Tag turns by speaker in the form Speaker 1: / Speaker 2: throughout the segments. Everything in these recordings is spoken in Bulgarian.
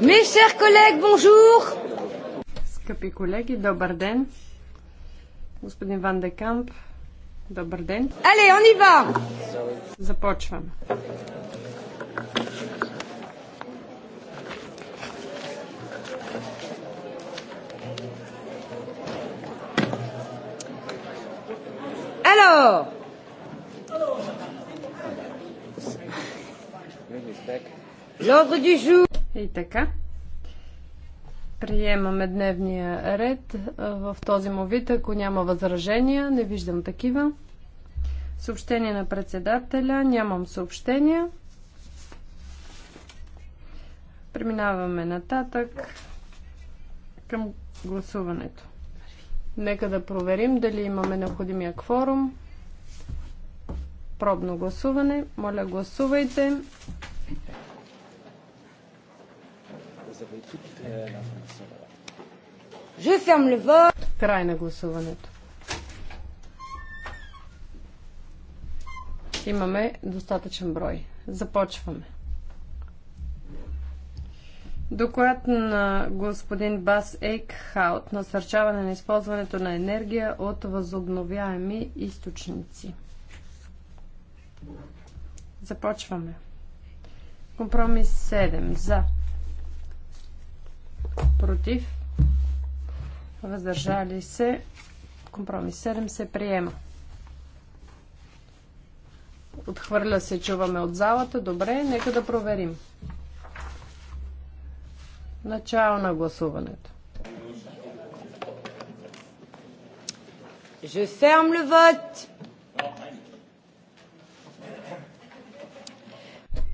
Speaker 1: Mes chers collègues, bonjour! Скъпи колеги, добър ден! Господин Ван де Камп, добър ден! Але, on y va!
Speaker 2: Ало! Ало!
Speaker 1: И така. Приемаме дневния ред в този му вид, ако няма възражения. Не виждам такива. Съобщение на председателя. Нямам съобщения. Преминаваме нататък към гласуването. Нека да проверим дали имаме необходимия кворум. Пробно гласуване. Моля, гласувайте. Край на гласуването. Имаме достатъчен брой. Започваме. Доклад на господин Бас Ейкхаут насърчаване на използването на енергия от възобновяеми източници. Започваме. Компромис 7. За против, въздържали се, компромис 7 се приема. Отхвърля се, чуваме от залата. Добре, нека да проверим. Начало на гласуването. Je ferme le vote.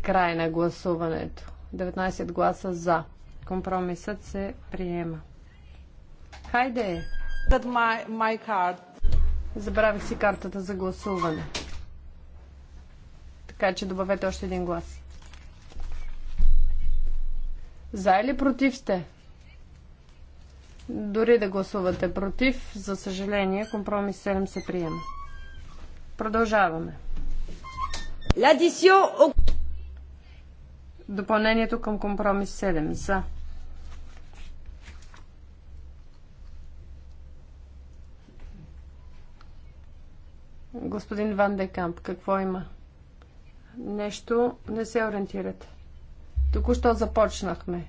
Speaker 1: Край на гласуването. 19 гласа за. Компромисът се приема. Хайде! My, my card. Забравих си картата за гласуване. Така че добавете още един глас. За или против сте? Дори да гласувате против, за съжаление, компромис 7 се приема. Продължаваме. L'addition au допълнението към компромис 7. За. Господин Ван Декамп, какво има? Нещо не се ориентирате. Току-що започнахме.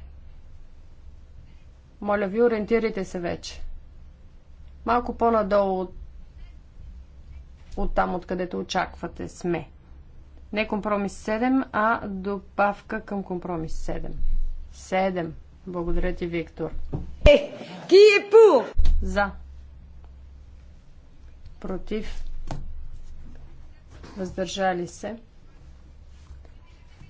Speaker 1: Моля ви, ориентирайте се вече. Малко по-надолу от, от там, откъдето очаквате сме. Не компромис 7, а добавка към компромис 7. 7. Благодаря ти, Виктор. Е, ки е пу? За. Против. Въздържали се.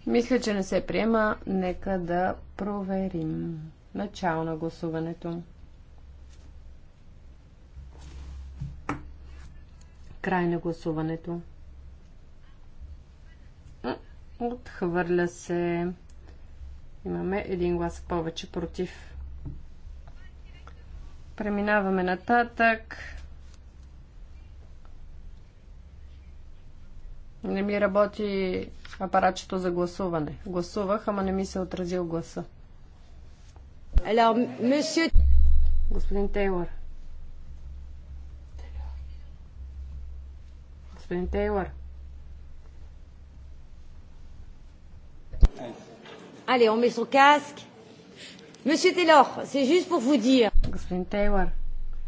Speaker 1: Мисля, че не се приема. Нека да проверим. Начало на гласуването. Край на гласуването. Отхвърля се. Имаме един глас повече против. Преминаваме нататък. Не ми работи апаратчето за гласуване. Гласувах, ама не ми се е отразил гласа. Господин Тейлор. Господин Тейлор. Allez, on met son casque. Monsieur c'est juste pour vous dire. Господин Тейлор,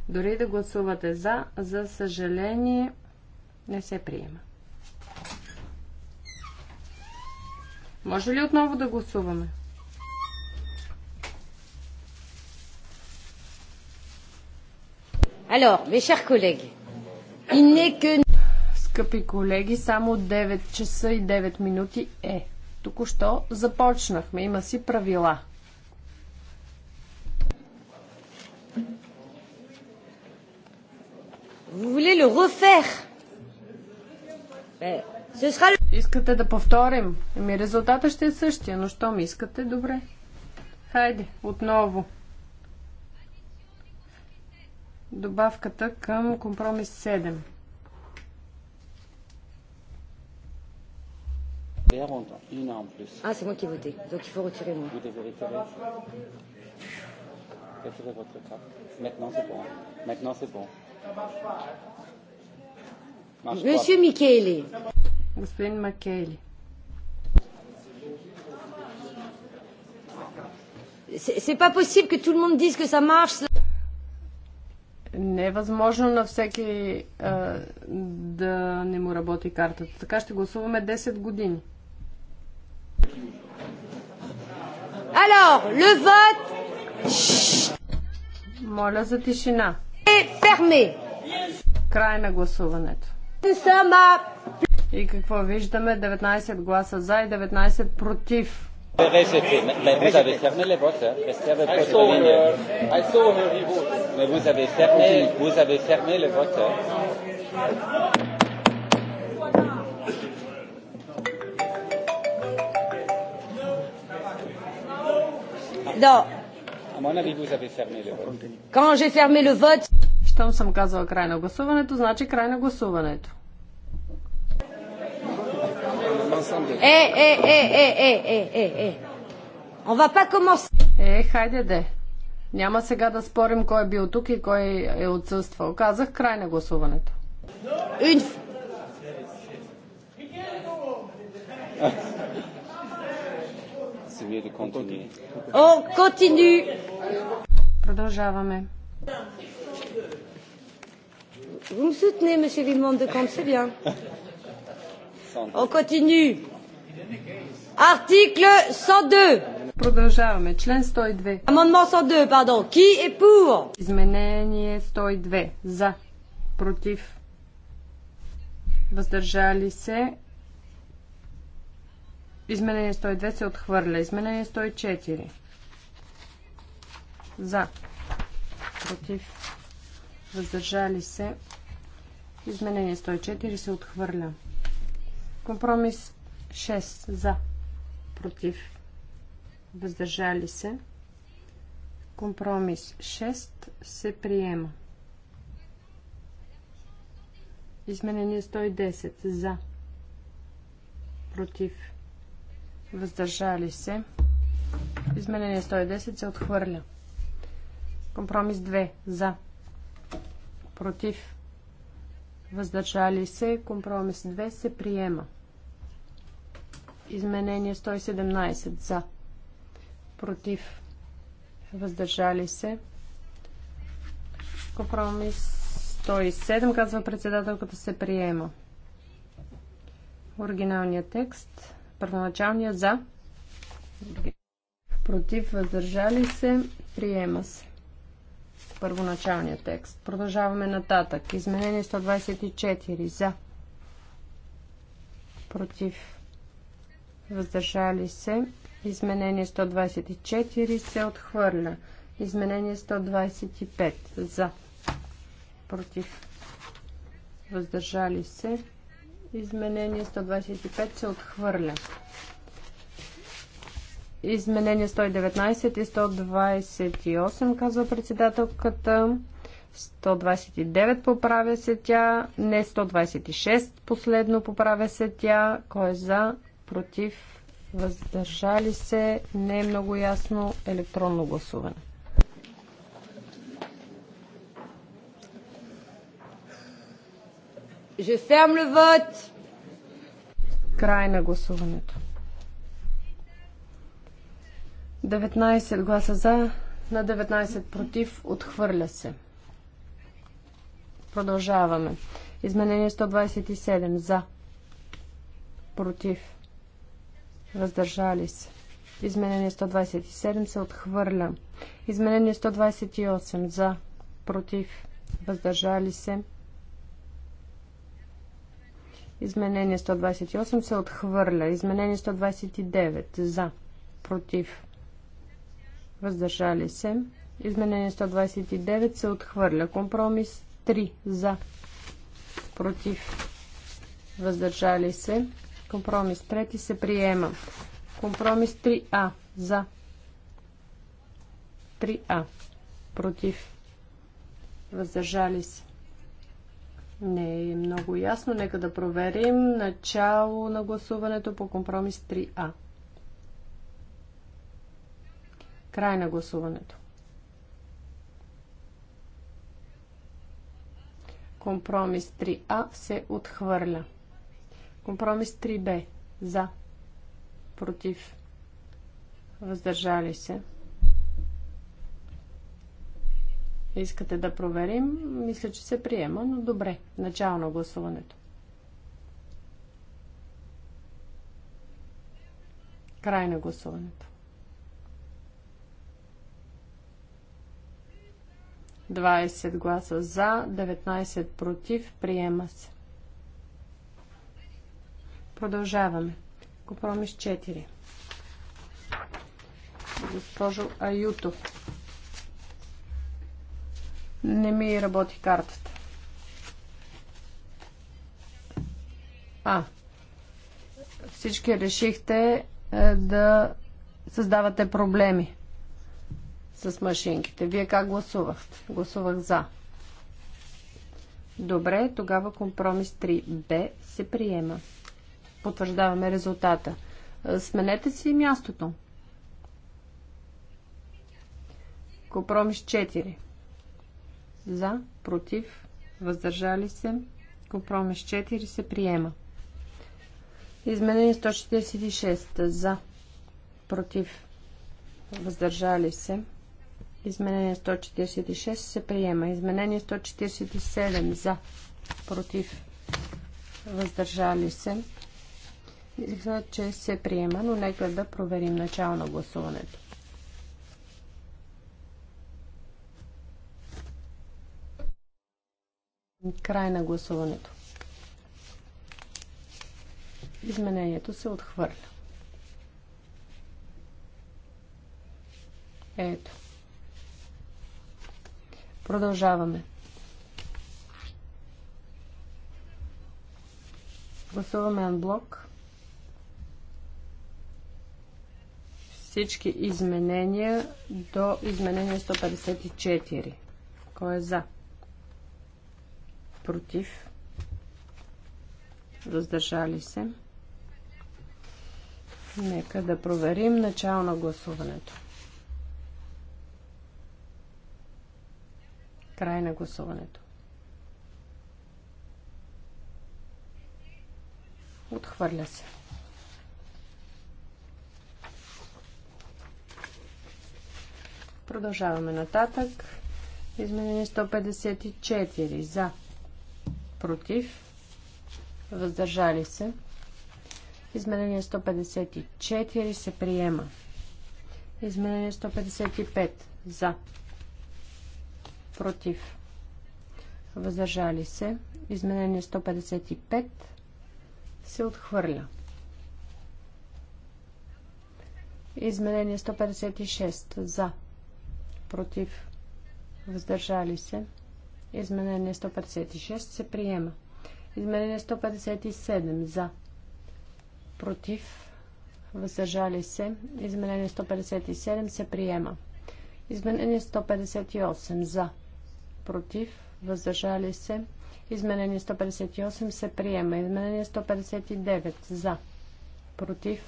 Speaker 1: дори да гласувате за, за съжаление не се приема. Може ли отново да гласуваме? Alors, mes chers collègues, il n'est que... Скъпи колеги, само 9 часа и 9 минути е. Току-що започнахме. Има си правила. Искате да повторим? Еми резултата ще е същия, но що ми искате? Добре. Хайде, отново. Добавката към компромис 7. Une en plus. Ah, c'est moi qui ai voté. Donc il faut retirer moi. Vous devez retirer.
Speaker 2: Retirez votre carte. Maintenant, c'est bon. Maintenant, c'est bon. Monsieur Michele.
Speaker 1: Господин Макейли. C'est pas possible que tout le monde dise que ça marche. Не е възможно на всеки а, да не му работи картата. Така ще гласуваме 10 години. Alors, le vote... Шшш. Моля за тишина. Е ферме. Край на гласуването. И какво виждаме? 19 гласа за и 19 против.
Speaker 3: Mais vous avez fermé les vote. Mais vous avez fermé, vous avez fermé les votes.
Speaker 2: Non. À mon avis, vous avez fermé le vote.
Speaker 1: Quand j'ai fermé le vote... Щом съм казала край на гласуването, значи край на гласуването. Е, е, е, е, е, е, е, е. On va pas commencer. Е, хайде де. Няма сега да спорим кой е бил тук и кой е отсъствал. Казах край на гласуването. Une...
Speaker 2: On continue.
Speaker 1: Продължаваме. Vous me soutenez, monsieur villemonde de Comte, c'est bien. On continue. Article 102. Продължаваме. Член 102. Amendement 102, pardon. Qui est pour? Изменение 102. За. Против. Въздържали се. Изменение 102 се отхвърля. Изменение 104. За. Против. Въздържали се. Изменение 104 се отхвърля. Компромис 6. За. Против. Въздържали се. Компромис 6 се приема. Изменение 110. За. Против въздържали се. Изменение 110 се отхвърля. Компромис 2 за, против, въздържали се. Компромис 2 се приема. Изменение 117 за, против, въздържали се. Компромис 107, казва председателката, се приема. Оригиналният текст. Първоначалния за. Против, въздържали се, приема се. Първоначалния текст. Продължаваме нататък. Изменение 124 за. Против, въздържали се. Изменение 124 се отхвърля. Изменение 125 за. Против, въздържали се. Изменение 125 се отхвърля. Изменение 119 и 128, казва председателката. 129 поправя се тя. Не 126 последно поправя се тя. Кой е за? Против? Въздържали се? Не е много ясно електронно гласуване. Je ferme le vote. Край на гласуването. 19 гласа за, на 19 против, отхвърля се. Продължаваме. Изменение 127 за, против, въздържали се. Изменение 127 се отхвърля. Изменение 128 за, против, въздържали се. Изменение 128 се отхвърля. Изменение 129 за. Против. Въздържали се. Изменение 129 се отхвърля. Компромис 3 за. Против. Въздържали се. Компромис 3 се приема. Компромис 3А за. 3А. Против. Въздържали се. Не е много ясно. Нека да проверим начало на гласуването по компромис 3А. Край на гласуването. Компромис 3А се отхвърля. Компромис 3Б. За. Против. Въздържали се. Искате да проверим? Мисля, че се приема, но добре. Начало на гласуването. Край на гласуването. 20 гласа за, 19 против. Приема се. Продължаваме. Компромис 4. Госпожо Аюто. Не ми работи картата. А, всички решихте е, да създавате проблеми с машинките. Вие как гласувахте? Гласувах за. Добре, тогава компромис 3Б се приема. Потвърждаваме резултата. Е, сменете си мястото. Компромис 4 за, против, въздържали се, компромис 4 се приема. Изменение 146 за, против, въздържали се. Изменение 146 се приема. Изменение 147 за, против, въздържали се. Мисля, че се приема, но нека да проверим начало на гласуването. Край на гласуването. Изменението се отхвърля. Ето. Продължаваме. Гласуваме анблок. Всички изменения до изменение 154. Кой е за? против, въздържали се. Нека да проверим начало на гласуването. Край на гласуването. Отхвърля се. Продължаваме нататък. Изменение 154 за против, въздържали се. Изменение 154 се приема. Изменение 155 за, против, въздържали се. Изменение 155 се отхвърля. Изменение 156 за, против, въздържали се. Изменение 156 се приема. Изменение 157 за. Против. Въздържали се. Изменение 157 се приема. Изменение 158 за. Против. Въздържали се. Изменение 158 се приема. Изменение 159 за. Против.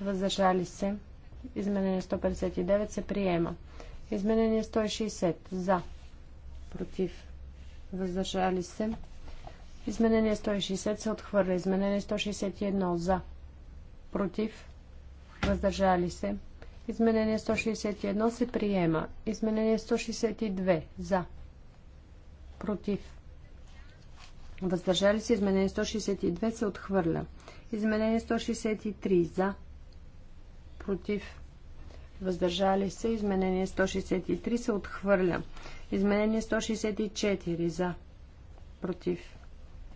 Speaker 1: Въздържали се. Изменение 159 се приема. Изменение 160 за. Против въздържали се. Изменение 160 се отхвърля. Изменение 161 за, против, въздържали се. Изменение 161 се приема. Изменение 162 за, против, въздържали се. Изменение 162 се отхвърля. Изменение 163 за, против, въздържали се. Изменение 163 се отхвърля. Изменение 164 за, против,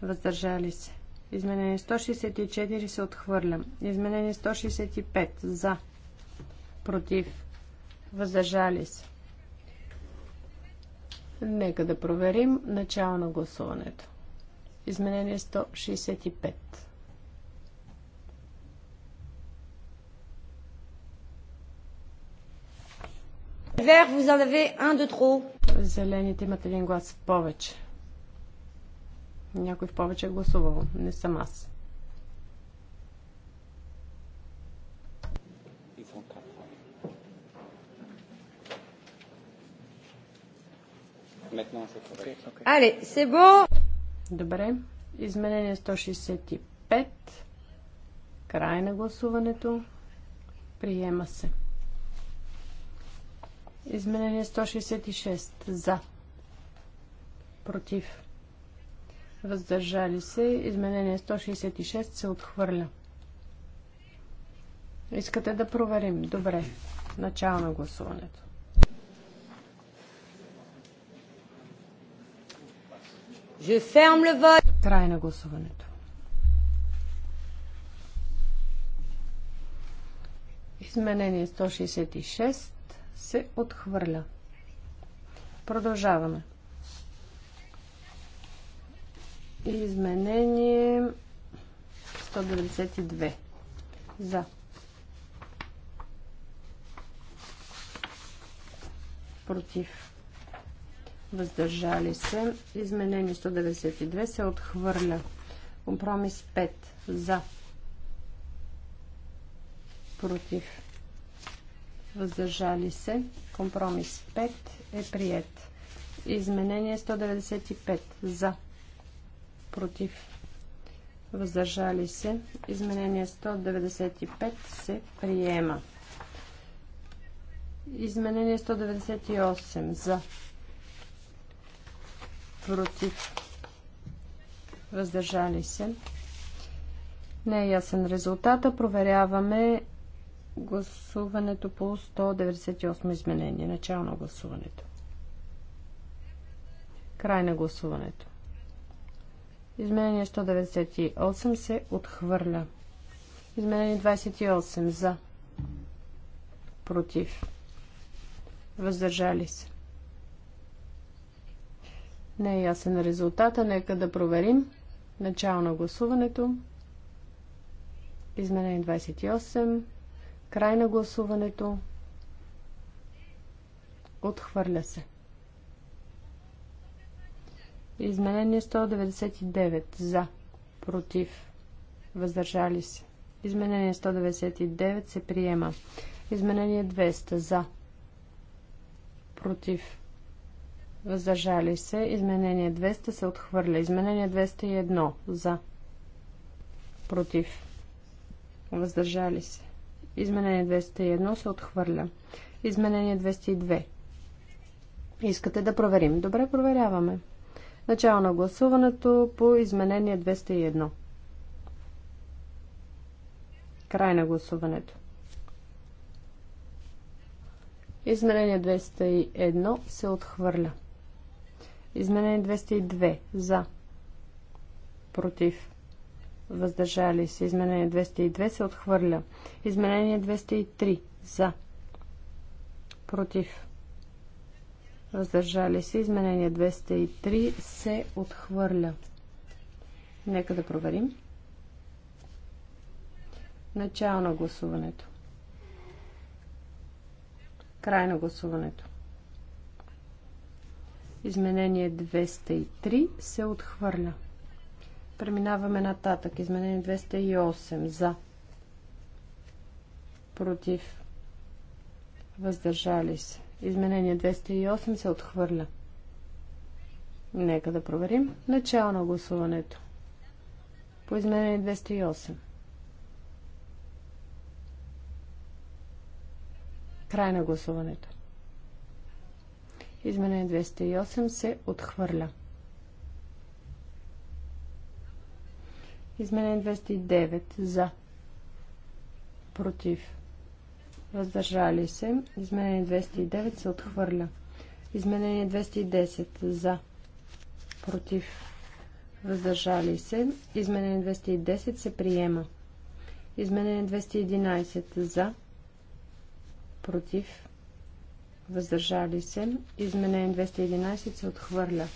Speaker 1: въздържали се. Изменение 164 се отхвърля. Изменение 165 за, против, въздържали се. Нека да проверим начало на гласуването. Изменение 165. Вер, vous en avez un de trop. Зелените имат един глас повече. Някой в повече е гласувал. Не съм аз. Але, се бо! Добре. Изменение 165. Край на гласуването. Приема се. Изменение 166. За. Против. Въздържали се. Изменение 166 се отхвърля. Искате да проверим? Добре. Начало на гласуването. Je ferme le vote. Край на гласуването. Изменение 166 се отхвърля. Продължаваме. Изменение 192. За. Против. Въздържали се. Изменение 192 се отхвърля. Компромис 5. За. Против въздържали се. Компромис 5 е прият. Изменение 195 за, против, въздържали се. Изменение 195 се приема. Изменение 198 за, против, въздържали се. Не е ясен резултата. Проверяваме гласуването по 198 изменение. Начало на гласуването. Край на гласуването. Изменение 198 се отхвърля. Изменение 28 за. Против. Въздържали се. Не е ясен резултата. Нека да проверим. Начало на гласуването. Изменение 28. Край на гласуването. Отхвърля се. Изменение 199. За. Против. Въздържали се. Изменение 199 се приема. Изменение 200. За. Против. Въздържали се. Изменение 200 се отхвърля. Изменение 201. За. Против. Въздържали се. Изменение 201 се отхвърля. Изменение 202. Искате да проверим. Добре, проверяваме. Начало на гласуването по изменение 201. Край на гласуването. Изменение 201 се отхвърля. Изменение 202. За. Против въздържали се. Изменение 202 се отхвърля. Изменение 203 за, против, въздържали се. Изменение 203 се отхвърля. Нека да проверим. Начало на гласуването. Край на гласуването. Изменение 203 се отхвърля. Преминаваме нататък. Изменение 208. За. Против. Въздържали се. Изменение 208 се отхвърля. Нека да проверим. Начало на гласуването. По изменение 208. Край на гласуването. Изменение 208 се отхвърля. Измене 209 за. Против. Въздържали се. Изменение 209 се отхвърля. Изменение 210 за. Против. Въздържали се. Изменение 210 се приема. Изменение 211 за. Против. Въздържали се. Изменение 211 се отхвърля.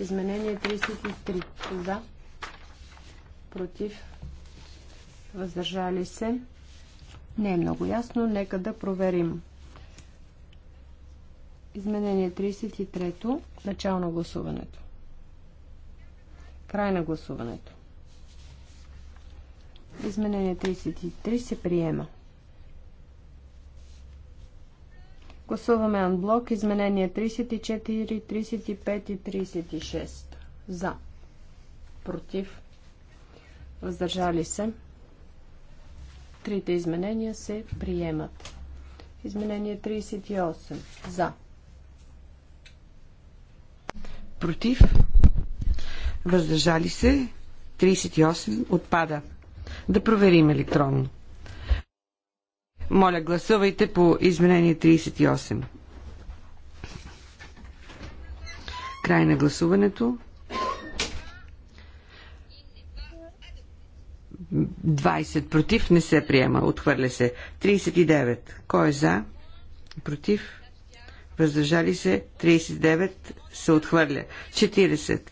Speaker 1: Изменение 33 за против, въздържали се. Не е много ясно. Нека да проверим. Изменение 33-то. Начало на гласуването. Край на гласуването. Изменение 33 се приема. Гласуваме анблок. Изменение 34, 35 и 36. За. Против въздържали се. Трите изменения се приемат. Изменение 38. За.
Speaker 3: Против. Въздържали се. 38. Отпада. Да проверим електронно. Моля, гласувайте по изменение 38. Край на гласуването. 20 против не се приема. Отхвърля се. 39. Кой е за? Против? Въздържали се. 39 се отхвърля. 40.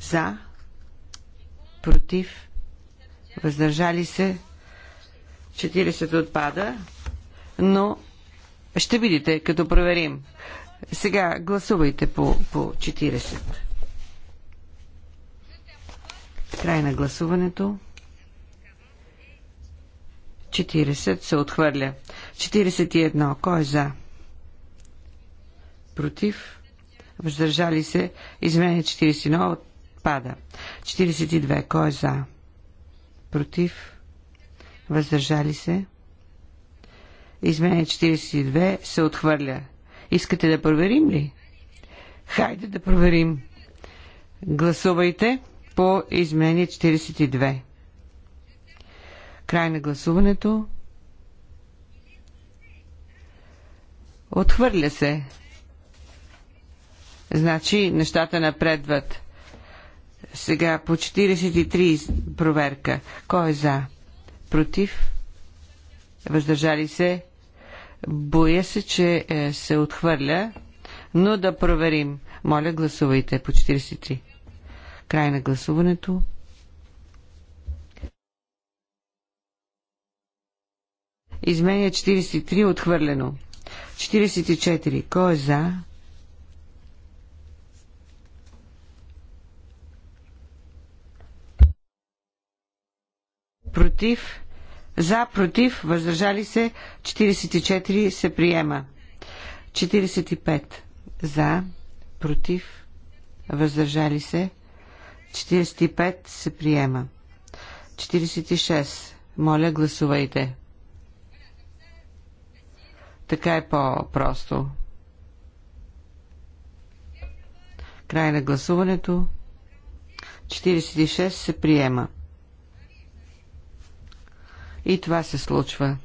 Speaker 3: За? Против? Въздържали се. 40 отпада, но ще видите, като проверим. Сега гласувайте по, по 40. Край на гласуването. 40 се отхвърля. 41. Кой е за? Против? Въздържали се. Изменя 41 отпада. 42. Кой е за? Против? Въздържали се. Изменя 42 се отхвърля. Искате да проверим ли? Хайде да проверим. Гласувайте по изменение 42. Край на гласуването. Отхвърля се. Значи нещата напредват. Сега по 43 проверка. Кой е за? Против? Въздържали се? Боя се, че е, се отхвърля, но да проверим. Моля, гласувайте по 43. Край на гласуването. Изменя 43 отхвърлено. 44. Кой е за? Против? За, против, въздържали се. 44 се приема. 45. За, против, въздържали се. 45 се приема. 46. Моля, гласувайте. Така е по-просто. Край на гласуването. 46 се приема. И това се случва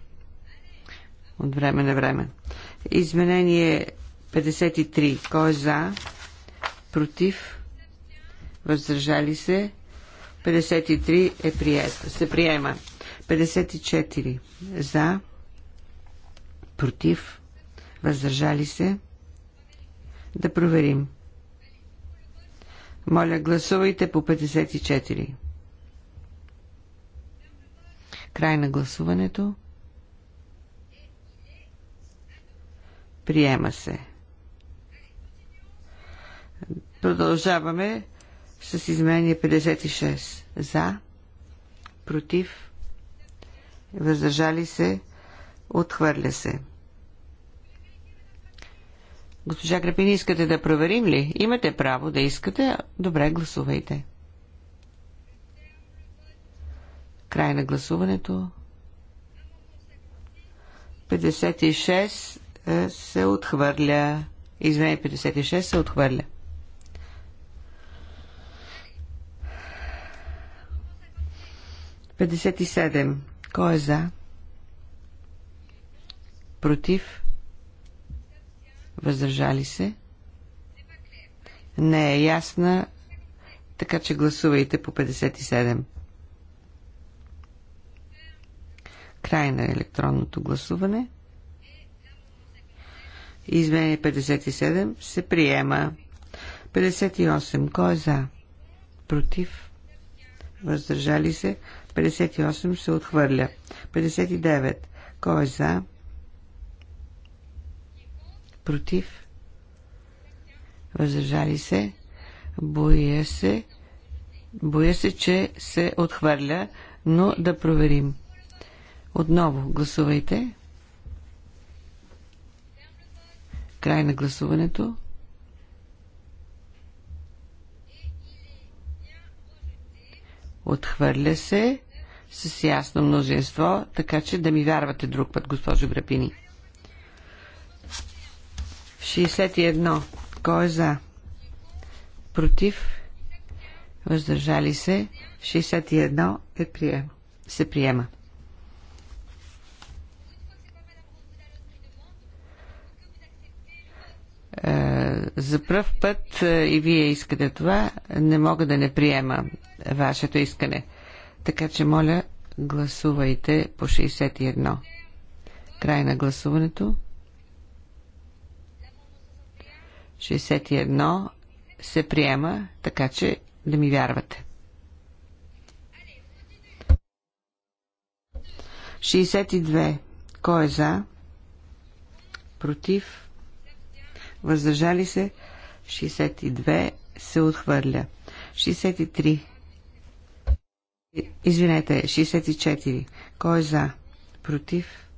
Speaker 3: от време на време. Изменение 53. Кой е за? Против? Въздържали се? 53 е прието. Се приема. 54. За? против, въздържали се. Да проверим. Моля, гласувайте по 54. Край на гласуването. Приема се. Продължаваме с изменение 56. За, против, въздържали се, Отхвърля се. Госпожа Грапини, искате да проверим ли? Имате право да искате. Добре, гласувайте. Край на гласуването. 56 е, се отхвърля. Извинете, 56 се отхвърля. Пятьдесят и седем. Кой е за? против, въздържали се. Не е ясна, така че гласувайте по 57. Край на електронното гласуване. Измене 57 се приема. 58. Кой е за? Против? Въздържали се? 58 се отхвърля. 59. Кой е за? против, въздържали се, боя се, боя се, че се отхвърля, но да проверим. Отново гласувайте. Край на гласуването. Отхвърля се с ясно мнозинство, така че да ми вярвате друг път, госпожо Грапини. 61. Кой е за? Против? Въздържали се? 61 е прием. Се приема. Е, за пръв път е, и вие искате това, не мога да не приема вашето искане. Така че, моля, гласувайте по 61. Край на гласуването. 61 се приема, така че да ми вярвате. 62. Кой е за? Против? Въздържали се? 62 се отхвърля. 63. Извинете, 64. Кой е за? Против?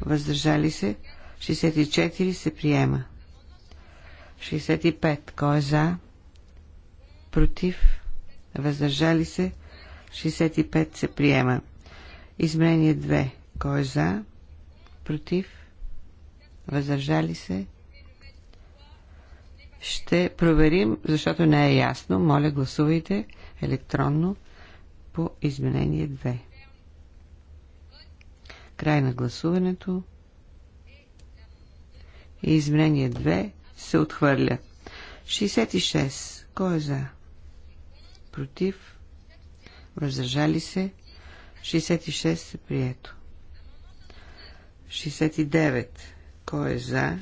Speaker 3: Въздържали се? 64 се приема. 65. Кой е за? Против? Въздържали се? 65 се приема. Изменение 2. Кой е за? Против? Въздържали се? Ще проверим, защото не е ясно. Моля, гласувайте електронно по изменение 2. Край на гласуването. И изменение 2 се отхвърля. 66. Кой е за? Против. Въздържали се. 66 се е прието. 69. Кой е за?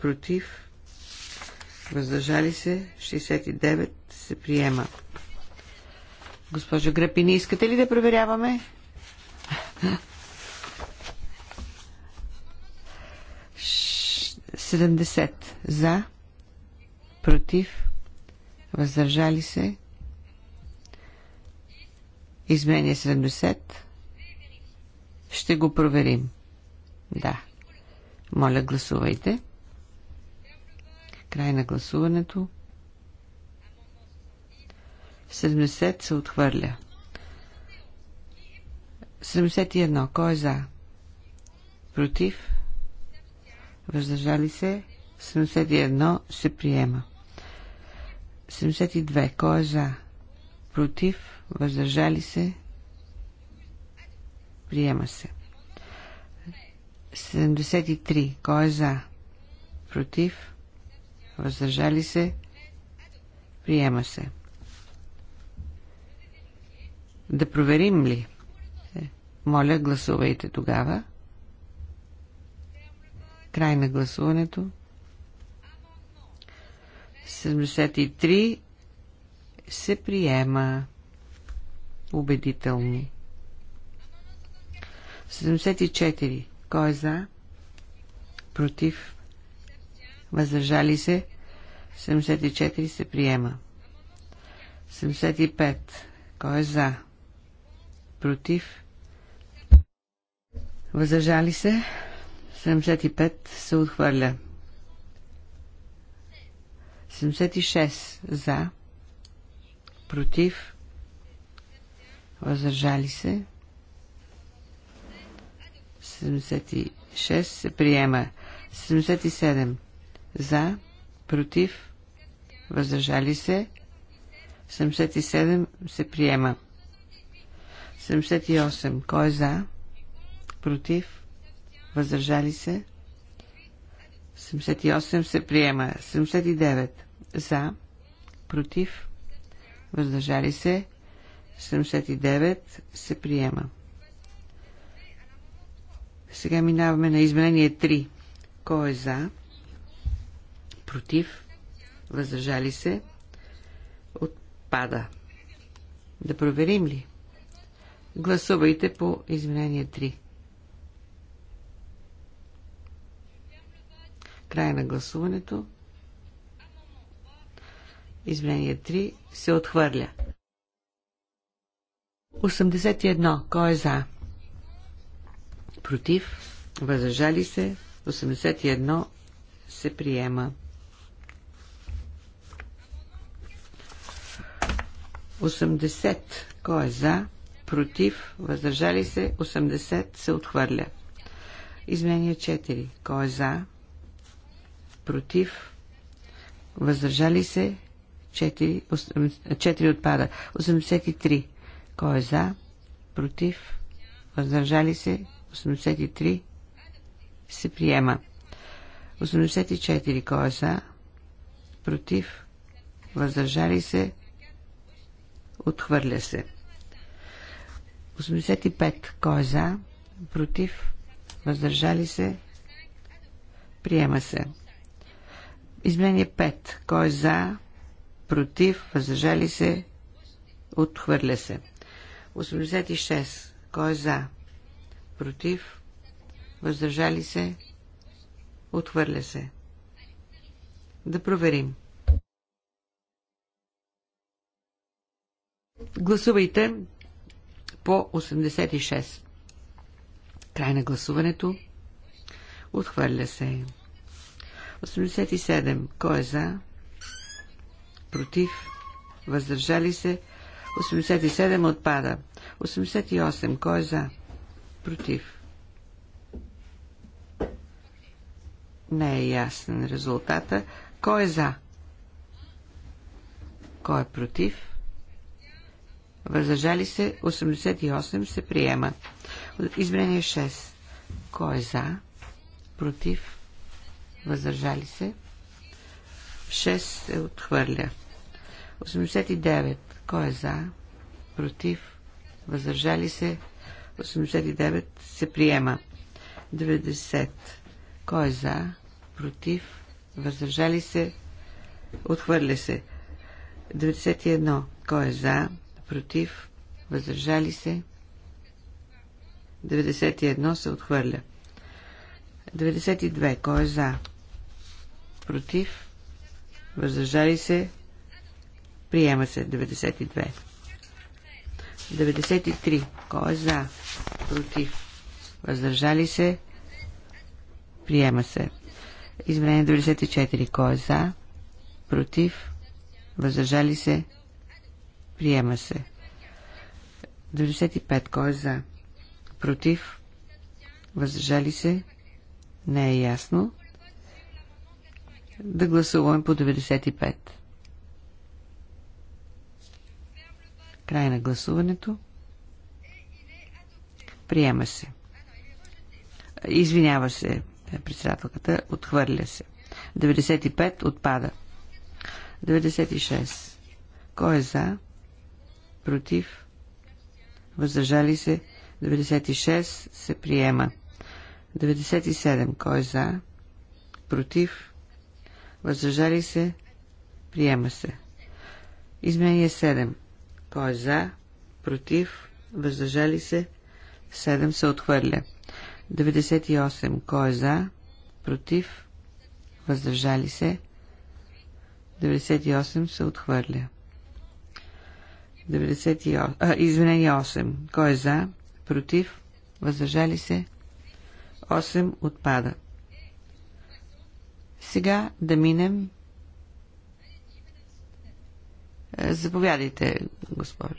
Speaker 3: Против. Въздържали се. 69 се приема. Госпожо Грапини, искате ли да проверяваме? Ш- 70 за, против, въздържали се. Изменя 70. Ще го проверим. Да. Моля, гласувайте. Край на гласуването. 70 се отхвърля. 71. Кой е за? Против? въздържали се 71 се приема. 72. Кой е за? Против? Въздържали се? Приема се. 73. Кой е за? Против? Въздържали се? Приема се. Да проверим ли? Е, моля, гласувайте тогава. Край на гласуването. 73 се приема убедително. 74. Кой е за? Против? Въздържали се? 74 се приема. 75. Кой е за? Против? Въздържали се? 75 се отхвърля. 76 за. Против. Въздържали се. 76 се приема. 77 за. Против. Въздържали се. 77 се приема. 78. Кой е за? Против? въздържали се. 78 се приема. 79 за, против, въздържали се. 79 се приема. Сега минаваме на изменение 3. Кой е за? Против? Въздържали се? Отпада. Да проверим ли? Гласувайте по изменение 3. Край на гласуването. Изменение 3 се отхвърля. 81. Кой е за? Против? възражали се? 81 се приема. 80. Кой е за? Против? Въздържали се? 80 е се отхвърля. Изменение 4. Кой е за? против, въздържали се, 4, 4 отпада. 83. Кой е за? Против? Въздържали се? 83. Се приема. 84. Кой е за? Против? Въздържали се? Отхвърля се. 85. Кой е за? Против? Въздържали се? Приема се. Изменение 5. Кой е за? Против? Въздържали се? Отхвърля се. 86. Кой е за? Против? Въздържали се? Отхвърля се. Да проверим. Гласувайте по 86. Край на гласуването. Отхвърля се. 87. Кой е за? Против? Въздържали се? 87 отпада. 88. Кой е за? Против? Не е ясен резултата. Кой е за? Кой е против? Въздържали се 88 се приема. Изменение 6. Кой е за? Против? въздържали се. 6 се отхвърля. 89. Кой е за? Против? Въздържали се? 89 се приема. 90. Кой е за? Против? Въздържали се? Отхвърля се. 91. Кой е за? Против? Въздържали се? 91 се отхвърля. 92. Кой е за? против, въздържали се, приема се 92. 93. Кой е за? Против. Въздържали се? Приема се. Изменение 94. Кой е за? Против. Въздържали се? Приема се. 95. Кой е за? Против. Въздържали се? Не е ясно да гласуваме по 95. Край на гласуването. Приема се. Извинява се е, председателката. Отхвърля се. 95 отпада. 96. Кой е за? Против? Въздържали се? 96 се приема. 97. Кой е за? Против? въздържали се, приема се. Изменение 7. Кой е за, против, въздържали се, 7 се отхвърля. 98. Кой е за, против, въздържали се, 98 се отхвърля. 98, а, извинение 8. Кой е за? Против? Въздържали се? 8 отпадат. Сега да минем. Е, заповядайте, госпожо.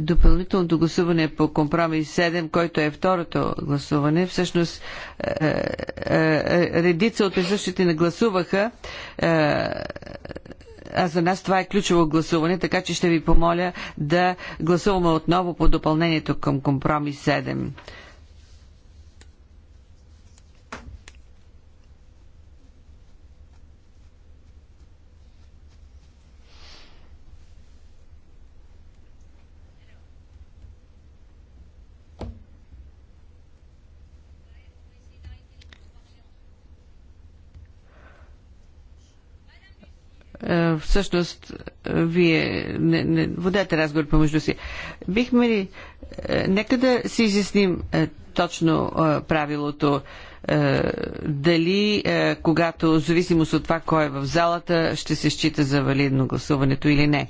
Speaker 3: Допълнителното гласуване по компромис 7, който е второто гласуване, всъщност е, е, редица от присъщите не гласуваха. а за нас това е ключово гласуване, така че ще ви помоля да гласуваме отново по допълнението към компромис 7. всъщност е, вие не, не водете разговор помежду си. Бихме ли... Е, нека да си изясним е, точно е, правилото е, дали е, когато, в зависимост от това кой е в залата, ще се счита за валидно гласуването или не.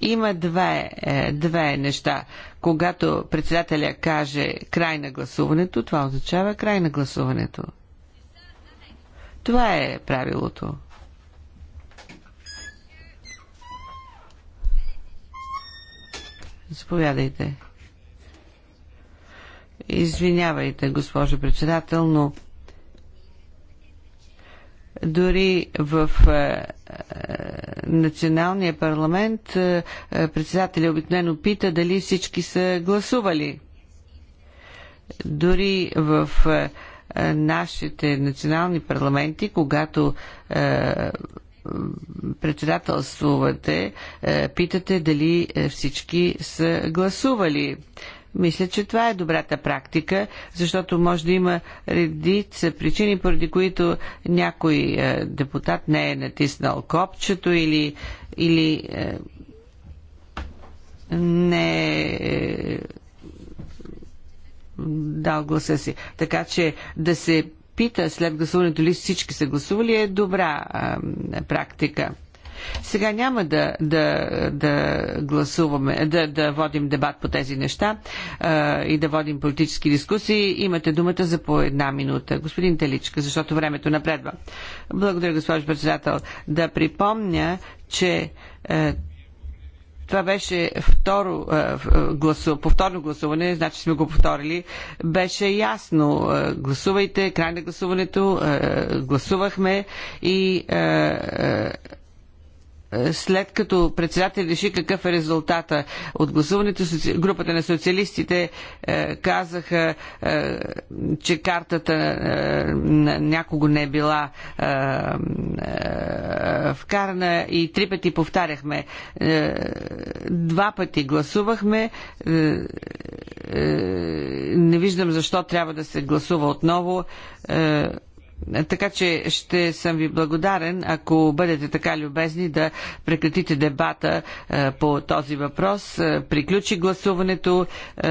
Speaker 3: Има две, две неща. Когато председателя каже край на гласуването, това означава край на гласуването. Това е правилото. Заповядайте. Извинявайте, госпожо председател, но дори в е, е националния парламент е, е, председателя обикновено пита дали всички са гласували. Дори в е, е нашите национални парламенти, когато е, председателствувате, е, питате дали е, всички са гласували. Мисля, че това е добрата практика, защото може да има редица причини, поради които някой е, депутат не е натиснал копчето или, или не е дал гласа си. Така че да се пита след гласуването ли всички са гласували е добра а, практика. Сега няма да, да, да гласуваме, да, да водим дебат по тези неща а, и да водим политически дискусии. Имате думата за по една минута, господин Теличка, защото времето напредва. Благодаря, госпожо председател. Да припомня, че е, това беше второ гласу, повторно гласуване, значи сме го повторили. Беше ясно. Гласувайте, край на гласуването, гласувахме и след като председател реши какъв е резултата от гласуването, групата на социалистите е, казаха, е, че картата е, на някого не е била вкарана и три пъти повтаряхме. два пъти гласувахме. не виждам защо трябва да се гласува отново така че ще съм ви благодарен, ако бъдете така любезни да прекратите дебата е, по този въпрос. Е, приключи гласуването. Е,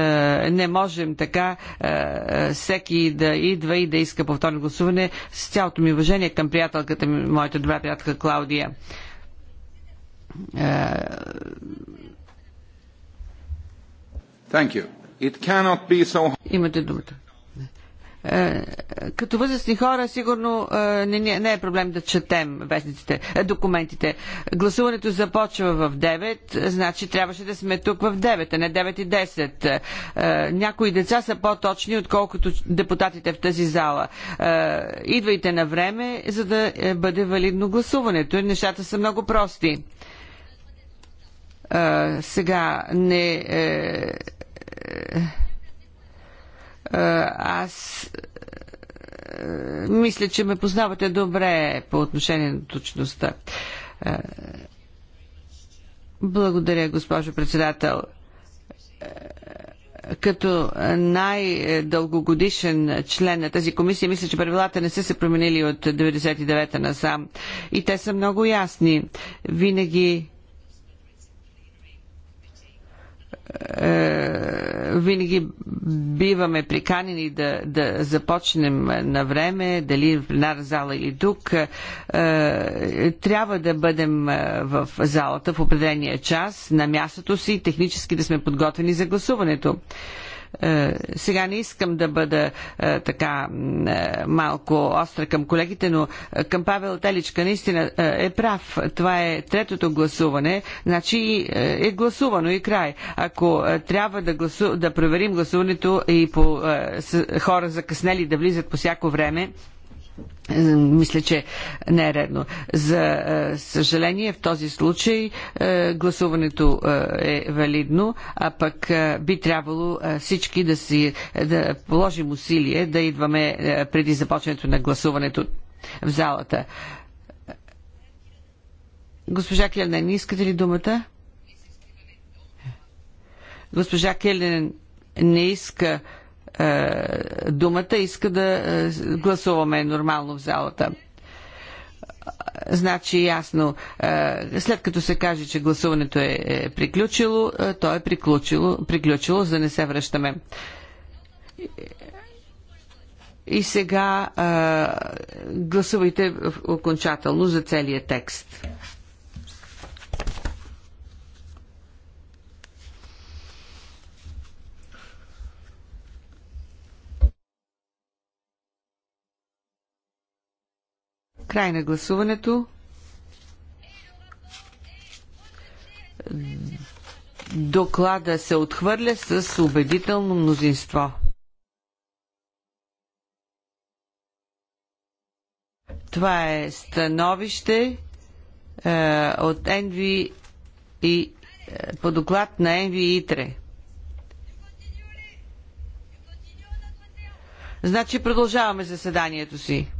Speaker 3: не можем така е, е, всеки да идва и да иска повторно гласуване. С цялото ми уважение към приятелката ми, моята добра приятелка Клаудия. Е, Thank you. It cannot be so... Имате думата. Е, като възрастни хора сигурно е, не, не е проблем да четем вестниците, е, документите. Гласуването започва в 9, значи трябваше да сме тук в 9, а не 9 и 10. Някои деца са по-точни, отколкото депутатите в тази зала. Идвайте на време, за да бъде валидно гласуването. Нещата са много прости. Сега не е, аз е, мисля, че ме познавате добре по отношение на точността. Е, благодаря, госпожо председател. Като най-дългогодишен член на тази комисия, мисля, че правилата не са се променили от 99-та насам. И те са много ясни. Винаги Е, винаги биваме приканени да, да започнем на време, дали в пленарна зала или тук. Е, трябва да бъдем е, в залата в определения час, на мястото си, технически да сме подготвени за гласуването. Е, сега не искам да бъда е, така е, малко остра към колегите, но към Павел Теличка наистина е прав. Това е третото гласуване. Значи е гласувано и край. Ако трябва да, гласу... да проверим гласуването и по хора закъснели да влизат по всяко време, мисля, че не е редно. За е, съжаление, в този случай е, гласуването е, е валидно, а пък би трябвало всички да си да положим усилие да идваме преди започването на гласуването в залата. Госпожа Келнен, искате ли думата? Госпожа Келнен не иска е, думата, иска да е, гласуваме нормално в залата. Значи ясно, е, след като се каже, че гласуването е приключило, то е приключило, приключило за да не се връщаме. И сега гласувайте окончателно за целият текст. Край на гласуването. доклада се отхвърля с убедително мнозинство. Това е становище е, от Енви и е, по доклад на Енви и Итре. Значи продължаваме заседанието си.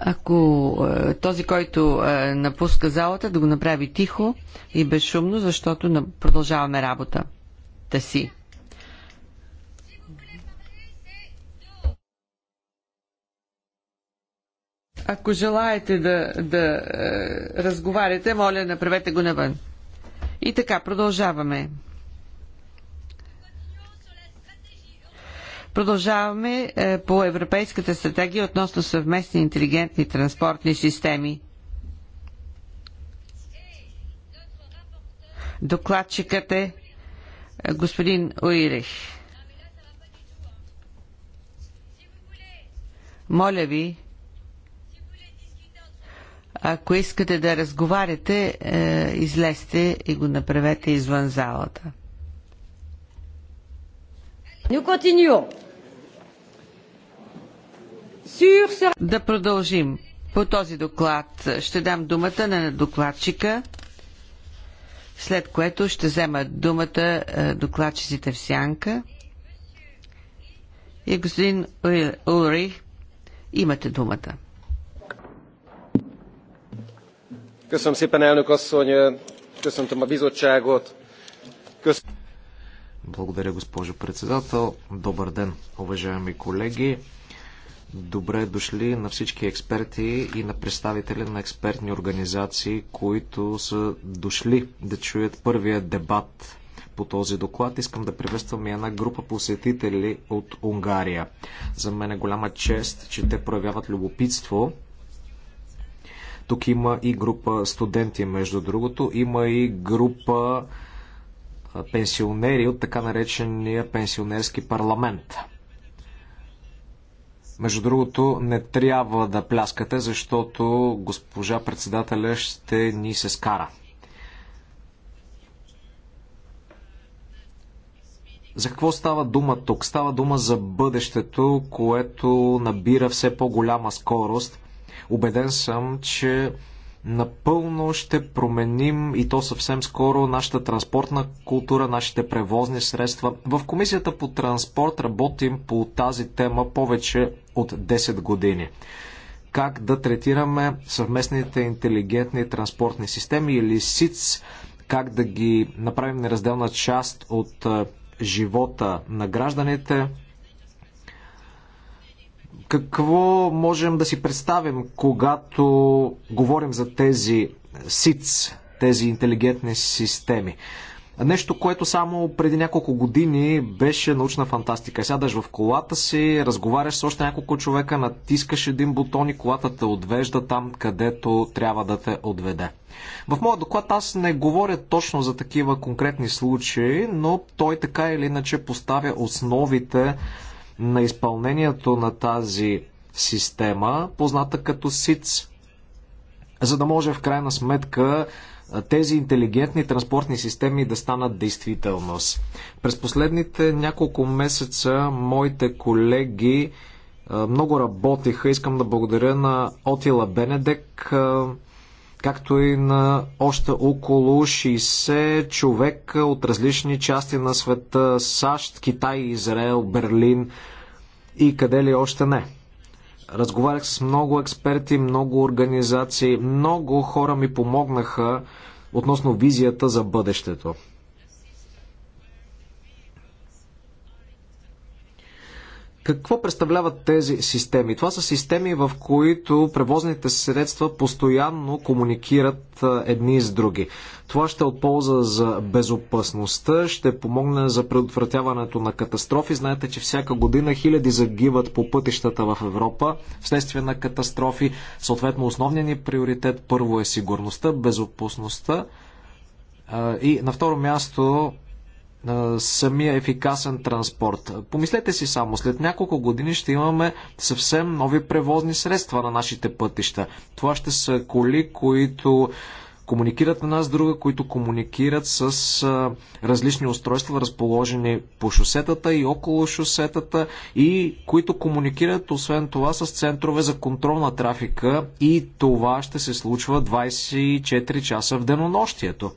Speaker 3: Ако е, този, който е, напуска залата, да го направи тихо и безшумно, защото продължаваме Та си. Ако желаете да, да е, разговаряте, моля, направете го навън. И така, продължаваме. Продължаваме е, по Европейската стратегия относно съвместни интелигентни транспортни системи. Докладчикът е, е господин Уирих. Моля ви, ако искате да разговаряте, е, излезте и го направете извън залата. Nous continuons. Sur ce... Да продължим. По този доклад ще дам думата на докладчика, след което ще взема думата е, докладчиците в сянка. И господин Улрих, имате думата.
Speaker 2: Köszönöm szépen, elnök asszony, е, köszöntöm a bizottságot. Köszönöm. Благодаря, госпожо председател. Добър ден, уважаеми колеги. Добре дошли на всички експерти и на представители на експертни организации, които са дошли да чуят първия дебат по този доклад. Искам да приветствам и една група посетители от Унгария. За мен е голяма чест, че те проявяват любопитство. Тук има и група студенти, между другото. Има и група пенсионери от така наречения пенсионерски парламент. Между другото, не трябва да пляскате, защото госпожа председателя ще ни се скара. За какво става дума тук? Става дума за бъдещето, което набира все по-голяма скорост. Убеден съм, че напълно ще променим и то съвсем скоро нашата транспортна култура, нашите превозни средства. В Комисията по транспорт работим по тази тема повече от 10 години. Как да третираме съвместните интелигентни транспортни системи или СИЦ, как да ги направим неразделна част от живота на гражданите, какво можем да си представим, когато говорим за тези СИЦ, тези интелигентни системи? Нещо, което само преди няколко години беше научна фантастика. Е, сядаш в колата си, разговаряш с още няколко човека, натискаш един бутон и колата те отвежда там, където трябва да те отведе. В моя доклад аз не говоря точно за такива конкретни случаи, но той така или иначе поставя основите на изпълнението на тази система, позната като СИЦ, за да може в крайна сметка тези интелигентни транспортни системи да станат действителност. През последните няколко месеца моите колеги много работиха. Искам да благодаря на Отила Бенедек, както и на още около 60 човека от различни части на света САЩ, Китай, Израел, Берлин и къде ли още не. Разговарях с много експерти, много организации, много хора ми помогнаха относно визията за бъдещето. Какво представляват тези системи? Това са системи, в които превозните средства постоянно комуникират едни с други. Това ще е от полза за безопасността, ще помогне за предотвратяването на катастрофи. Знаете, че всяка година хиляди загиват по пътищата в Европа вследствие на катастрофи. Съответно, основният ни приоритет първо е сигурността, безопасността и на второ място самия ефикасен транспорт. Помислете си само, след няколко години ще имаме съвсем нови превозни средства на нашите пътища. Това ще са коли, които комуникират на нас друга, които комуникират с а, различни устройства, разположени по шосетата и около шосетата, и които комуникират освен това с центрове за контрол на трафика и това ще се случва 24 часа в денонощието.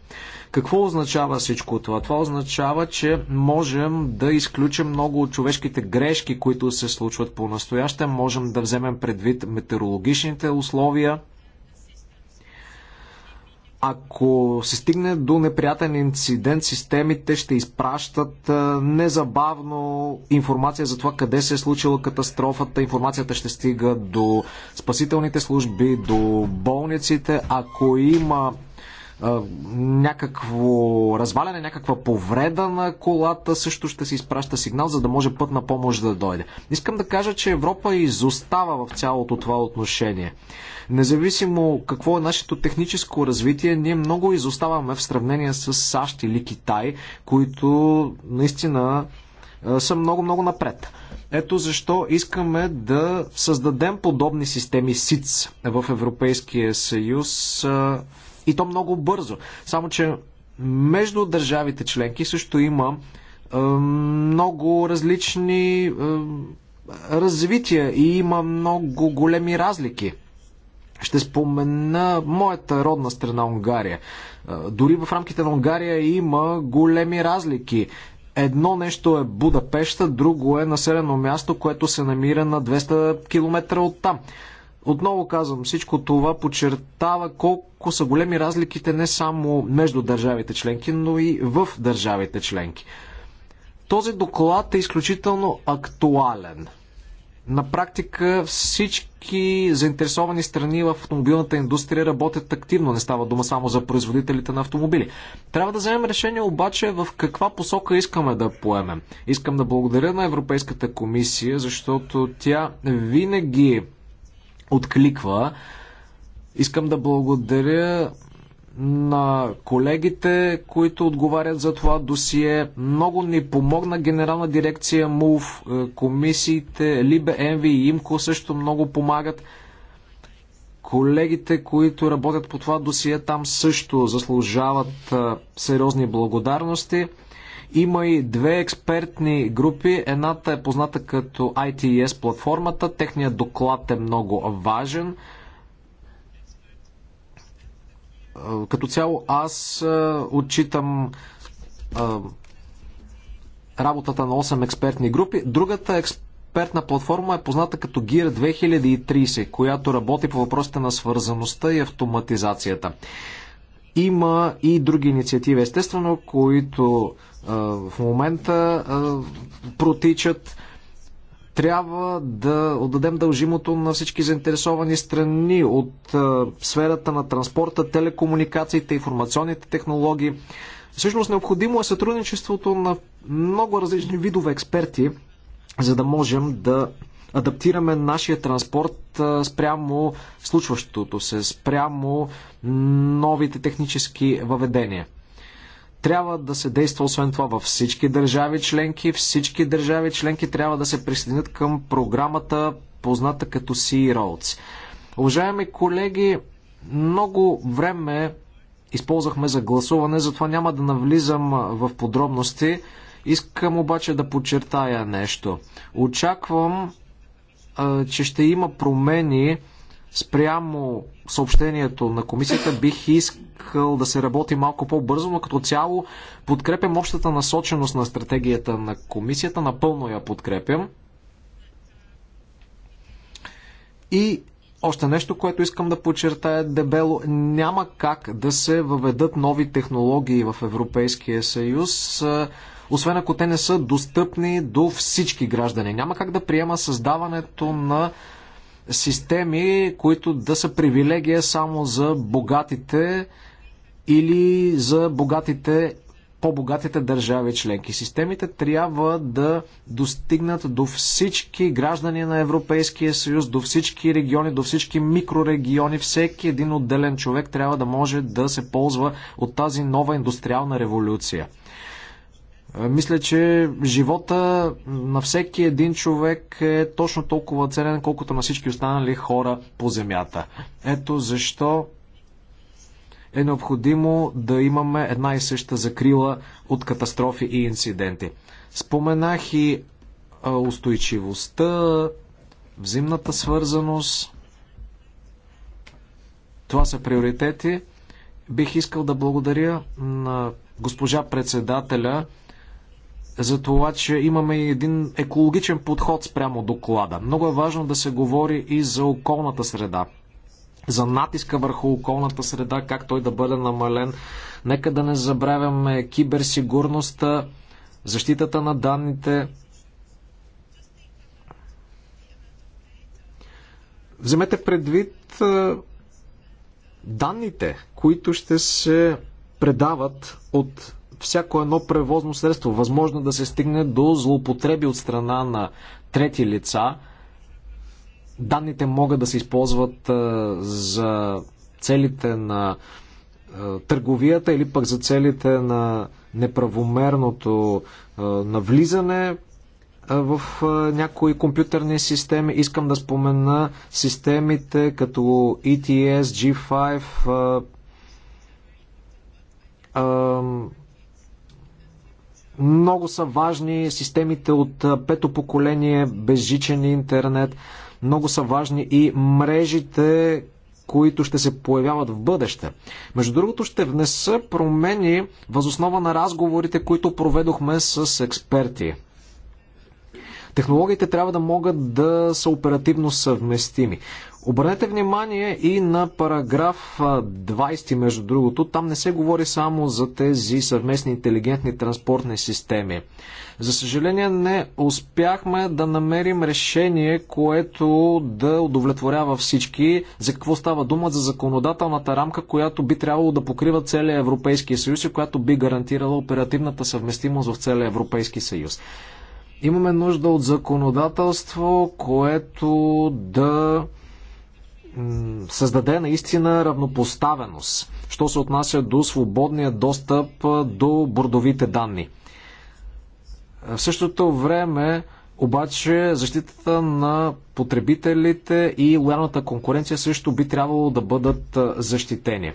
Speaker 2: Какво означава всичко това? Това означава, че можем да изключим много от човешките грешки, които се случват по настояще. Можем да вземем предвид метеорологичните условия. Ако се стигне до неприятен инцидент, системите ще изпращат незабавно информация за това къде се е случила катастрофата. Информацията ще стига до спасителните служби, до болниците. Ако има някакво разваляне, някаква повреда на колата, също ще се изпраща сигнал, за да може път на помощ да дойде. Искам да кажа, че Европа изостава в цялото това отношение. Независимо какво е нашето техническо развитие, ние много изоставаме в сравнение с САЩ или Китай, които наистина са много-много напред. Ето защо искаме да създадем подобни системи СИЦ в Европейския съюз и то много бързо. Само, че между държавите членки също има е, много различни е, развития и има много големи разлики. Ще спомена моята родна страна Унгария. Е, дори в рамките на Унгария има големи разлики. Едно нещо е Будапешта, друго е населено място, което се намира на 200 км от там. Отново казвам, всичко това подчертава колко колко са големи разликите не само между държавите членки, но и в държавите членки. Този доклад е изключително актуален. На практика всички заинтересовани страни в автомобилната индустрия работят активно. Не става дума само за производителите на автомобили. Трябва да вземем решение обаче в каква посока искаме да поемем. Искам да благодаря на Европейската комисия, защото тя винаги откликва Искам да благодаря на колегите, които отговарят за това досие. Много ни помогна Генерална дирекция МУВ, е, комисиите, Либе, Енви и ИМКО също много помагат. Колегите, които работят по това досие, там също заслужават е, сериозни благодарности. Има и две експертни групи. Едната е позната като ITS e платформата. Техният доклад е много важен. Е, като цяло аз е, отчитам е, работата на 8 експертни групи. Другата експертна платформа е позната като GIR 2030, която работи по въпросите на свързаността и автоматизацията. Има и други инициативи, естествено, които в момента протичат трябва да отдадем дължимото на всички заинтересовани страни от а, е, сферата на транспорта, телекомуникациите, информационните технологии. Всъщност необходимо е сътрудничеството на много различни видове експерти, за да можем да адаптираме нашия транспорт е, спрямо случващото се, спрямо новите технически въведения. Трябва да се действа освен това във всички държави членки. Всички държави членки трябва да се присъединят към програмата, позната като Sea Roads. Уважаеми колеги, много време използвахме за гласуване, затова няма да навлизам в подробности. Искам обаче да подчертая нещо. Очаквам, че ще има промени Спрямо съобщението на комисията бих искал да се работи малко по-бързо, но като цяло подкрепям общата насоченост на стратегията на комисията, напълно я подкрепям. И още нещо, което искам да подчертая дебело. Няма как да се въведат нови технологии в Европейския съюз, освен ако те не са достъпни до всички граждани. Няма как да приема създаването на системи, които да са привилегия само за богатите или за богатите по-богатите държави членки. Системите трябва да достигнат до всички граждани на Европейския съюз, до всички региони, до всички микрорегиони. Всеки един отделен човек трябва да може да се ползва от тази нова индустриална революция. Мисля, че живота на всеки един човек е точно толкова ценен, колкото на всички останали хора по земята. Ето защо е необходимо да имаме една и съща закрила от катастрофи и инциденти. Споменах и устойчивостта, взимната свързаност. Това са приоритети. Бих искал да благодаря на госпожа председателя за това, че имаме и един екологичен подход спрямо доклада. Много е важно да се говори и за околната среда. За натиска върху околната среда, как той да бъде намален. Нека да не забравяме киберсигурността, защитата на данните. Вземете предвид данните, които ще се предават от всяко едно превозно средство. Възможно да се стигне до злоупотреби от страна на трети лица. Данните могат да се използват е, за целите на е, търговията или пък за целите на неправомерното е, навлизане в някои компютърни системи. Искам да спомена системите като ETS, G5, много са важни системите от пето поколение, безжичен интернет. Много са важни и мрежите, които ще се появяват в бъдеще. Между другото, ще внеса промени възоснова на разговорите, които проведохме с експерти Технологиите трябва да могат да са оперативно съвместими. Обърнете внимание и на параграф 20, между другото. Там не се говори само за тези съвместни интелигентни транспортни системи. За съжаление не успяхме да намерим решение, което да удовлетворява всички. За какво става дума? За законодателната рамка, която би трябвало да покрива целия Европейския съюз и която би гарантирала оперативната съвместимост в целия Европейски съюз. Имаме нужда от законодателство, което да създаде наистина равнопоставеност, що се отнася до свободния достъп до бордовите данни. В същото време, обаче, защитата на потребителите и лоялната конкуренция също би трябвало да бъдат защитени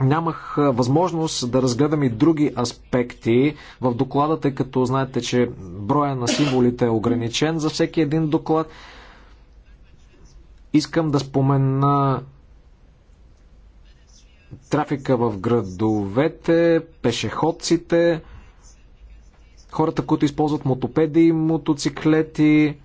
Speaker 2: нямах възможност да разгледам и други аспекти в доклада, тъй като знаете, че броя на символите е ограничен за всеки един доклад. Искам да спомена трафика в градовете, пешеходците, хората, които използват мотопеди и мотоциклети,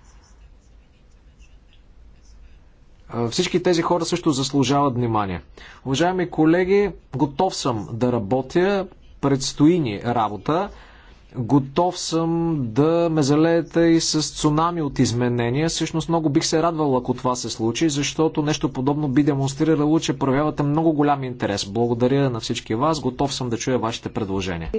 Speaker 2: Всички тези хора също заслужават внимание. Уважаеми колеги, готов съм да работя, предстои ни работа. Готов съм да ме залеете и с цунами от изменения. Всъщност много бих се радвал, ако това се случи, защото нещо подобно би демонстрирало, че проявявате много голям интерес. Благодаря на всички вас. Готов съм да чуя вашите предложения.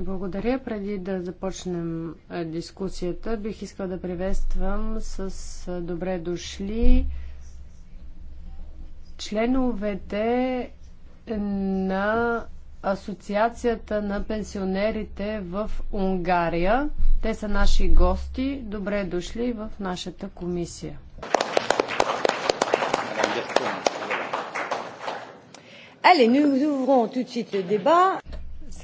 Speaker 1: Благодаря. Преди да започнем е, дискусията, бих искал да приветствам с е, добре дошли членовете на Асоциацията на пенсионерите в Унгария. Те са наши гости. Добре дошли в нашата комисия. Allez, nous ouvrons tout de suite le débat.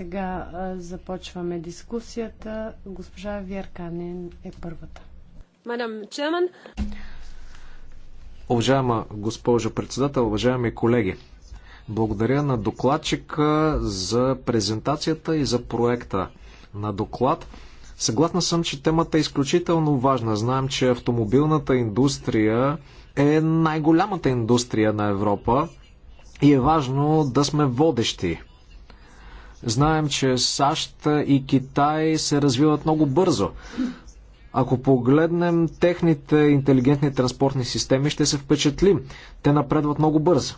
Speaker 1: Сега започваме дискусията. Госпожа Вярканен е първата. Мадам Чеман.
Speaker 2: Уважаема госпожо председател, уважаеми колеги, благодаря на докладчика за презентацията и за проекта на доклад. Съгласна съм, че темата е изключително важна. Знаем, че автомобилната индустрия е най-голямата индустрия на Европа и е важно да сме водещи Знаем, че САЩ и Китай се развиват много бързо. Ако погледнем техните интелигентни транспортни системи, ще се впечатлим. Те напредват много бързо.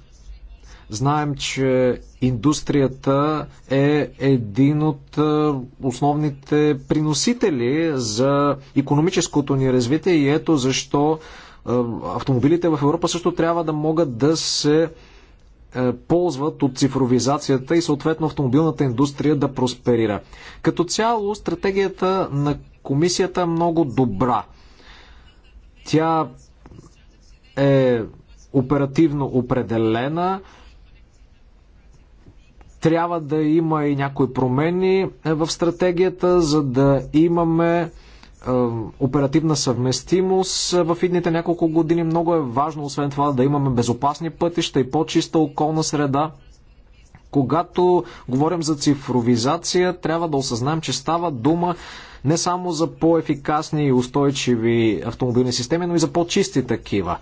Speaker 2: Знаем, че индустрията е един от е, основните приносители за економическото ни развитие и ето защо е, автомобилите в Европа също трябва да могат да се е, ползват от цифровизацията и съответно автомобилната индустрия да просперира. Като цяло, стратегията на комисията е много добра. Тя е оперативно определена. Трябва да има и някои промени е, в стратегията, за да имаме оперативна съвместимост в идните няколко години. Много е важно, освен това, да имаме безопасни пътища и по-чиста околна среда. Когато говорим за цифровизация, трябва да осъзнаем, че става дума не само за по-ефикасни и устойчиви автомобилни системи, но и за по-чисти такива.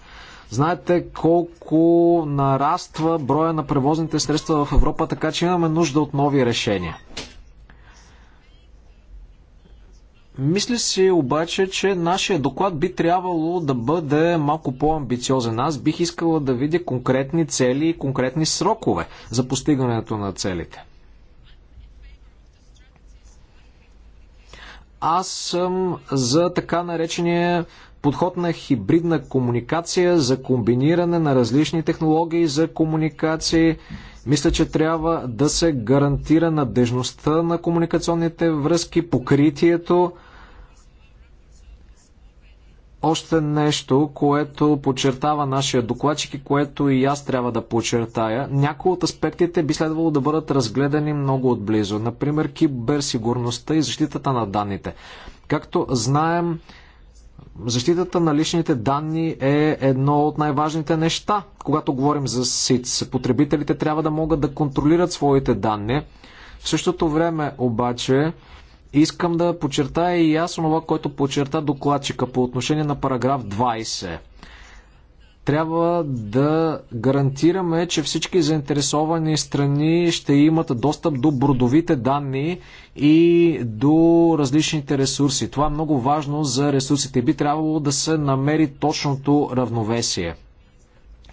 Speaker 2: Знаете колко нараства броя на превозните средства в Европа, така че имаме нужда от нови решения. Мисля си обаче, че нашия доклад би трябвало да бъде малко по-амбициозен. Аз бих искала да видя конкретни цели и конкретни срокове за постигането на целите. Аз съм за така наречения подход на хибридна комуникация, за комбиниране на различни технологии за комуникации. Мисля, че трябва да се гарантира надежността на комуникационните връзки, покритието. Още нещо, което подчертава нашия докладчик и което и аз трябва да подчертая. Някои от аспектите би следвало да бъдат разгледани много отблизо. Например, киберсигурността и защитата на данните. Както знаем, Защитата на личните данни е едно от най-важните неща. Когато говорим за СИЦ, потребителите трябва да могат да контролират своите данни. В същото време обаче искам да подчертая и аз това, което подчерта докладчика по отношение на параграф 20 трябва да гарантираме, че всички заинтересовани страни ще имат достъп до бродовите данни и до различните ресурси. Това е много важно за ресурсите. Би трябвало да се намери точното равновесие.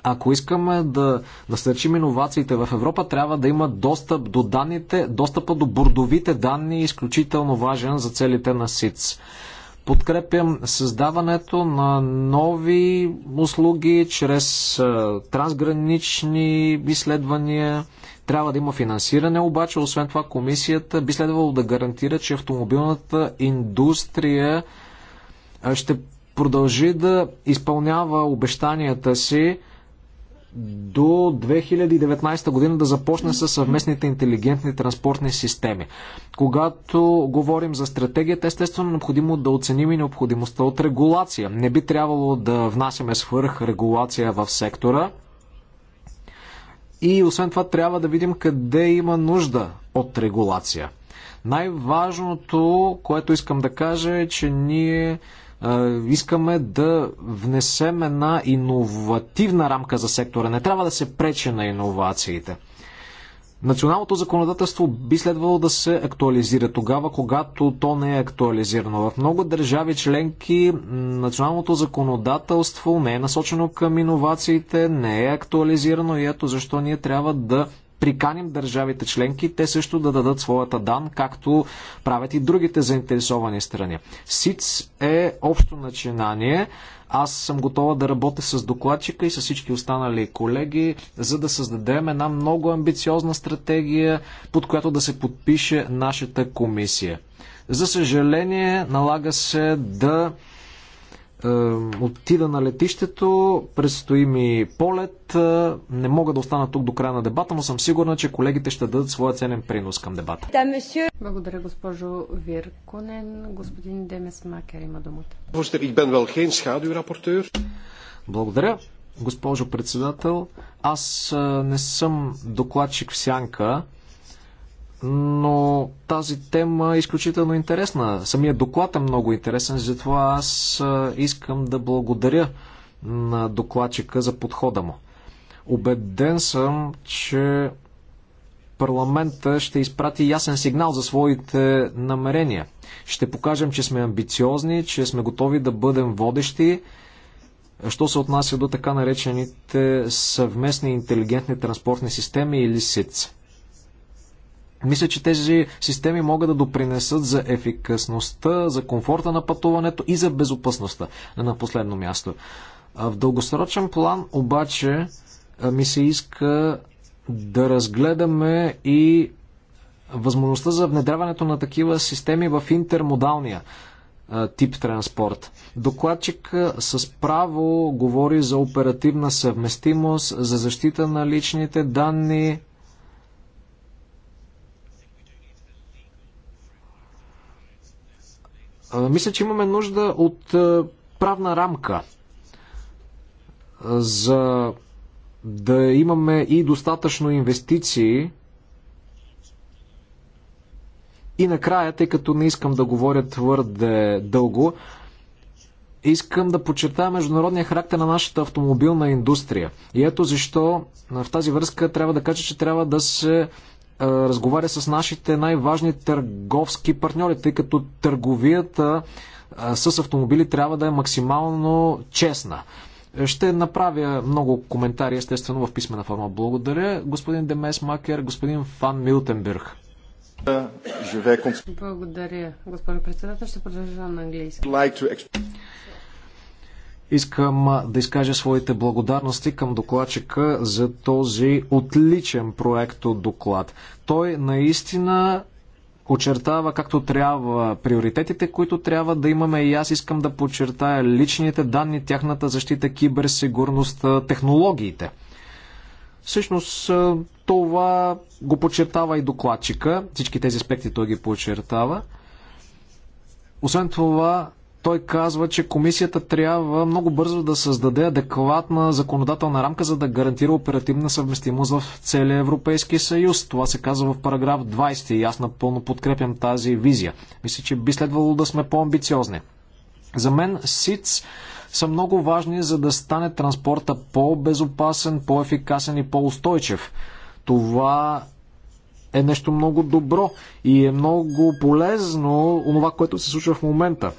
Speaker 2: Ако искаме да насърчим иновациите в Европа, трябва да има достъп до данните. Достъпа до бордовите данни е изключително важен за целите на СИЦ. Подкрепям създаването на нови услуги чрез трансгранични изследвания. Трябва да има финансиране, обаче освен това комисията би следвало да гарантира, че автомобилната индустрия ще продължи да изпълнява обещанията си до 2019 година да започне с съвместните интелигентни транспортни системи. Когато говорим за стратегията, естествено необходимо да оценим и необходимостта от регулация. Не би трябвало да внасяме свърх регулация в сектора. И освен това трябва да видим къде има нужда от регулация. Най-важното, което искам да кажа е, че ние искаме да внесем една иновативна рамка за сектора. Не трябва да се прече на иновациите. Националното законодателство би следвало да се актуализира тогава, когато то не е актуализирано. В много държави членки националното законодателство не е насочено към иновациите, не е актуализирано и ето защо ние трябва да приканим държавите членки, те също да дадат своята дан, както правят и другите заинтересовани страни. СИЦ е общо начинание. Аз съм готова да работя с докладчика и с всички останали колеги, за да създадем една много амбициозна стратегия, под която да се подпише нашата комисия. За съжаление, налага се да е, отида на летището, предстои ми полет. Е, не мога да остана тук до края на дебата, но съм сигурна, че колегите ще дадат своя ценен принос към дебата.
Speaker 1: Благодаря, госпожо Вирконен. Господин Демес Макер има
Speaker 2: думата. Благодаря, госпожо председател. Аз е, не съм докладчик в сянка но тази тема е изключително интересна. Самия доклад е много интересен, затова аз искам да благодаря на докладчика за подхода му. Обеден съм, че парламента ще изпрати ясен сигнал за своите намерения. Ще покажем, че сме амбициозни, че сме готови да бъдем водещи. Що се отнася до така наречените съвместни интелигентни транспортни системи или СИЦ? Мисля, че тези системи могат да допринесат за ефикасността, за комфорта на пътуването и за безопасността на последно място. В дългосрочен план обаче ми се иска да разгледаме и възможността за внедряването на такива системи в интермодалния тип транспорт. Докладчик с право говори за оперативна съвместимост, за защита на личните данни, Мисля, че имаме нужда от е, правна рамка е, за да имаме и достатъчно инвестиции. И накрая, тъй като не искам да говоря твърде дълго, искам да подчертая международния характер на нашата автомобилна индустрия. И ето защо е, в тази връзка трябва да кажа, че трябва да се разговаря с нашите най-важни търговски партньори, тъй като търговията с автомобили трябва да е максимално честна. Ще направя много коментари, естествено, в писмена форма. Благодаря, господин Демес Макер, господин Фан Милтенберг.
Speaker 1: Благодаря, господин председател. Ще продължа на английски.
Speaker 2: Искам да изкажа своите благодарности към докладчика за този отличен проект от доклад. Той наистина очертава както трябва приоритетите, които трябва да имаме и аз искам да подчертая личните данни, тяхната защита, киберсигурност, технологиите. Всъщност това го подчертава и докладчика, всички тези аспекти той ги подчертава. Освен това, той казва, че комисията трябва много бързо да създаде адекватна законодателна рамка, за да гарантира оперативна съвместимост в целия Европейски съюз. Това се казва в параграф 20 и аз напълно подкрепям тази визия. Мисля, че би следвало да сме по-амбициозни. За мен СИЦ са много важни, за да стане транспорта по-безопасен, по-ефикасен и по-устойчив. Това е нещо много добро и е много полезно онова, което се случва в момента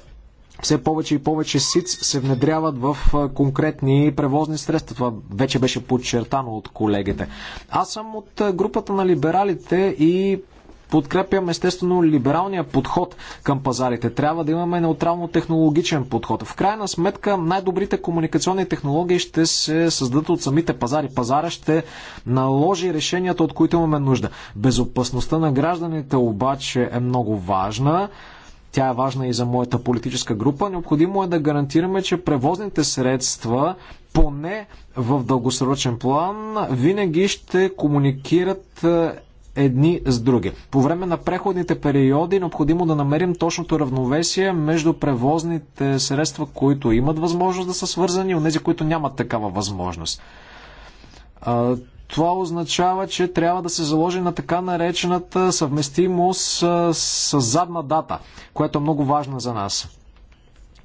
Speaker 2: все повече и повече СИЦ се внедряват в конкретни превозни средства. Това вече беше подчертано от колегите. Аз съм от групата на либералите и подкрепям естествено либералния подход към пазарите. Трябва да имаме неутрално технологичен подход. В крайна сметка най-добрите комуникационни технологии ще се създадат от самите пазари. Пазара ще наложи решенията, от които имаме нужда. Безопасността на гражданите обаче е много важна. Тя е важна и за моята политическа група. Необходимо е да гарантираме, че превозните средства, поне в дългосрочен план, винаги ще комуникират е, едни с други. По време на преходните периоди е необходимо да намерим точното равновесие между превозните средства, които имат възможност да са свързани и тези, които нямат такава възможност. Това означава, че трябва да се заложи на така наречената съвместимост с, с задна дата, която е много важна за нас.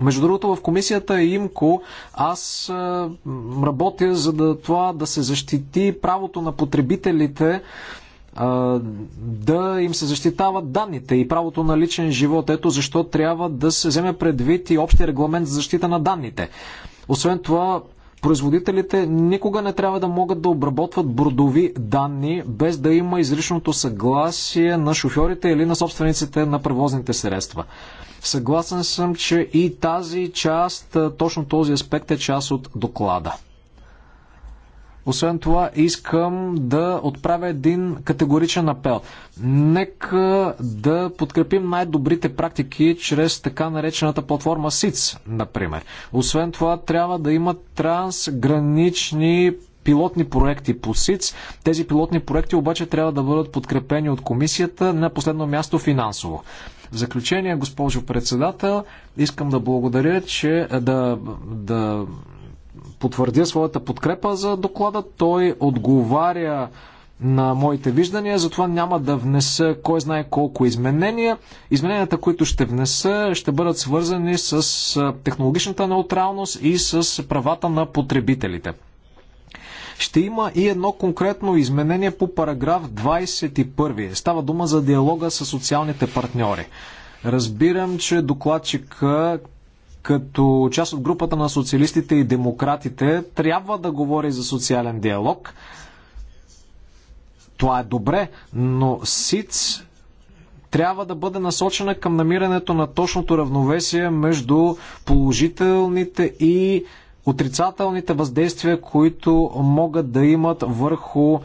Speaker 2: Между другото, в комисията ИМКО аз работя за да, това да се защити правото на потребителите да им се защитават данните и правото на личен живот. Ето защо трябва да се вземе предвид и общия регламент за защита на данните. Освен това, производителите никога не трябва да могат да обработват бордови данни без да има изричното съгласие на шофьорите или на собствениците на превозните средства. Съгласен съм, че и тази част, точно този аспект е част от доклада. Освен това, искам да отправя един категоричен апел. Нека да подкрепим най-добрите практики чрез така наречената платформа SITS, например. Освен това, трябва да има трансгранични пилотни проекти по СИЦ. Тези пилотни проекти обаче трябва да бъдат подкрепени от комисията на последно място финансово. В заключение, госпожо председател, искам да благодаря, че да, да потвърдя своята подкрепа за доклада. Той отговаря на моите виждания, затова няма да внеса кой знае колко изменения. Измененията, които ще внеса, ще бъдат свързани с технологичната неутралност и с правата на потребителите. Ще има и едно конкретно изменение по параграф 21. Става дума за диалога с социалните партньори. Разбирам, че докладчика като част от групата на социалистите и демократите трябва да говори за социален диалог. Това е добре, но СИЦ трябва да бъде насочена към намирането на точното равновесие между положителните и отрицателните въздействия, които могат да имат върху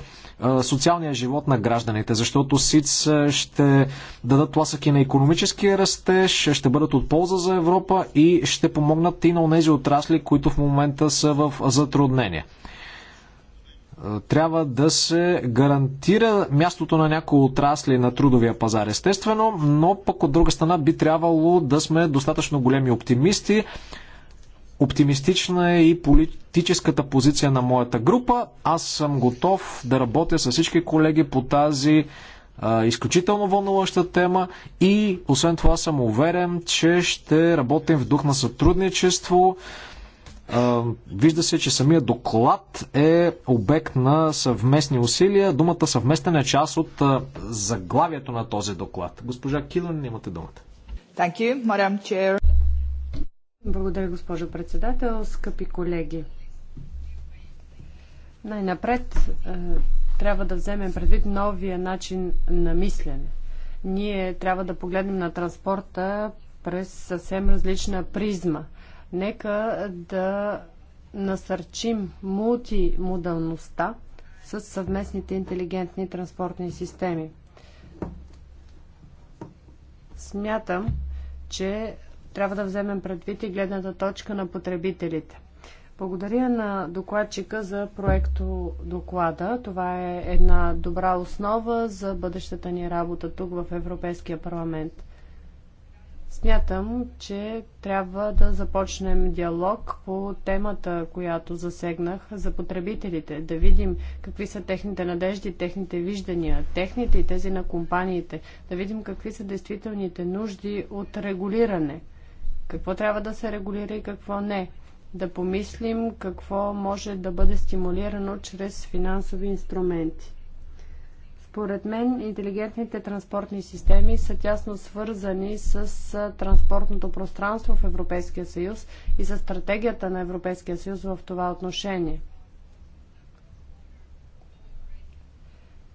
Speaker 2: социалния живот на гражданите, защото СИЦ ще дадат тласъки на економическия растеж, ще бъдат от полза за Европа и ще помогнат и на тези отрасли, които в момента са в затруднение трябва да се гарантира мястото на някои отрасли на трудовия пазар, естествено, но пък от друга страна би трябвало да сме достатъчно големи оптимисти, Оптимистична е и политическата позиция на моята група. Аз съм готов да работя с всички колеги по тази а, изключително вълнуваща тема и освен това съм уверен, че ще работим в дух на сътрудничество. А, вижда се, че самия доклад е обект на съвместни усилия. Думата съвместен е част от а, заглавието на този доклад. Госпожа Килан, имате думата.
Speaker 1: Thank you, Madam Chair. Благодаря, госпожо председател. Скъпи колеги, най-напред е, трябва да вземем предвид новия начин на мислене. Ние трябва да погледнем на транспорта през съвсем различна призма. Нека да насърчим мултимодалността с съвместните интелигентни транспортни системи. Смятам, че трябва да вземем предвид и гледната точка на потребителите. Благодаря на докладчика за проекто доклада. Това е една добра основа за бъдещата ни работа тук в Европейския парламент. Смятам, че трябва да започнем диалог по темата, която засегнах за потребителите, да видим какви са техните надежди, техните виждания, техните и тези на компаниите, да видим какви са действителните нужди от регулиране – какво трябва да се регулира и какво не? Да помислим какво може да бъде стимулирано чрез финансови инструменти. Според мен интелигентните транспортни системи са тясно свързани с транспортното пространство в Европейския съюз и с стратегията на Европейския съюз в това отношение.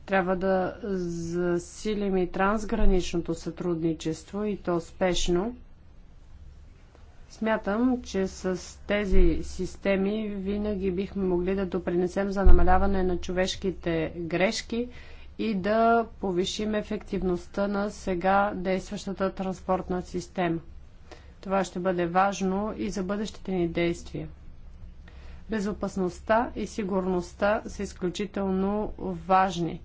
Speaker 1: Трябва да засилим и трансграничното сътрудничество и то спешно. Смятам, че с тези системи винаги бихме могли да допринесем за намаляване на човешките грешки и да повишим ефективността на сега действащата транспортна система. Това ще бъде важно и за бъдещите ни действия. Безопасността и сигурността са изключително важни.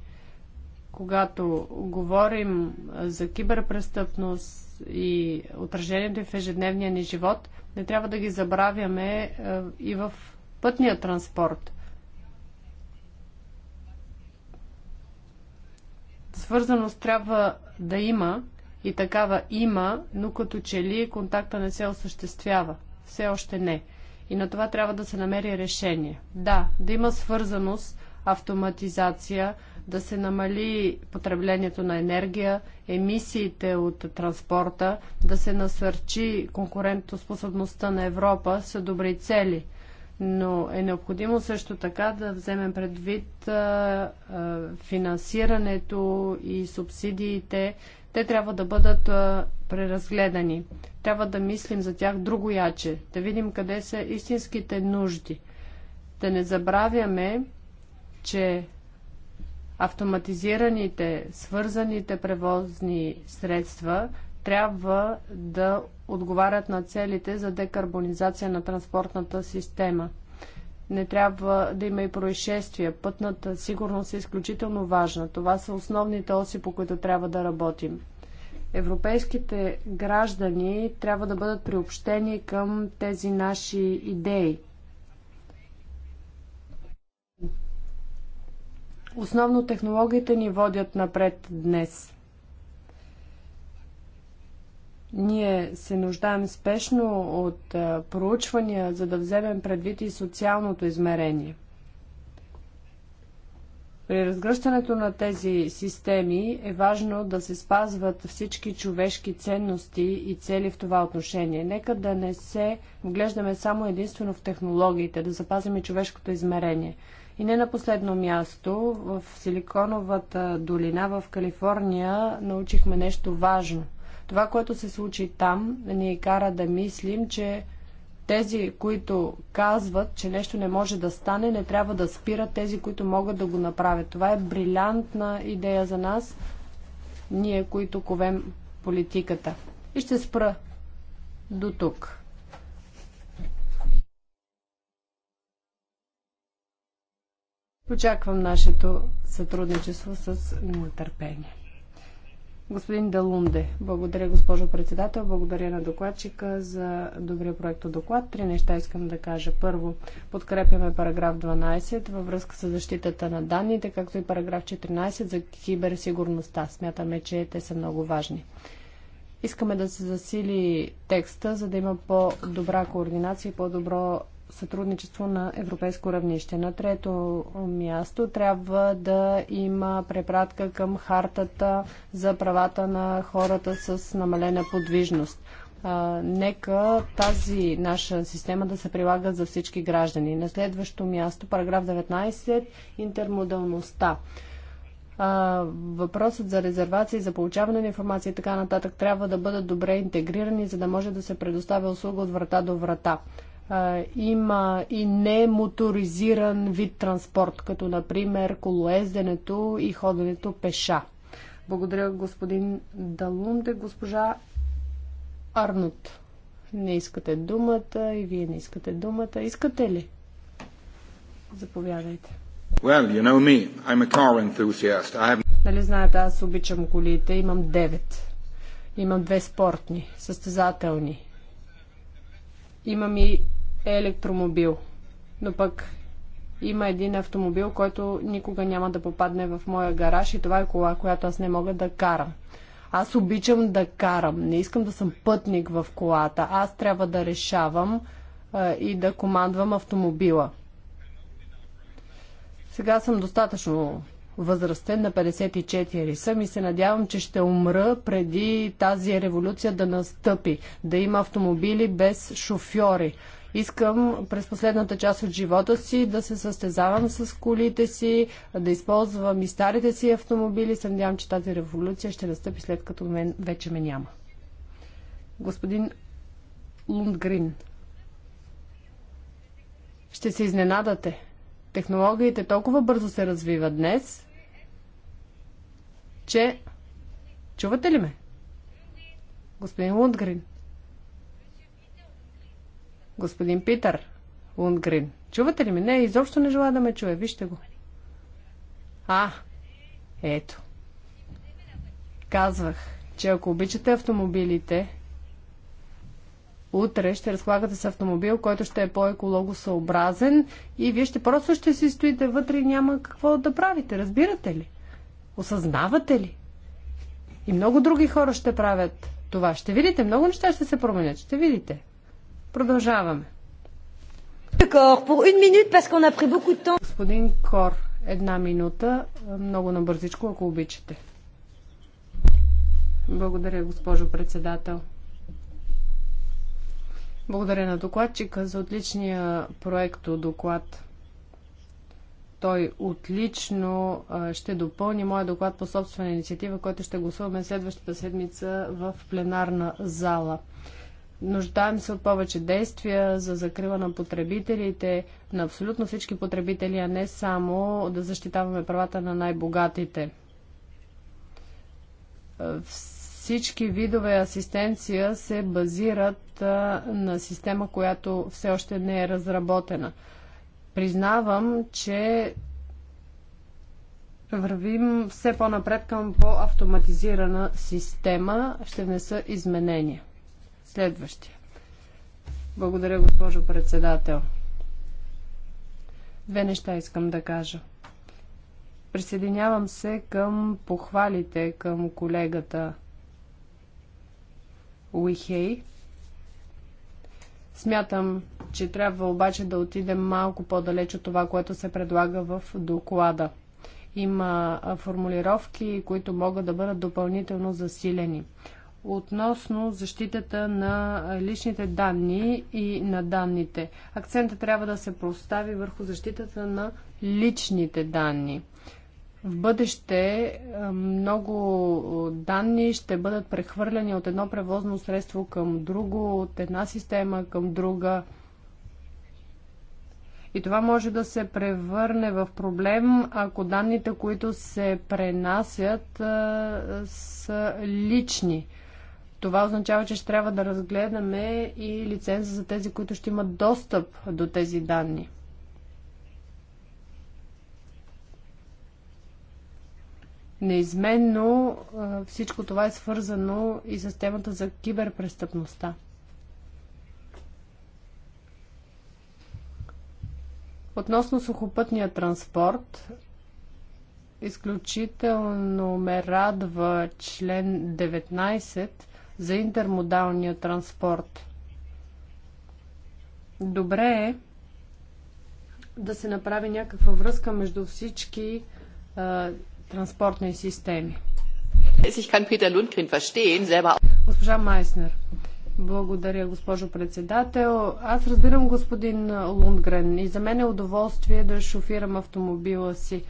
Speaker 1: Когато говорим за киберпрестъпност, и отражението и в ежедневния ни живот, не трябва да ги забравяме е, и в пътния транспорт. Свързаност трябва да има и такава има, но като че ли контакта не се осъществява. Все още не. И на това трябва да се намери решение. Да, да има свързаност, автоматизация, да се намали потреблението на енергия, емисиите от транспорта, да се насърчи конкурентоспособността на Европа са добри цели. Но е необходимо също така да вземем предвид а, а, финансирането и субсидиите. Те трябва да бъдат а, преразгледани. Трябва да мислим за тях другояче, да видим къде са истинските нужди. Да не забравяме, че автоматизираните, свързаните превозни средства трябва да отговарят на целите за декарбонизация на транспортната система. Не трябва да има и происшествия. Пътната сигурност е изключително важна. Това са основните оси, по които трябва да работим. Европейските граждани трябва да бъдат приобщени към тези наши идеи – Основно технологиите ни водят напред днес. Ние се нуждаем спешно от проучвания, за да вземем предвид и социалното измерение. При разгръщането на тези системи е важно да се спазват всички човешки ценности и цели в това отношение. Нека да не се вглеждаме само единствено в технологиите, да запазим и човешкото измерение – и не на последно място, в Силиконовата долина в Калифорния научихме нещо важно. Това, което се случи там, ни кара да мислим, че тези, които казват, че нещо не може да стане, не трябва да спират тези, които могат да го направят. Това е брилянтна идея за нас, ние, които ковем политиката. И ще спра до тук. Очаквам нашето сътрудничество с нетърпение. Господин Далунде, благодаря госпожо председател, благодаря на докладчика за добрия проект от доклад. Три неща искам да кажа. Първо, подкрепяме параграф 12 във връзка с защитата на данните, както и параграф 14 за киберсигурността. Смятаме, че те са много важни. Искаме да се засили текста, за да има по-добра координация и по-добро сътрудничество на европейско равнище. На трето място трябва да има препратка към хартата за правата на хората с намалена подвижност. А, нека тази наша система да се прилага за всички граждани. На следващо място, параграф 19, интермодалността въпросът за резервации, за получаване на информация и така нататък трябва да бъдат добре интегрирани, за да може да се предоставя услуга от врата до врата има и немоторизиран вид транспорт, като например колоезденето и ходенето пеша. Благодаря господин Далунде. Госпожа Арнот, не искате думата и вие не искате думата. Искате ли? Заповядайте.
Speaker 3: Well, you know me. I'm a car
Speaker 1: enthusiast. I have... Нали знаете, аз обичам колите. Имам девет. Имам две спортни, състезателни. Имам и е електромобил. Но пък има един автомобил, който никога няма да попадне в моя гараж и това е кола, която аз не мога да карам. Аз обичам да карам, не искам да съм пътник в колата. Аз трябва да решавам а, и да командвам автомобила. Сега съм достатъчно възрастен, на 54 съм и се надявам, че ще умра преди тази революция да настъпи, да има автомобили без шофьори. Искам през последната част от живота си да се състезавам с колите си, да използвам и старите си автомобили. Съм надявам, че тази революция ще настъпи след като мен вече ме няма. Господин Лундгрин, ще се изненадате. Технологиите толкова бързо се развиват днес, че... Чувате ли ме? Господин Лундгрин. Господин Питър Лундгрин. Чувате ли ме? Не, изобщо не желая да ме чуе. Вижте го. А, ето. Казвах, че ако обичате автомобилите, утре ще разхлагате с автомобил, който ще е по-екологосъобразен и вие ще просто ще си стоите вътре и няма какво да правите. Разбирате ли? Осъзнавате ли? И много други хора ще правят това. Ще видите, много неща ще се променят. Ще видите. Продължаваме. Господин Кор, една минута, много набързичко, ако обичате. Благодаря, госпожо председател. Благодаря на докладчика за отличния проект от доклад. Той отлично ще допълни моя доклад по собствена инициатива, който ще гласуваме следващата седмица в пленарна зала. Нуждаем се от повече действия за закрива на потребителите, на абсолютно всички потребители, а не само да защитаваме правата на най-богатите. Е, всички видове асистенция се базират е, на система, която все още не е разработена. Признавам, че вървим все по-напред към по-автоматизирана система. Ще внеса изменения. Следващия. Благодаря, госпожо председател. Две неща искам да кажа. Присъединявам се към похвалите към колегата Уихей. Смятам, че трябва обаче да отидем малко по-далеч от това, което се предлага в доклада. Има формулировки, които могат да бъдат допълнително засилени относно защитата на личните данни и на данните. Акцентът трябва да се постави върху защитата на личните данни. В бъдеще е, много данни ще бъдат прехвърляни от едно превозно средство към друго, от една система към друга. И това може да се превърне в проблем, ако данните, които се пренасят, е, са лични. Това означава, че ще трябва да разгледаме и лиценза за тези, които ще имат достъп до тези данни. Неизменно всичко това е свързано и с темата за киберпрестъпността. Относно сухопътния транспорт, изключително ме радва член 19, за интермодалния транспорт. Добре е да се направи някаква връзка между всички а, транспортни системи. Госпожа Майснер. Благодаря, госпожо председател. Аз разбирам господин Лундгрен и за мен е удоволствие да шофирам автомобила си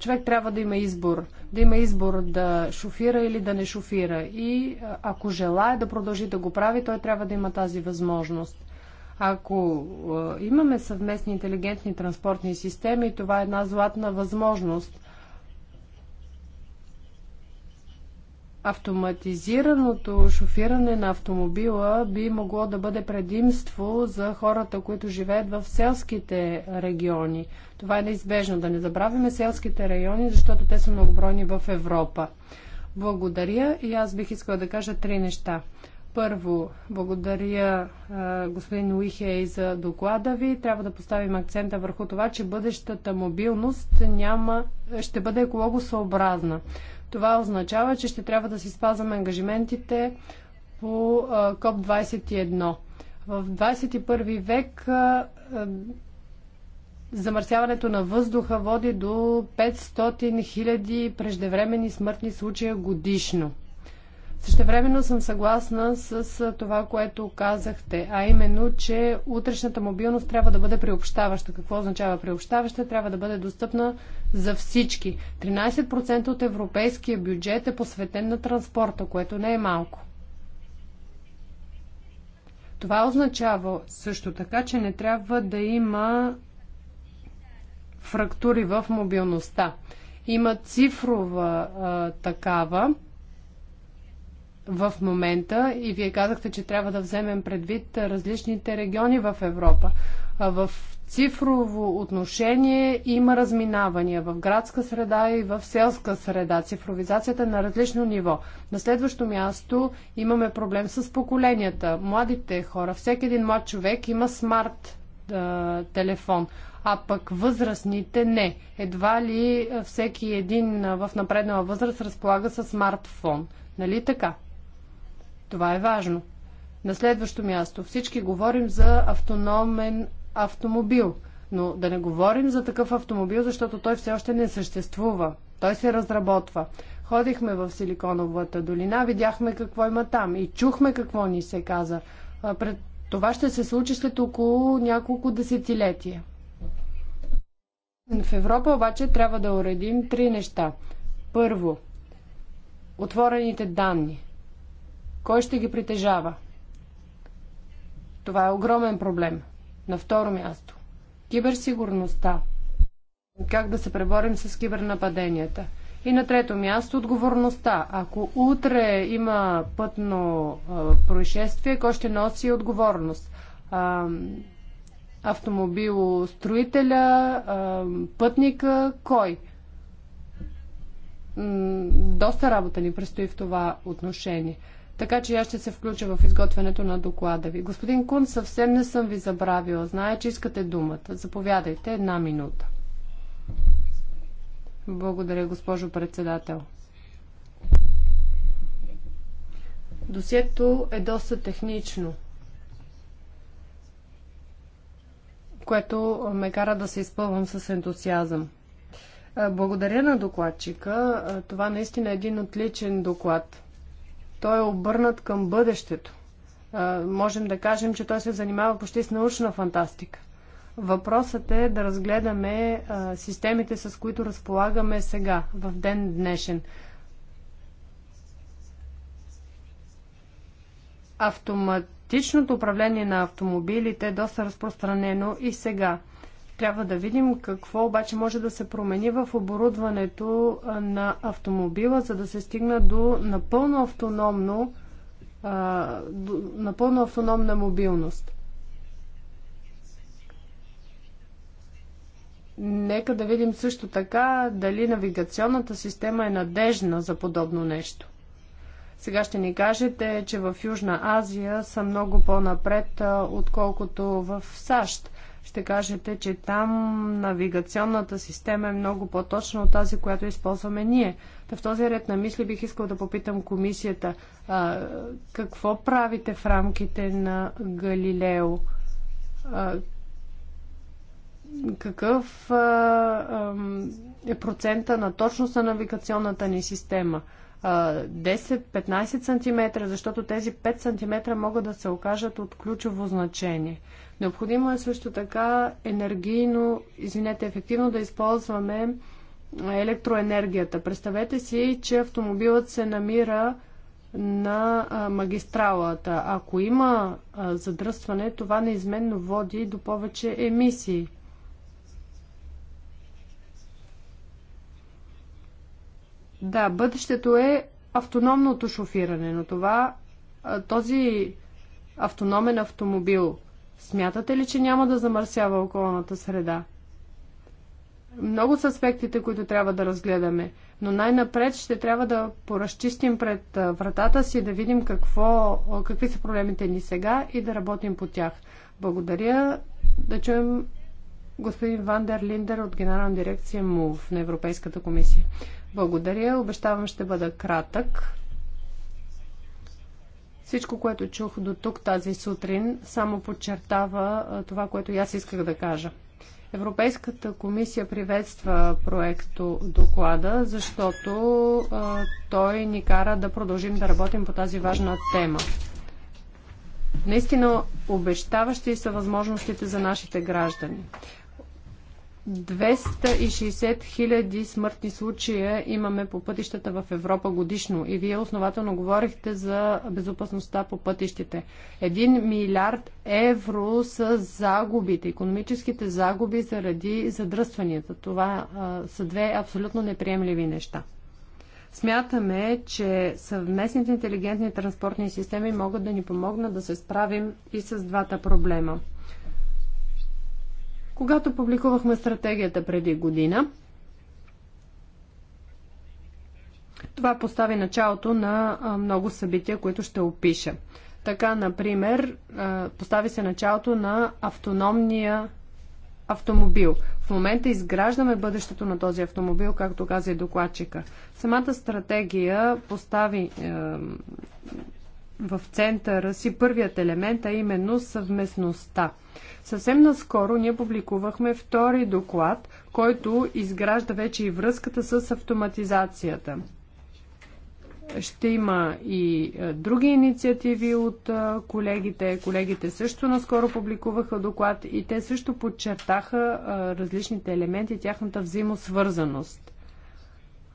Speaker 1: човек трябва да има избор. Да има избор да шофира или да не шофира. И ако желая да продължи да го прави, той трябва да има тази възможност. Ако имаме съвместни интелигентни транспортни системи, това е една златна възможност. Автоматизираното шофиране на автомобила би могло да бъде предимство за хората, които живеят в селските региони. Това е неизбежно. Да не забравяме селските райони, защото те са многобройни в Европа. Благодаря и аз бих искала да кажа три неща. Първо, благодаря господин Уихей за доклада ви. Трябва да поставим акцента върху това, че бъдещата мобилност няма, ще бъде екологосъобразна. Това означава, че ще трябва да си спазваме ангажиментите по КОП-21. В 21 век замърсяването на въздуха води до 500 000 преждевременни смъртни случая годишно. Същевременно съм съгласна с това, което казахте, а именно, че утрешната мобилност трябва да бъде приобщаваща. Какво означава приобщаваща? Трябва да бъде достъпна за всички. 13% от европейския бюджет е посветен на транспорта, което не е малко. Това означава също така, че не трябва да има фрактури в мобилността. Има цифрова а, такава в момента и вие казахте, че трябва да вземем предвид различните региони в Европа. В цифрово отношение има разминавания в градска среда и в селска среда. Цифровизацията е на различно ниво. На следващо място имаме проблем с поколенията. Младите хора, всеки един млад човек има смарт а, телефон, а пък възрастните не. Едва ли всеки един в напреднала възраст разполага с смартфон. Нали така? Това е важно. На следващо място, всички говорим за автономен автомобил, но да не говорим за такъв автомобил, защото той все още не съществува. Той се разработва. Ходихме в Силиконовата долина, видяхме какво има там и чухме какво ни се каза. Пред това ще се случи след около няколко десетилетия. В Европа обаче трябва да уредим три неща. Първо, отворените данни. Кой ще ги притежава? Това е огромен проблем. На второ място. Киберсигурността. Как да се преборим с кибернападенията? И на трето място отговорността. Ако утре има пътно а, происшествие, кой ще носи отговорност? А, автомобилостроителя, а, пътника, кой? М доста работа ни предстои в това отношение така че аз ще се включа в изготвянето на доклада ви. Господин Кун, съвсем не съм ви забравила. Зная, че искате думата. Заповядайте една минута. Благодаря, госпожо председател. Досието е доста технично, което ме кара да се изпълвам с ентусиазъм. Благодаря на докладчика. Това наистина е един отличен доклад. Той е обърнат към бъдещето. Можем да кажем, че той се занимава почти с научна фантастика. Въпросът е да разгледаме системите, с които разполагаме сега, в ден днешен. Автоматичното управление на автомобилите е доста разпространено и сега. Трябва да видим какво обаче може да се промени в оборудването на автомобила, за да се стигна до напълно автономно напълно автономна мобилност. Нека да видим също така дали навигационната система е надежна за подобно нещо. Сега ще ни кажете, че в Южна Азия са много по-напред, отколкото в САЩ ще кажете, че там навигационната система е много по-точна от тази, която използваме ние. Та в този ред на мисли бих искал да попитам комисията, а, какво правите в рамките на Галилео? А, какъв а, а, е процента на точност на навигационната ни система? 10-15 см, защото тези 5 см могат да се окажат от ключово значение. Необходимо е също така енергийно, извинете, ефективно да използваме електроенергията. Представете си, че автомобилът се намира на магистралата. Ако има задръстване, това неизменно води до повече емисии. Да, бъдещето е автономното шофиране, но това този автономен автомобил Смятате ли, че няма да замърсява околната среда? Много са аспектите, които трябва да разгледаме, но най-напред ще трябва да поразчистим пред вратата си, да видим какво, какви са проблемите ни сега и да работим по тях. Благодаря. Да чуем господин Вандер Линдер от Генерална дирекция МУВ на Европейската комисия. Благодаря. Обещавам ще бъда кратък. Всичко, което чух до тук тази сутрин, само подчертава това, което аз исках да кажа. Европейската комисия приветства проекто доклада, защото а, той ни кара да продължим да работим по тази важна тема. Наистина обещаващи са възможностите за нашите граждани. 260 хиляди смъртни случая имаме по пътищата в Европа годишно и вие основателно говорихте за безопасността по пътищите. Един милиард евро са загубите, економическите загуби заради задръстванията. Това а, са две абсолютно неприемливи неща. Смятаме, че съвместните интелигентни транспортни системи могат да ни помогнат да се справим и с двата проблема – когато публикувахме стратегията преди година, това постави началото на много събития, които ще опиша. Така, например, постави се началото на автономния автомобил. В момента изграждаме бъдещето на този автомобил, както каза и докладчика. Самата стратегия постави в центъра си първият елемент, а именно съвместността. Съвсем наскоро ние публикувахме втори доклад, който изгражда вече и връзката с автоматизацията. Ще има и е, други инициативи от е, колегите. Колегите също наскоро публикуваха доклад и те също подчертаха е, различните елементи и тяхната взаимосвързаност.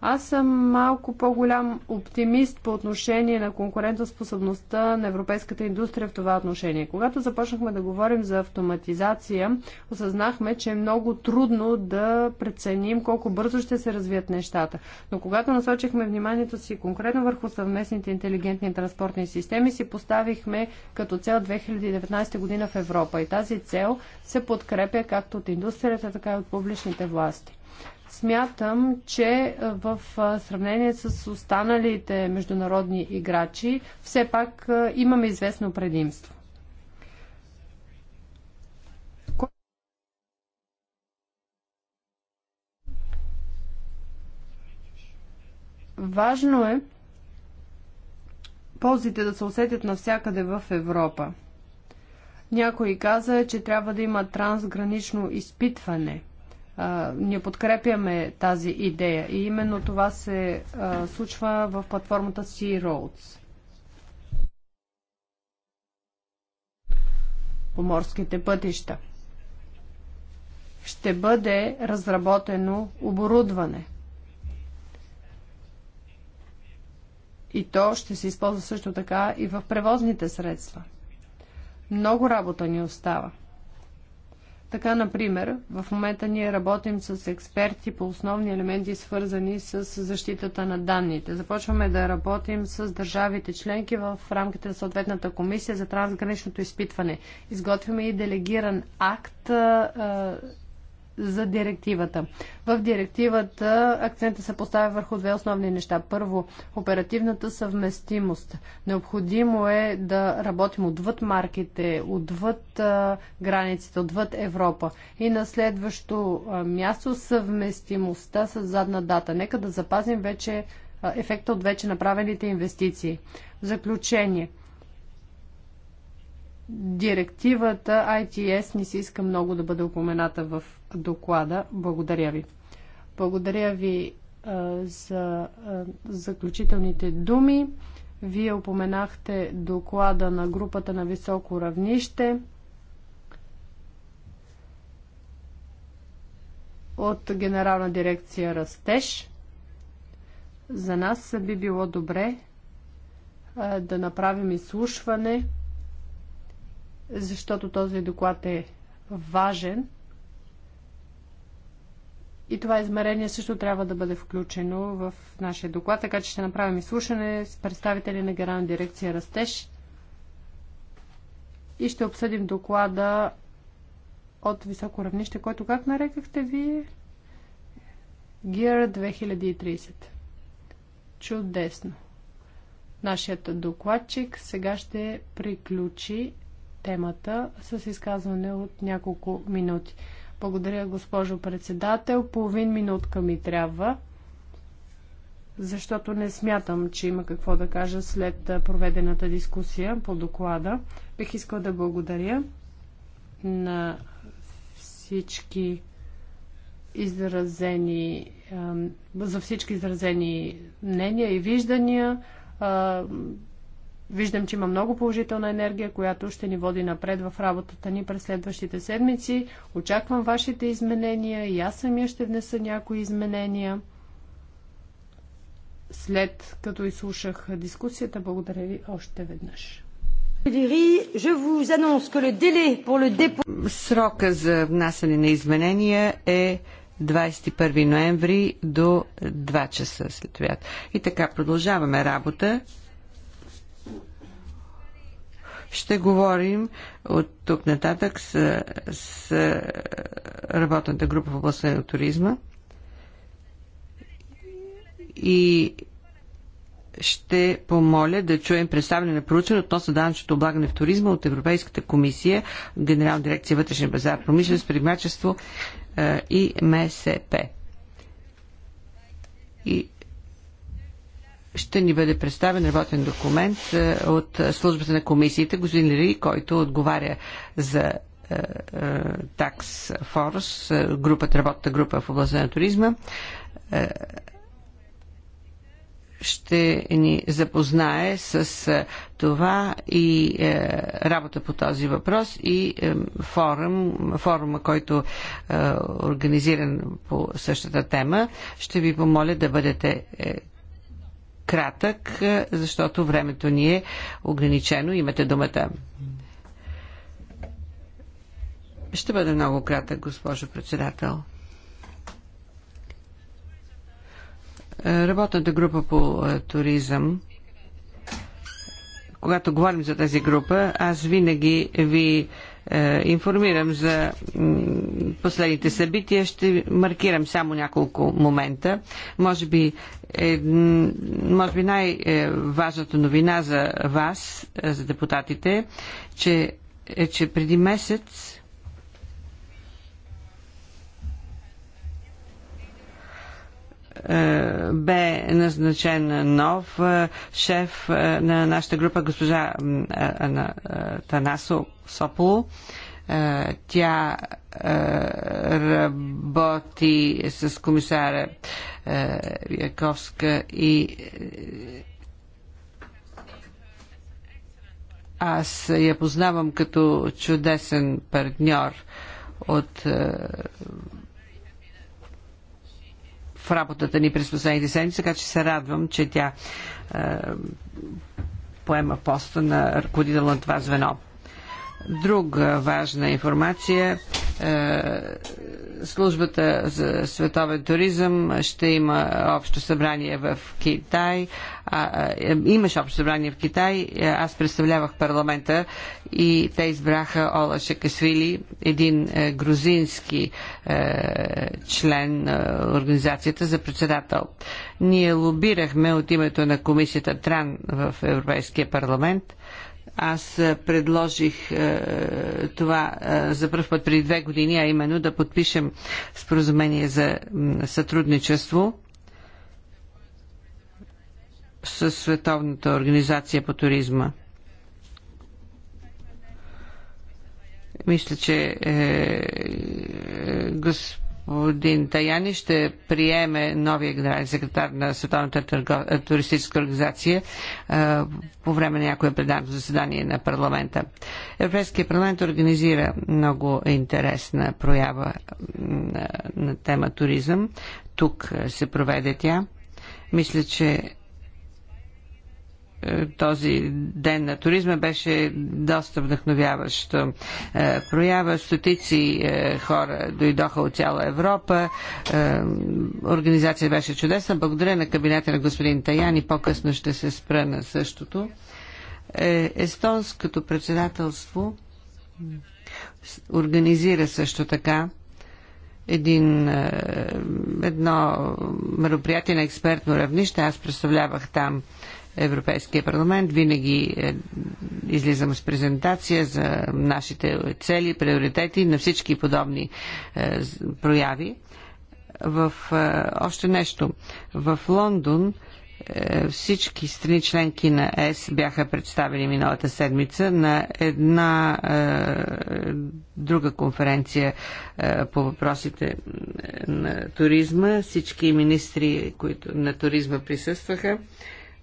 Speaker 1: Аз съм малко по-голям оптимист по отношение на конкурентоспособността на европейската индустрия в това отношение. Когато започнахме да говорим за автоматизация, осъзнахме, че е много трудно да преценим колко бързо ще се развият нещата. Но когато насочихме вниманието си конкретно върху съвместните интелигентни транспортни системи, си поставихме като цел 2019 година в Европа. И тази цел се подкрепя както от индустрията, така и от публичните власти. Смятам, че в сравнение с останалите международни играчи, все пак имаме известно предимство. Важно е ползите да се усетят навсякъде в Европа. Някой каза, че трябва да има трансгранично изпитване – ние подкрепяме тази идея и именно това се а, случва в платформата Sea Roads. По морските пътища. Ще бъде разработено оборудване. И то ще се използва също така и в превозните средства. Много работа ни остава. Така, например, в момента ние работим с експерти по основни елементи, свързани с защитата на данните. Започваме да работим с държавите членки в рамките на съответната комисия за трансграничното изпитване. Изготвяме и делегиран акт за директивата. В директивата акцента се поставя върху две основни неща. Първо, оперативната съвместимост. Необходимо е да работим отвъд марките, отвъд а, границите, отвъд Европа. И на следващо а, място съвместимостта с задна дата. Нека да запазим вече а, ефекта от вече направените инвестиции. В заключение – директивата ITS не се иска много да бъде упомената в доклада. Благодаря ви. Благодаря ви за заключителните думи. Вие упоменахте доклада на групата на високо равнище. от Генерална дирекция Растеж. За нас би било добре да направим изслушване, защото този доклад е важен и това измерение също трябва да бъде включено в нашия доклад, така че ще направим изслушане с представители на Генерална дирекция Растеж и ще обсъдим доклада от високо равнище, който как нарекахте вие? Gear 2030. Чудесно! Нашият докладчик сега ще приключи темата с изказване от няколко минути. Благодаря, госпожо председател. Половин минутка ми трябва, защото не смятам, че има какво да кажа след проведената дискусия по доклада. Бих искал да благодаря на всички изразени, за всички изразени мнения и виждания Виждам, че има много положителна енергия, която ще ни води напред в работата ни през следващите седмици. Очаквам вашите изменения и аз самия ще внеса някои изменения. След като изслушах дискусията, благодаря ви още веднъж.
Speaker 3: Срока за внасяне на изменения е 21 ноември до 2 часа след обяд. И така продължаваме работа. Ще говорим от тук нататък с, с работната група в областта на туризма и ще помоля да чуем представяне на проучване относно данъчното облагане в туризма от Европейската комисия, Генерална дирекция вътрешен базар, промишленост, предприемачество е, и МСП. И ще ни бъде представен работен документ е, от службата на комисията, господин Лири, който отговаря за такс е, форс, е, групата, работната група в областта на туризма, ще ни запознае с това и работа по този въпрос и форум, форума, който е организиран по същата тема. Ще ви помоля да бъдете кратък, е, защото времето ни е ограничено. Имате думата. Ще бъде много кратък, госпожо председател. Е, работната група по е, туризъм, когато говорим за тази група, аз винаги ви е, информирам за последните събития. Ще маркирам само няколко момента. Може би, е, може би най-важната новина за вас, е, за депутатите, че, е, че преди месец бе назначен нов е, шеф на нашата група, госпожа Танасо Сопол. Е, тя е, работи с комисара е, Яковска и аз я познавам като чудесен партньор от в работата ни през последните седмици, така че се радвам, че тя е, поема поста на ръководител на това звено. Друга важна информация е, службата за световен туризъм ще има общо събрание в Китай. Е, имаше общо събрание в Китай. Е, аз представлявах парламента и те избраха Ола Шакасвили, един грузински член на организацията за председател. Ние лобирахме от името на комисията Тран в Европейския парламент аз е, предложих е, това е, за първ път преди две години, а именно да подпишем споразумение за сътрудничество с Световната организация по туризма. Мисля, че е, е, господин господин Таяни ще приеме новия генерален секретар на Световната е, туристическа организация е, по време на някое пленарно заседание на парламента. Европейския парламент организира много интересна проява на тема туризъм. Тук е, се проведе тя. Мисля, че е, този ден на туризма беше доста вдъхновяващо. Е, проява стотици е, хора дойдоха от цяла Европа. Организация беше чудесна. Благодаря на кабинета на господин Таяни. По-късно ще се спра на същото. Естонското председателство организира също така един, едно мероприятие на експертно равнище. Аз представлявах там Европейския парламент. Винаги е, излизам с презентация за нашите цели, приоритети на всички подобни е, прояви. В е, още нещо. В Лондон всички страни членки на ЕС бяха представени миналата седмица на една е, друга конференция е, по въпросите на туризма. Всички министри които, на туризма присъстваха. Е,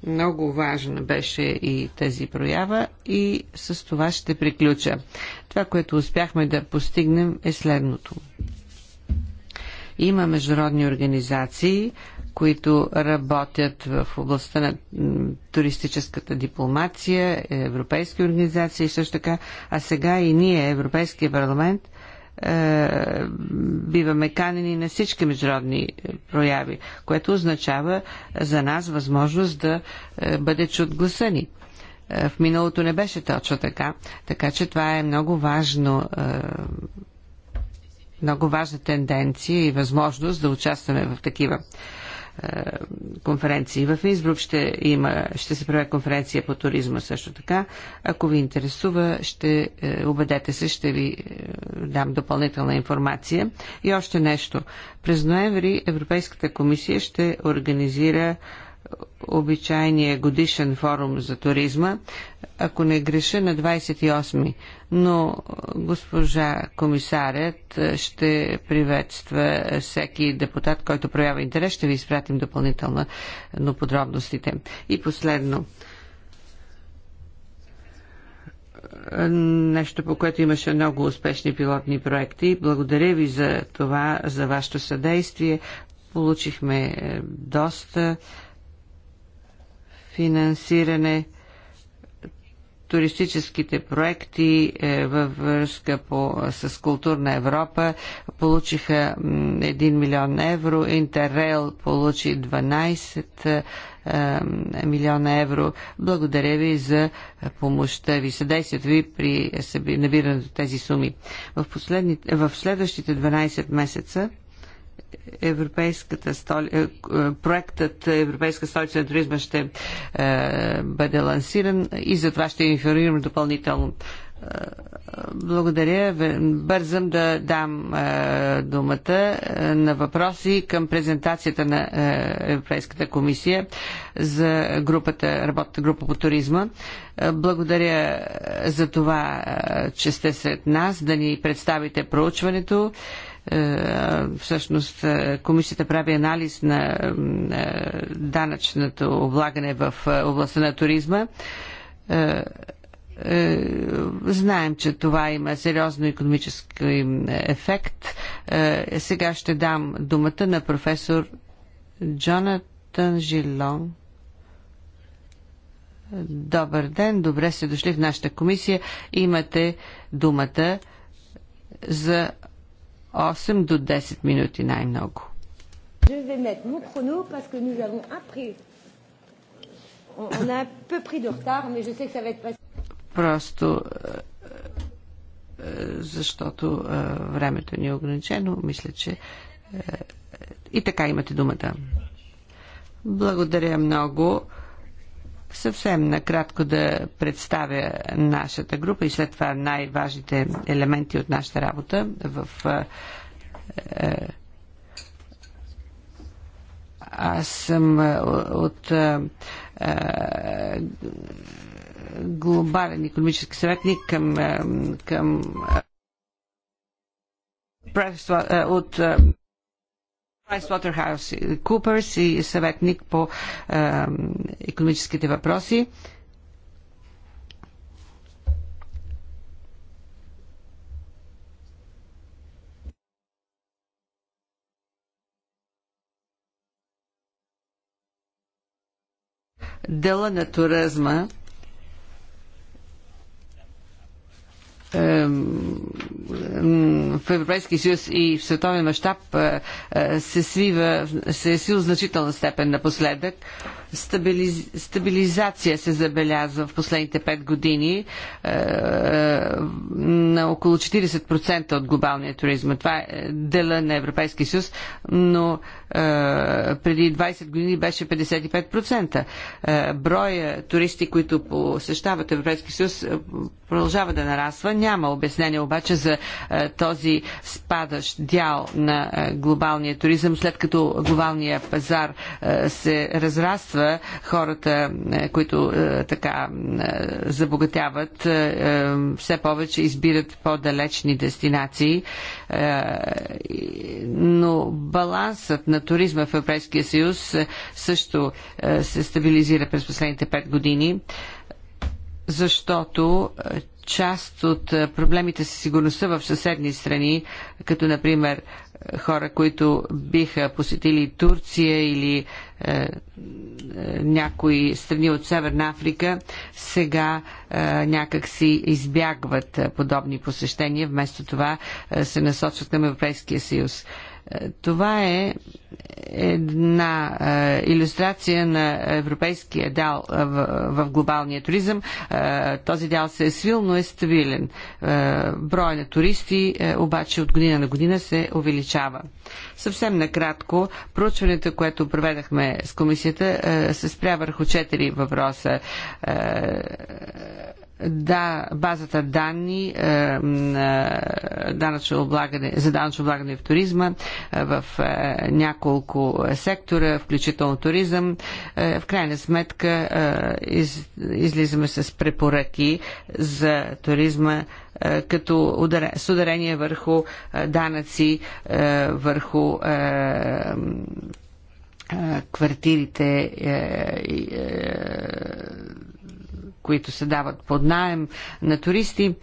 Speaker 3: много важна беше и тази проява и с това ще приключа. Това, което успяхме да постигнем е следното. Има международни организации, които работят в областта на туристическата дипломация, европейски организации също така, а сега и ние, Европейския парламент, е, биваме канени на всички международни прояви, което означава за нас възможност да е, бъде чут гласани. Е, в миналото не беше точно така, така че това е много важно много важна тенденция и възможност да участваме в такива е, конференции. В Инсбрук ще, има, ще се прави конференция по туризма също така. Ако ви интересува, ще е, убедете се, ще ви е, дам допълнителна информация. И още нещо. През ноември Европейската комисия ще организира обичайния годишен форум за туризма, ако не греша, на 28-ми. Но госпожа комисарят ще приветства всеки депутат, който проява интерес. Ще ви изпратим допълнително на подробностите. И последно. Нещо, по което имаше много успешни пилотни проекти. Благодаря ви за това, за вашето съдействие. Получихме е, доста финансиране туристическите проекти е, във връзка по, с културна Европа получиха 1 милион евро, Интеррел получи 12 е, милиона евро. Благодаря ви за помощта ви, съдействието ви при набирането тези суми. В, в следващите 12 месеца Европейската столи... Е, е, проектът Европейска столица на туризма ще е, бъде лансиран и за това ще информирам допълнително. Е, благодаря. Бързам да дам думата на въпроси към презентацията на Европейската комисия за групата, работната група по туризма. Благодаря за това, че сте сред нас, да ни представите проучването. Е, всъщност е, комисията прави анализ на е, данъчното облагане в областта на туризма знаем, че това има сериозно економически ефект. Сега ще дам думата на професор Джонатан Жилон. Добър ден, добре сте дошли в нашата комисия. Имате думата за 8 до 10 минути най-много. Просто защото времето ни е ограничено, мисля, че е, е, и така имате думата. Благодаря много съвсем накратко да представя нашата група и след това най-важните елементи от нашата работа в е, е, аз съм е, от глобален економически съветник към, към от PricewaterhouseCoopers и съветник по е, економическите въпроси. Дела на туризма в Европейския съюз и в световен мащаб е, е, се свива, се е сил значителна степен напоследък стабилиз... стабилизация се забелязва в последните 5 години е, на около 40% от глобалния туризъм. Това е дела на Европейския съюз, но е, преди 20 години беше 55%. Е, броя туристи, които посещават Европейския съюз, е, продължава да нараства. Няма обяснение обаче за е, този спадащ дял на е, глобалния туризъм, след като глобалния пазар е, се разраства казва хората, е, които е, така е, забогатяват, все повече избират по-далечни дестинации. Но балансът на туризма в Европейския съюз също се стабилизира през последните 5 години, защото част от проблемите със сигурността в съседни страни, като например хора, които биха посетили Турция или е, е, някои страни от Северна Африка, сега е, някак си избягват подобни посещения, вместо това е, се насочват към Европейския съюз. Е, това е една е, иллюстрация на европейския дял е, в, в глобалния туризъм. Е, този дял се е свил, но е стабилен. Е, брой на туристи е, обаче от година на година се увеличава. Съвсем накратко, проучването, което проведахме с комисията, е, се спря върху четири въпроса. Е, да, базата данни е, е, данъчно облагане, за данъчно облагане в туризма е, в няколко сектора, включително туризъм. В крайна сметка из, излизаме с препоръки за туризма като с ударение върху данъци, върху квартирите които се дават под найем на туристи.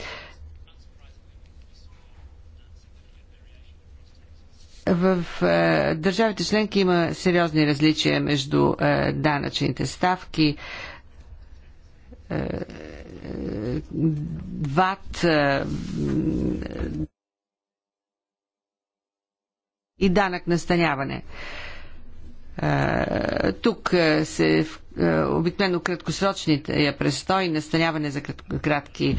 Speaker 3: В е, държавите членки има сериозни различия между е, данъчните ставки, е, е ВАТ е, и данък настаняване. Тук се обикновено краткосрочните е, престой, настаняване за кратки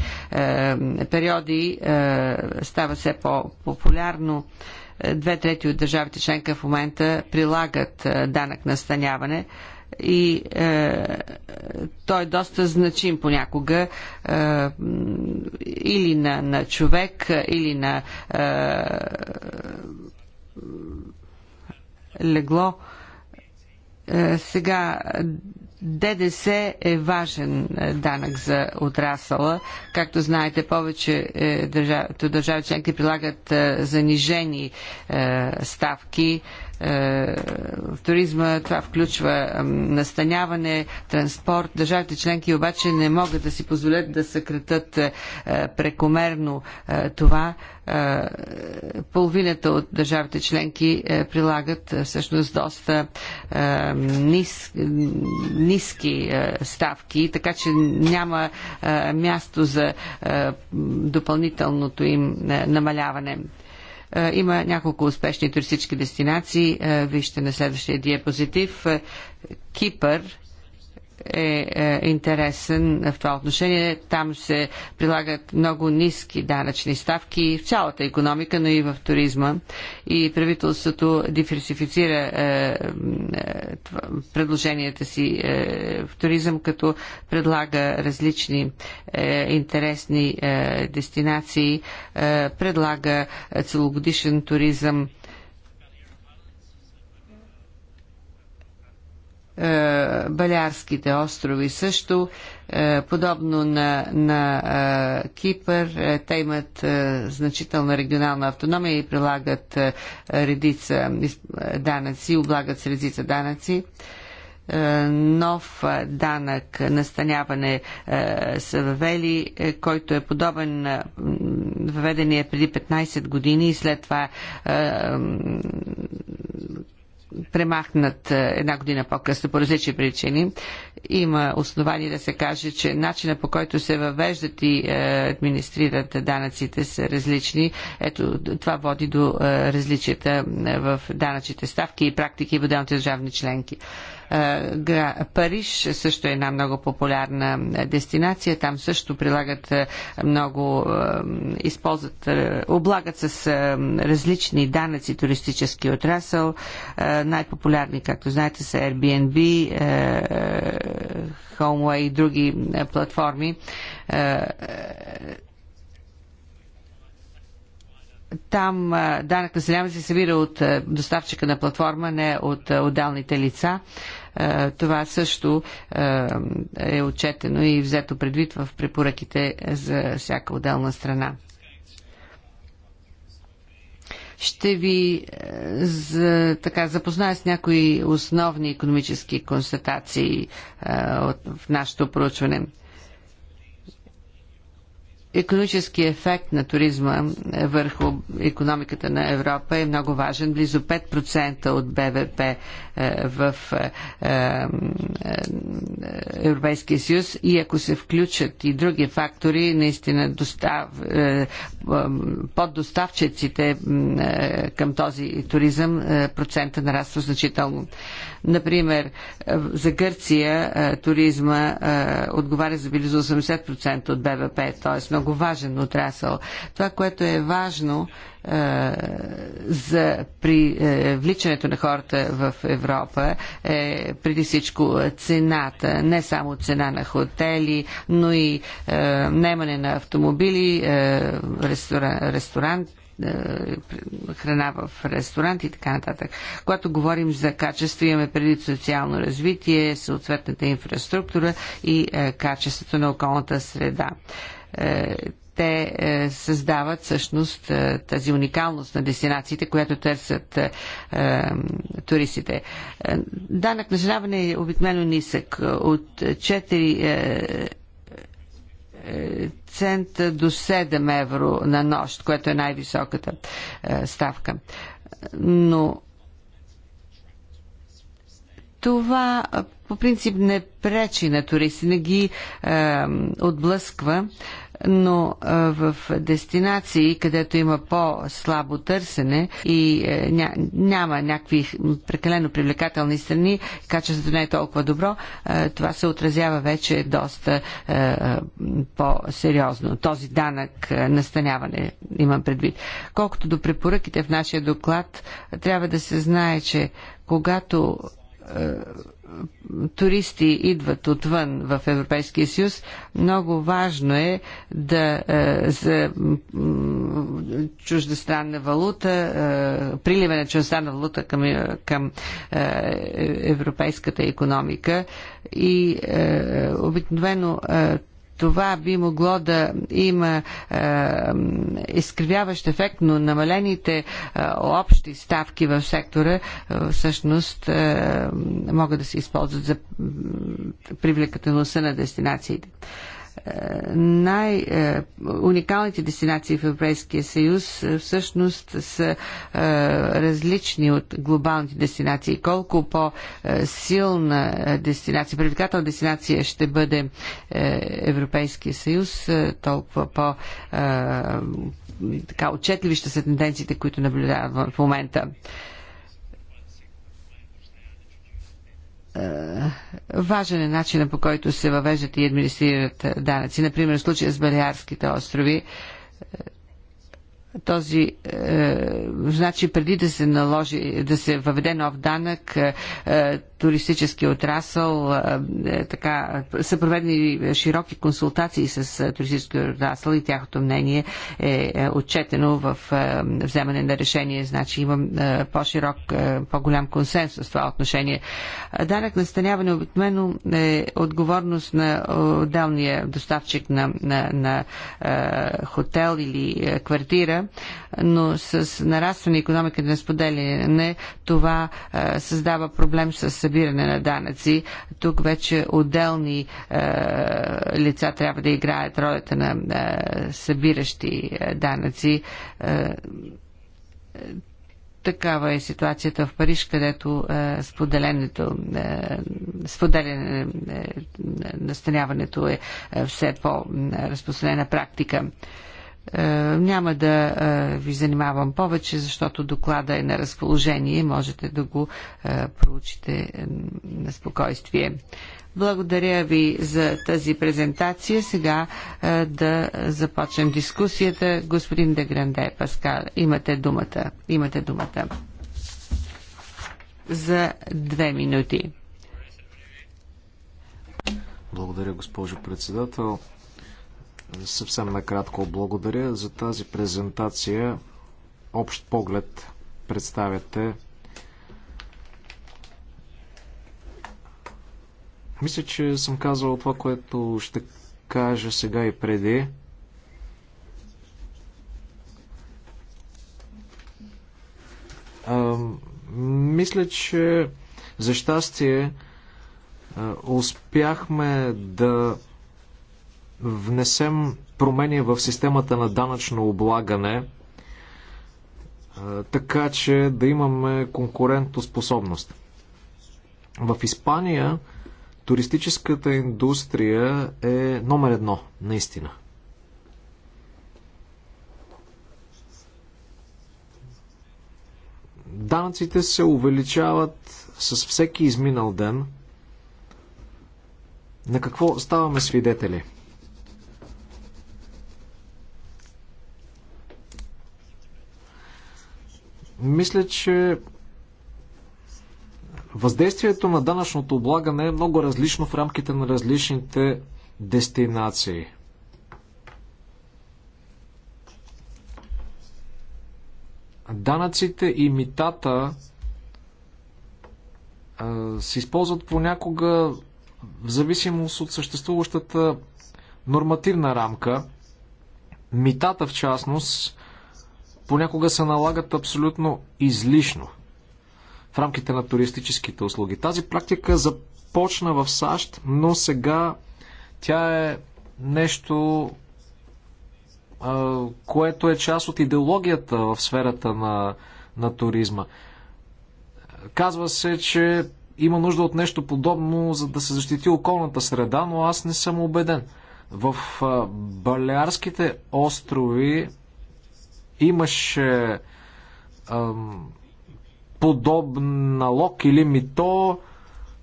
Speaker 3: периоди става все по-популярно. Две трети от държавите членка в момента прилагат данък настаняване и е, той е доста значим понякога е, или на, на човек, или на е, легло. Е, е, сега ДДС е важен е, данък за отрасъла. Както знаете, повече е, държави членки прилагат занижени ставки в е, туризма това включва настаняване, транспорт. Държавите членки обаче не могат да си позволят да съкратат е, е, прекомерно това. Половината от държавите членки прилагат всъщност доста нис, ниски ставки, така че няма място за допълнителното им намаляване. Е, има няколко успешни туристически дестинации. Е, вижте на следващия диапозитив. Е, Кипър е, е интересен в това отношение. Там се прилагат много ниски данъчни ставки в цялата економика, но и в туризма. И правителството диверсифицира е, е, предложенията си е, в туризъм, като предлага различни е, интересни е, дестинации, е, предлага целогодишен туризъм Е, Балярските острови също, е, подобно на, на е, Кипър, те имат значителна регионална автономия и прилагат редица данъци, облагат с редица данъци нов данък настаняване са въвели, който е подобен на въведения преди 15 години и след това премахнат е, една година по-късно по различни причини. Има основание да се каже, че начина по който се въвеждат и е, администрират данъците са различни. Ето, това води до е, различията в данъчните ставки и практики в отделните държавни членки. Е, Париж също е една много популярна е, дестинация. Там също прилагат е, много, използват, облагат с различни данъци туристически отрасъл. Най-популярни, както знаете, са Airbnb, Homeway и други платформи там данък на селяма се събира от доставчика на платформа, не от отделните лица. Това също е отчетено и взето предвид в препоръките за всяка отделна страна. Ще ви за, така, запозная с някои основни економически констатации от, в нашето проучване. Економически ефект на туризма е, върху економиката на Европа е много важен. Близо 5% от БВП е, в е, Европейския съюз и ако се включат и други фактори, наистина достав, поддоставчиците към този туризъм процента нараства значително. Например, е, за Гърция е, туризма е, отговаря за близо 80% от БВП, т.е. много важен отрасъл. Това, което е важно за при вличането на хората в Европа е преди всичко цената, не само цена на хотели, но и е, немане на автомобили, е, ресторан, ресторант, е, храна в ресторант и така нататък. Когато говорим за качество, имаме преди социално развитие, съответната инфраструктура и е, качеството на околната среда е, те създават всъщност тази уникалност на дестинациите, която търсят туристите. Данък на жилаване е обикновено нисък. От 4 Цента до 7 евро на нощ, което е най-високата е, ставка. Но това е, по принцип не пречи на туристи, не ги е, отблъсква. Е, но в дестинации, където има по-слабо търсене и е, няма някакви прекалено привлекателни страни, качеството не е толкова добро, това се отразява вече доста е, по-сериозно. Този данък е, настаняване имам предвид. Колкото до препоръките в нашия доклад, трябва да се знае, че когато туристи идват отвън в Европейския съюз, много важно е да е, за чуждестранна валута, е, прилива на чуждестранна валута към, е, към е, европейската економика и е, обикновено е, това би могло да има е, изкривяващ ефект, но намалените е, общи ставки в сектора е, всъщност е, могат да се използват за привлекателността на дестинациите най-уникалните дестинации в Европейския съюз е, всъщност са е, различни от глобалните дестинации. Колко по-силна е, дестинация, привлекателна дестинация ще бъде Европейския съюз, толкова по- така отчетливи ще са тенденциите, които наблюдават в момента. Е, важен е начина по който се въвеждат и администрират данъци. Например, в случая с Балиарските острови, е, този, е, значи преди да се наложи, да се въведе нов данък, е, туристически отрасъл, е, така, са проведени широки консултации с е, туристически отрасъл и тяхното мнение е, е отчетено в вземане на решение. Значи имам по-широк, по-голям консенсус в това отношение. Данък станяване обикновено е отговорност на отделния доставчик на, на, на хотел или квартира, но с нарастване економиката на споделяне това създава проблем с събиране на данъци. Тук вече отделни е, лица трябва да играят ролята на е, събиращи е, данъци. Е, такава е ситуацията в Париж, където е, споделянето, е, споделяне, е, настаняването е, е все по-разпространена е, практика. Е, няма да е, ви занимавам повече, защото доклада е на разположение. Можете да го е, проучите на спокойствие. Благодаря ви за тази презентация. Сега да започнем дискусията. Господин Дегранде Паскал, имате думата. Имате думата. За две минути.
Speaker 2: Благодаря, госпожо председател. Съвсем накратко благодаря за тази презентация. Общ поглед представяте. Мисля, че съм казал това, което ще кажа сега и преди. А, мисля, че за щастие успяхме да внесем промени в системата на данъчно облагане, е, така че да имаме конкурентоспособност. В Испания туристическата индустрия е номер едно, наистина. Данъците се увеличават с всеки изминал ден. На какво ставаме свидетели? Мисля, че въздействието на данъчното облагане е много различно в рамките на различните дестинации. Данъците и митата се използват понякога в зависимост от съществуващата нормативна рамка. Митата, в частност, понякога се налагат абсолютно излишно в рамките на туристическите услуги. Тази практика започна в САЩ, но сега тя е нещо, което е част от идеологията в сферата на, на туризма. Казва се, че има нужда от нещо подобно, за да се защити околната среда, но аз не съм убеден. В Балеарските острови имаше ам, подобен налог или мито,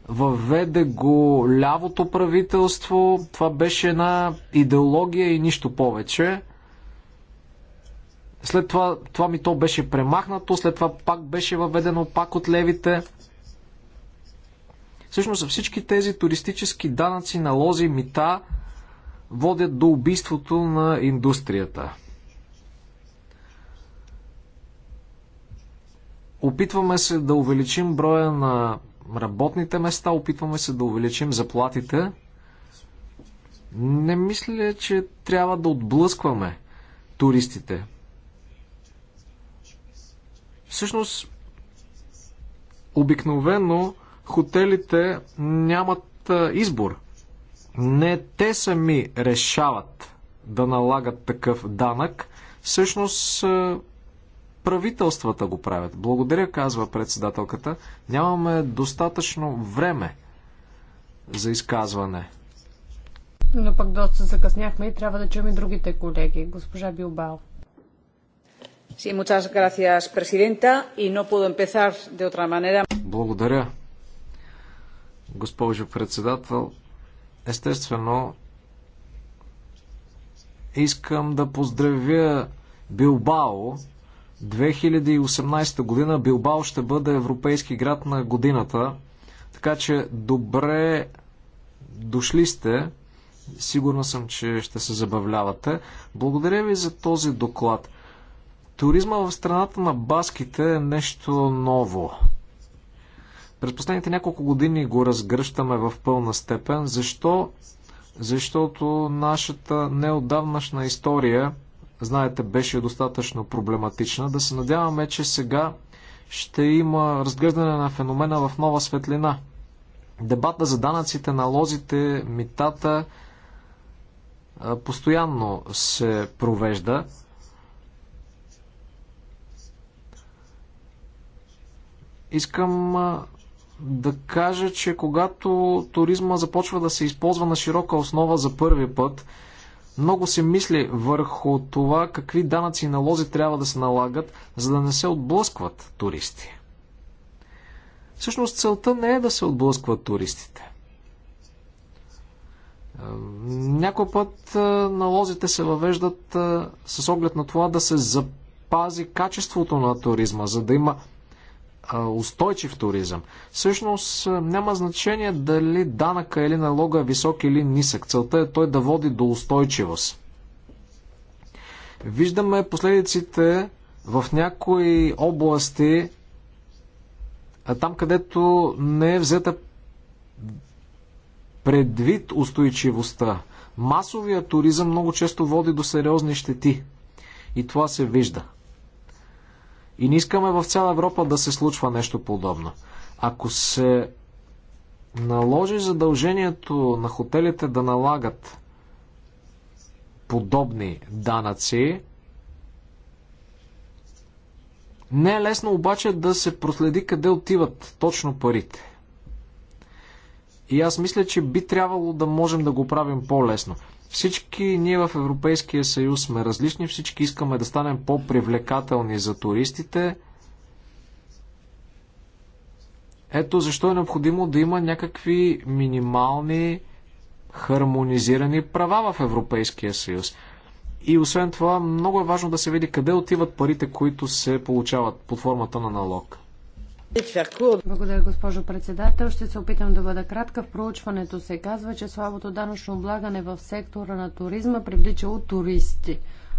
Speaker 2: въведе го лявото правителство, това беше една идеология и нищо повече. След това, това мито беше премахнато, след това пак беше въведено пак от левите. Всъщност всички тези туристически данъци, налози, мита водят до убийството на индустрията. Опитваме се да увеличим броя на работните места, опитваме се да увеличим заплатите. Не мисля, че трябва да отблъскваме туристите. Всъщност, обикновено хотелите нямат избор. Не те сами решават да налагат такъв данък. Всъщност, Правителствата го правят. Благодаря, казва председателката. Нямаме достатъчно време за изказване.
Speaker 1: Но пък доста закъсняхме и трябва да чуем и другите колеги.
Speaker 3: Госпожа Билбао. Sí, muchas gracias, presidenta, y no puedo empezar de otra manera.
Speaker 2: Благодаря, госпожо председател. Естествено, искам да поздравя Билбао 2018 година Билбао ще бъде европейски град на годината. Така че добре дошли сте. Сигурна съм, че ще се забавлявате. Благодаря ви за този доклад. Туризма в страната на баските е нещо ново. През последните няколко години го разгръщаме в пълна степен. Защо? Защото нашата неодавнашна история знаете, беше достатъчно проблематична. Да се надяваме, че сега ще има разглеждане на феномена в нова светлина. Дебата за данъците, налозите, митата постоянно се провежда. Искам да кажа, че когато туризма започва да се използва на широка основа за първи път, много се мисли върху това какви данъци и налози трябва да се налагат, за да не се отблъскват туристи. Всъщност целта не е да се отблъскват туристите. Някой път е, налозите се въвеждат е, с оглед на това да се запази качеството на туризма, за да има устойчив туризъм. Всъщност няма значение дали данъка или налога е висок или нисък. Целта е той да води до устойчивост. Виждаме последиците в някои области, там където не е взета предвид устойчивостта. Масовия туризъм много често води до сериозни щети. И това се вижда. И не искаме в цяла Европа да се случва нещо подобно. Ако се наложи задължението на хотелите да налагат подобни данъци, не е лесно обаче да се проследи къде отиват точно парите. И аз мисля, че би трябвало да можем да го правим по-лесно. Всички ние в Европейския съюз сме различни, всички искаме да станем по-привлекателни за туристите. Ето защо е необходимо да има някакви минимални хармонизирани права в Европейския съюз. И освен това, много е важно да се види къде отиват парите, които се получават под формата на налог.
Speaker 1: Благодаря, госпожо председател. Ще се опитам да бъда кратка. В проучването се казва, че слабото данъчно облагане в сектора на туризма привличало туристи.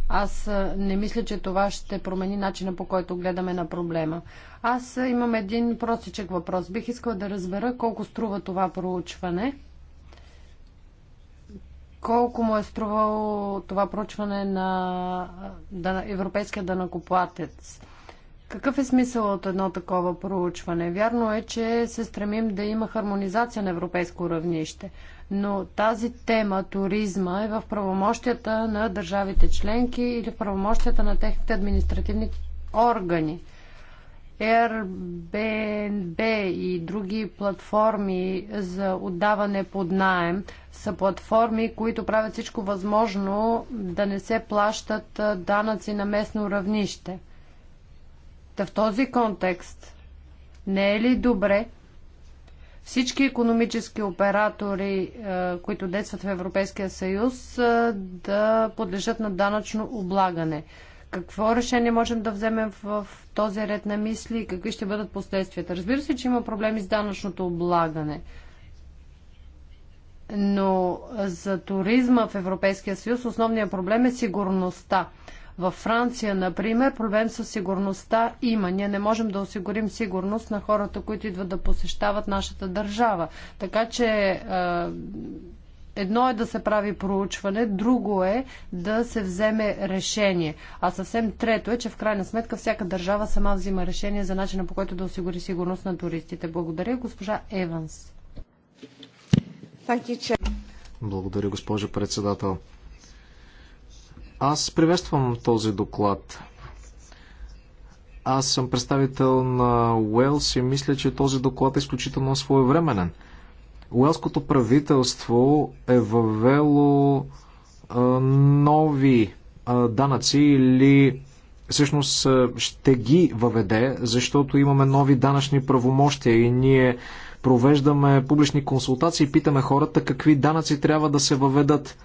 Speaker 1: Аз не мисля, че това ще промени начина по който гледаме на проблема. Аз имам един простичък въпрос. Бих искала да разбера колко струва това проучване. Колко му е струвало това проучване на Европейския данъкоплатец? Какъв е смисъл от едно такова проучване? Вярно е, че се стремим да има хармонизация на европейско равнище, но тази тема, туризма, е в правомощията на държавите членки или в правомощията на техните административни органи. Airbnb и други платформи за отдаване под найем са платформи, които правят всичко възможно да не се плащат данъци на местно равнище – Та в този контекст не е ли добре всички економически оператори, е, които действат в Европейския съюз, е, да подлежат на данъчно облагане? какво решение можем да вземем в този ред на мисли и какви ще бъдат последствията. Разбира се, че има проблеми с данъчното облагане. Но за туризма в Европейския съюз основният проблем е сигурността. Във Франция, например, проблем със сигурността има. Ние не можем да осигурим сигурност на хората, които идват да посещават нашата държава. Така че едно е да се прави проучване, друго е да се вземе решение. А съвсем трето е, че в крайна сметка всяка държава сама взима решение за начина по който да осигури сигурност на туристите. Благодаря, госпожа Еванс.
Speaker 2: Благодаря, госпожо председател. Аз приветствам този доклад. Аз съм представител на Уелс и мисля, че този доклад е изключително своевременен. Уелското правителство е въвело а, нови а, данъци или всъщност ще ги въведе, защото имаме нови данъчни правомощия и ние провеждаме публични консултации и питаме хората какви данъци трябва да се въведат.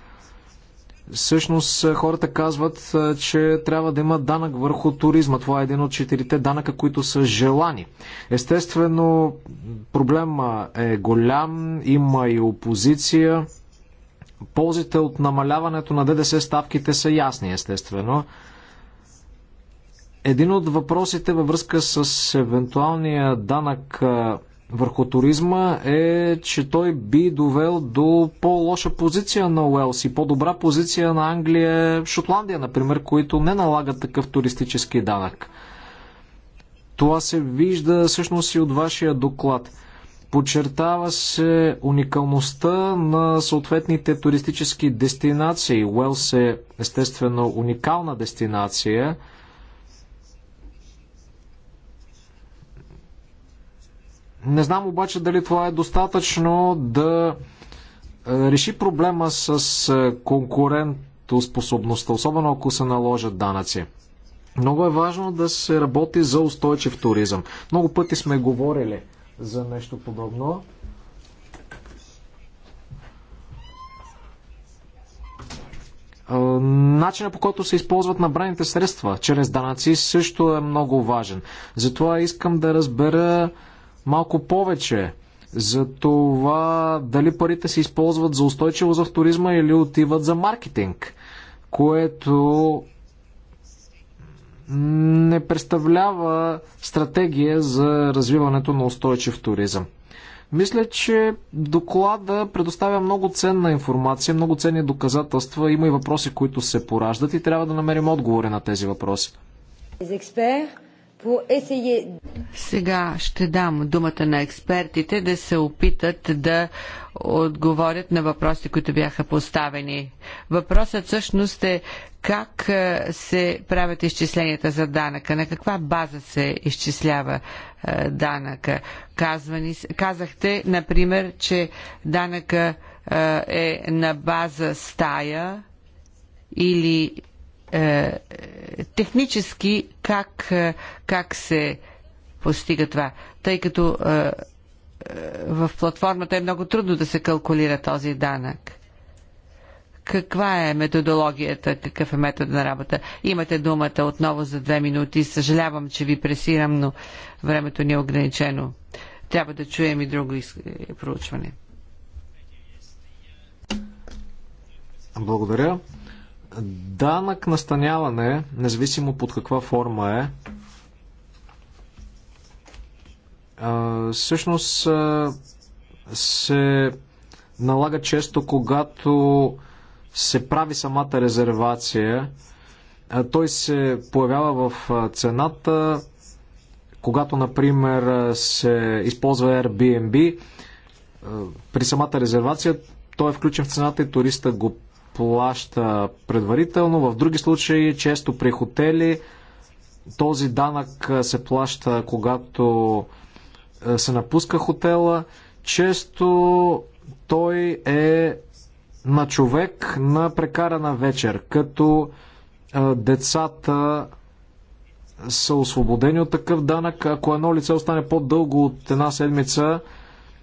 Speaker 2: Всъщност е, хората казват, е, че трябва да има данък върху туризма. Това е един от четирите данъка, които са желани. Естествено, проблема е голям, има и опозиция. Ползите от намаляването на ДДС ставките са ясни, естествено. Един от въпросите във връзка с евентуалния данък е, върху туризма е, че той би довел до по-лоша позиция на Уелс и по-добра позиция на Англия, Шотландия, например, които не налагат такъв туристически данък. Това се вижда всъщност и от вашия доклад. Подчертава се уникалността на съответните туристически дестинации. Уелс е естествено уникална дестинация – Не знам обаче дали това е достатъчно да е, реши проблема с е, конкурентоспособността, особено ако се наложат данъци. Много е важно да се работи за устойчив туризъм. Много пъти сме говорили за нещо подобно. Е, начина по който се използват набраните средства чрез данъци също е много важен. Затова искам да разбера малко повече за това дали парите се използват за устойчиво за туризма или отиват за маркетинг, което не представлява стратегия за развиването на устойчив туризъм. Мисля, че доклада предоставя много ценна информация, много ценни доказателства. Има и въпроси, които се пораждат и трябва да намерим отговори на тези въпроси.
Speaker 3: Експерт. Сега ще дам думата на експертите да се опитат да отговорят на въпросите, които бяха поставени. Въпросът всъщност е как е, се правят изчисленията за данъка, на каква база се изчислява е, данъка. Казвани, казахте, например, че данъка е, е на база стая или е, технически как, е, как се постига това, тъй като е, е, в платформата е много трудно да се калкулира този данък. Каква е методологията, какъв е метод на работа? Имате думата отново за две минути. Съжалявам, че ви пресирам, но времето ни е ограничено. Трябва да чуем и друго проучване.
Speaker 2: Благодаря. Данък настаняване, независимо под каква форма е, всъщност се налага често, когато се прави самата резервация. Той се появява в цената, когато, например, се използва Airbnb. При самата резервация той е включен в цената и туриста го плаща предварително, в други случаи, често при хотели, този данък се плаща, когато се напуска хотела. Често той е на човек на прекарана вечер, като децата са освободени от такъв данък. Ако едно лице остане по-дълго от една седмица,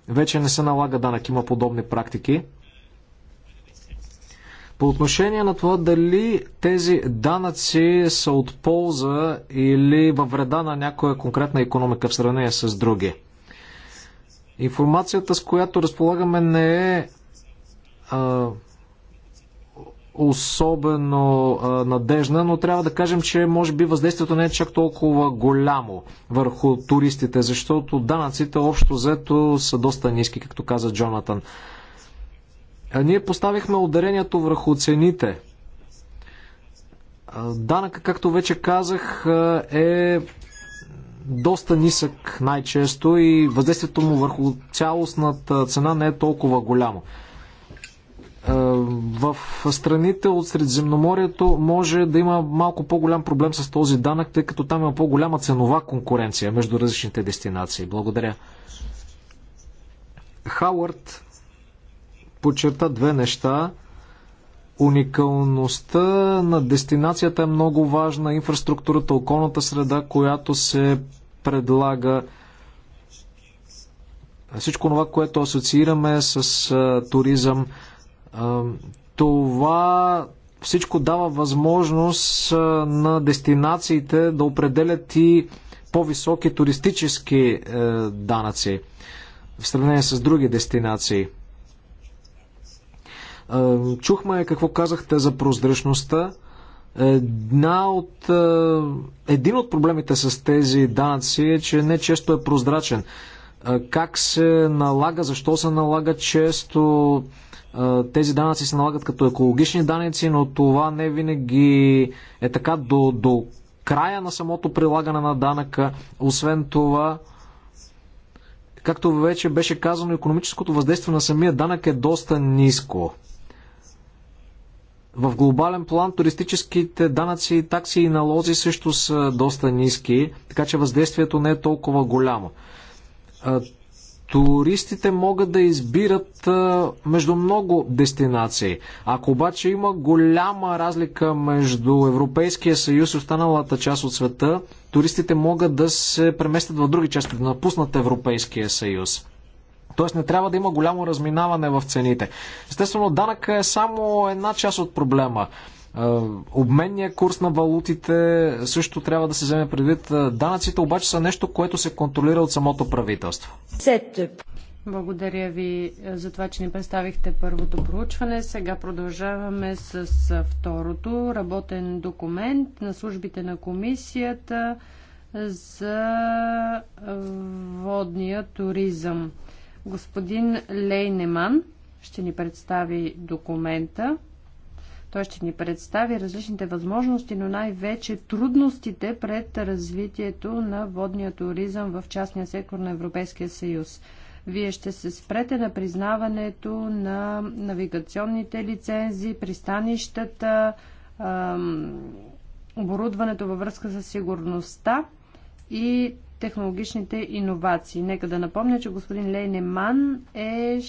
Speaker 2: вече не се налага данък. Има подобни практики. По отношение на това дали тези данъци са от полза или във вреда на някоя конкретна економика в сравнение с други. Информацията, с която разполагаме, не е а, особено а, надежна, но трябва да кажем, че може би въздействието не е чак толкова голямо върху туристите, защото данъците общо взето са доста ниски, както каза Джонатан. Ние поставихме ударението върху цените. Данъка, както вече казах, е доста нисък най-често и въздействието му върху цялостната цена не е толкова голямо. В страните от Средиземноморието може да има малко по-голям проблем с този данък, тъй като там има по-голяма ценова конкуренция между различните дестинации. Благодаря. Хауърд подчерта две неща. Уникалността на дестинацията е много важна, инфраструктурата, околната среда, която се предлага. Всичко това, което асоциираме с а, туризъм, а, това всичко дава възможност а, на дестинациите да определят и по-високи туристически а, е, данъци в сравнение с други дестинации. Чухме какво казахте за прозрачността. Една от, един от проблемите с тези данъци е, че не често е прозрачен. Как се налага, защо се налага често тези данъци се налагат като екологични данъци, но това не винаги е така до, до края на самото прилагане на данъка. Освен това, както вече беше казано, економическото въздействие на самия данък е доста ниско. В глобален план туристическите данъци, такси и налози също са доста ниски, така че въздействието не е толкова голямо. Туристите могат да избират между много дестинации. Ако обаче има голяма разлика между Европейския съюз и останалата част от света, туристите могат да се преместят в други части, да напуснат Европейския съюз. Тоест не трябва да има голямо разминаване в цените. Естествено, данък е само една част от проблема. Е, обменния курс на валутите също трябва да се вземе предвид. Е, данъците обаче са нещо, което се контролира от самото правителство.
Speaker 1: Благодаря ви е, за това, че ни представихте първото проучване. Сега продължаваме с второто работен документ на службите на комисията за водния туризъм. Господин Лейнеман ще ни представи документа. Той ще ни представи различните възможности, но най-вече трудностите пред развитието на водния туризъм в частния сектор на Европейския съюз. Вие ще се спрете на признаването на навигационните лицензи, пристанищата, оборудването във връзка с сигурността и технологичните иновации. Нека да напомня, че господин Лейне Ман е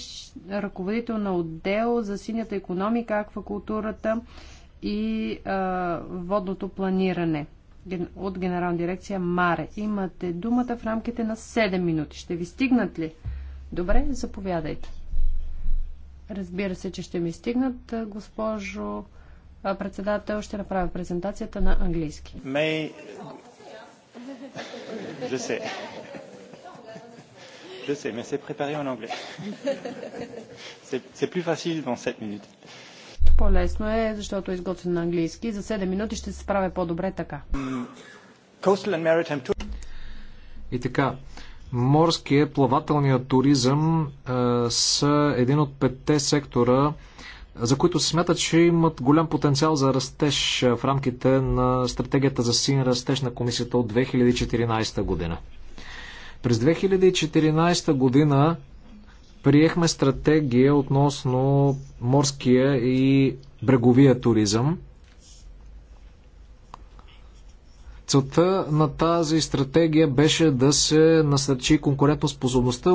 Speaker 1: ръководител на отдел за синята економика, аквакултурата и а, водното планиране от Генерална дирекция Маре. Имате думата в рамките на 7 минути. Ще ви стигнат ли? Добре, заповядайте. Разбира се, че ще ми стигнат, госпожо председател. Ще направя презентацията на английски. May Je sais. Je sais, mais c'est préparé en anglais. C'est plus facile dans 7 minutes. По-лесно е, защото е изготвен на английски. За 7 минути ще се справя по-добре така.
Speaker 2: И така, морския плавателният туризъм е, са един от петте сектора, е, за които се смята, че имат голям потенциал за растеж в рамките на стратегията за син растеж на комисията от 2014 година. През 2014 година приехме стратегия относно морския и бреговия туризъм. Целта на тази стратегия беше да се насърчи конкурентоспособността,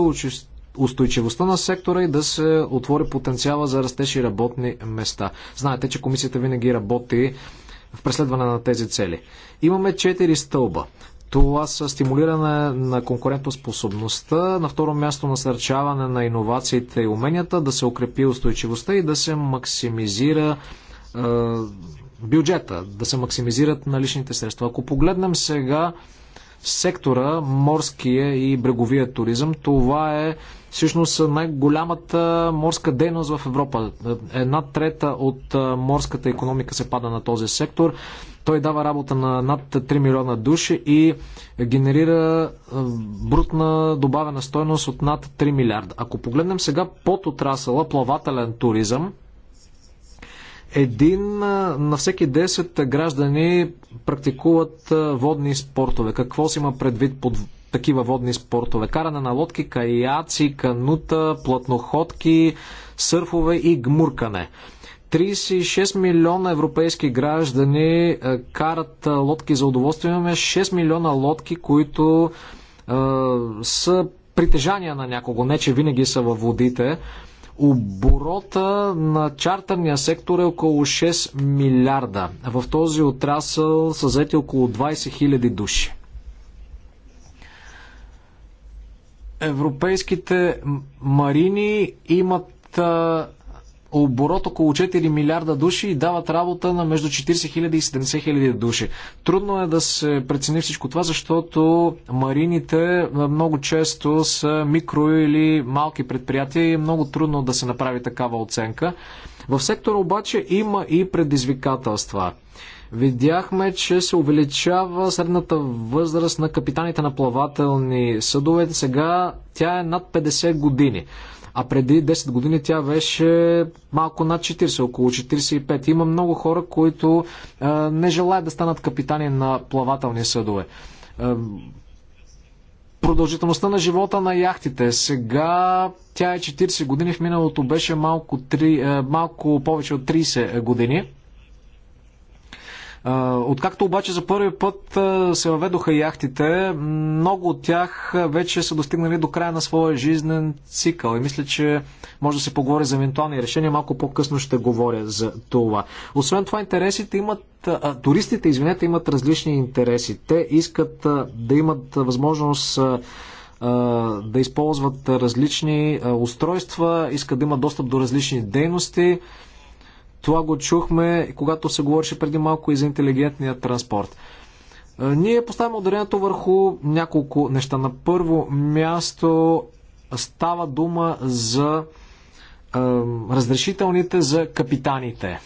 Speaker 2: устойчивостта на сектора и да се отвори потенциала за растеж и работни места. Знаете, че комисията винаги работи в преследване на тези цели. Имаме четири стълба. Това са стимулиране на конкурентоспособността, на второ място насърчаване на иновациите и уменията, да се укрепи устойчивостта и да се максимизира е, бюджета, да се максимизират наличните средства. Ако погледнем сега сектора, морския и бреговия туризъм. Това е всъщност най-голямата морска дейност в Европа. Една трета от морската економика се пада на този сектор. Той дава работа на над 3 милиона души и генерира брутна добавена стойност от над 3 милиарда. Ако погледнем сега под отрасъла плавателен туризъм, един на всеки 10 граждани практикуват водни спортове. Какво си има предвид под такива водни спортове? Каране на лодки, каяци, канута, платноходки, сърфове и гмуркане. 36 милиона европейски граждани карат лодки за удоволствие. Имаме 6 милиона лодки, които е, са притежания на някого, не че винаги са във водите. Оборота на чартерния сектор е около 6 милиарда. В този отрасъл са взети около 20 000 души. Европейските марини имат оборот около 4 милиарда души и дават работа на между 40 000 и 70 000 души. Трудно е да се прецени всичко това, защото марините много често са микро или малки предприятия и е много трудно да се направи такава оценка. В сектора обаче има и предизвикателства. Видяхме, че се увеличава средната възраст на капитаните на плавателни съдове. Сега тя е над 50 години а преди 10 години тя беше малко над 40, около 45. Има много хора, които а, не желаят да станат капитани на плавателни съдове. А, продължителността на живота на яхтите. Сега тя е 40 години, в миналото беше малко, 3, малко повече от 30 години. Откакто обаче за първи път се въведоха яхтите, много от тях вече са достигнали до края на своя жизнен цикъл. И мисля, че може да се поговори за евентуални решения. Малко по-късно ще говоря за това. Освен това, интересите имат туристите, извинете, имат различни интереси. Те искат да имат възможност да използват различни устройства, искат да имат достъп до различни дейности. Това го чухме, когато се говореше преди малко и за интелигентния транспорт. Е, ние поставяме ударението върху няколко неща. На първо място става дума за е, разрешителните за капитаните.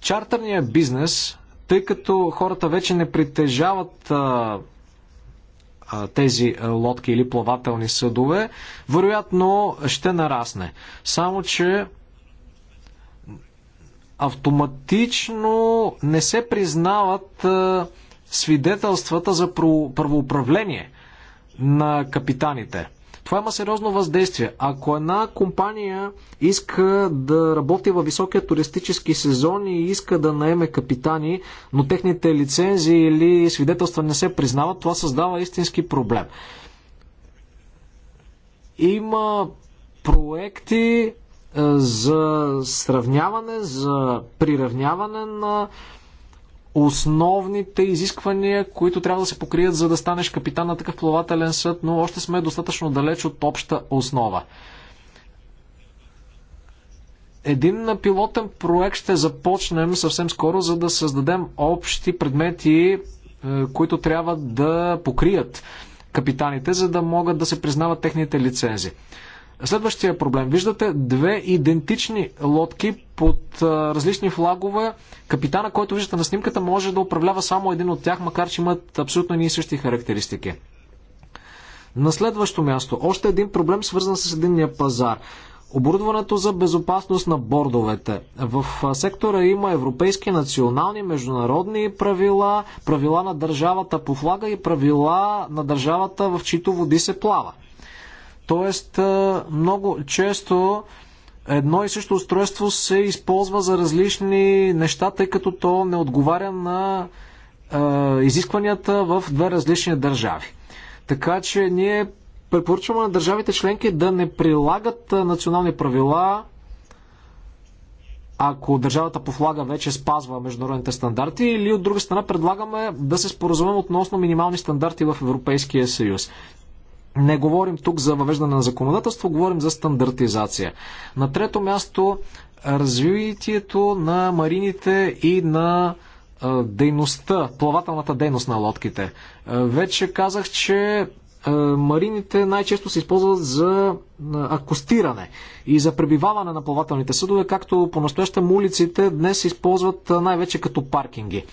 Speaker 2: Чартерният бизнес, тъй като хората вече не притежават е, тези лодки или плавателни съдове, вероятно ще нарасне. Само, че автоматично не се признават свидетелствата за правоуправление на капитаните. Това има сериозно въздействие. Ако една компания иска да работи във високия туристически сезон и иска да наеме капитани, но техните лицензии или свидетелства не се признават, това създава истински проблем. Има проекти е, за сравняване, за приравняване на основните изисквания, които трябва да се покрият, за да станеш капитан на такъв плавателен съд, но още сме достатъчно далеч от обща основа. Един пилотен проект ще започнем съвсем скоро, за да създадем общи предмети, е, които трябва да покрият капитаните, за да могат да се признават техните лицензи. Следващия проблем. Виждате две идентични лодки под а, различни флагове. Капитана, който виждате на снимката, може да управлява само един от тях, макар че имат абсолютно едни и същи характеристики. На следващо място, още един проблем, свързан с единния пазар. Оборудването за безопасност на бордовете. В сектора има европейски, национални, международни правила, правила на държавата по флага и правила на държавата, в чието води се плава. Тоест, много често едно и също устройство се използва за различни неща, тъй като то не отговаря на е, изискванията в две различни държави. Така че ние препоръчваме на държавите членки да не прилагат национални правила, ако държавата по флага вече спазва международните стандарти, или от друга страна предлагаме да се споразумем относно минимални стандарти в Европейския съюз. Не говорим тук за въвеждане на законодателство, говорим за стандартизация. На трето място развитието на марините и на дейността, плавателната дейност на лодките. Вече казах, че марините най-често се използват за акустиране и за пребиваване на плавателните съдове, както по-настоящем улиците днес се използват най-вече като паркинги.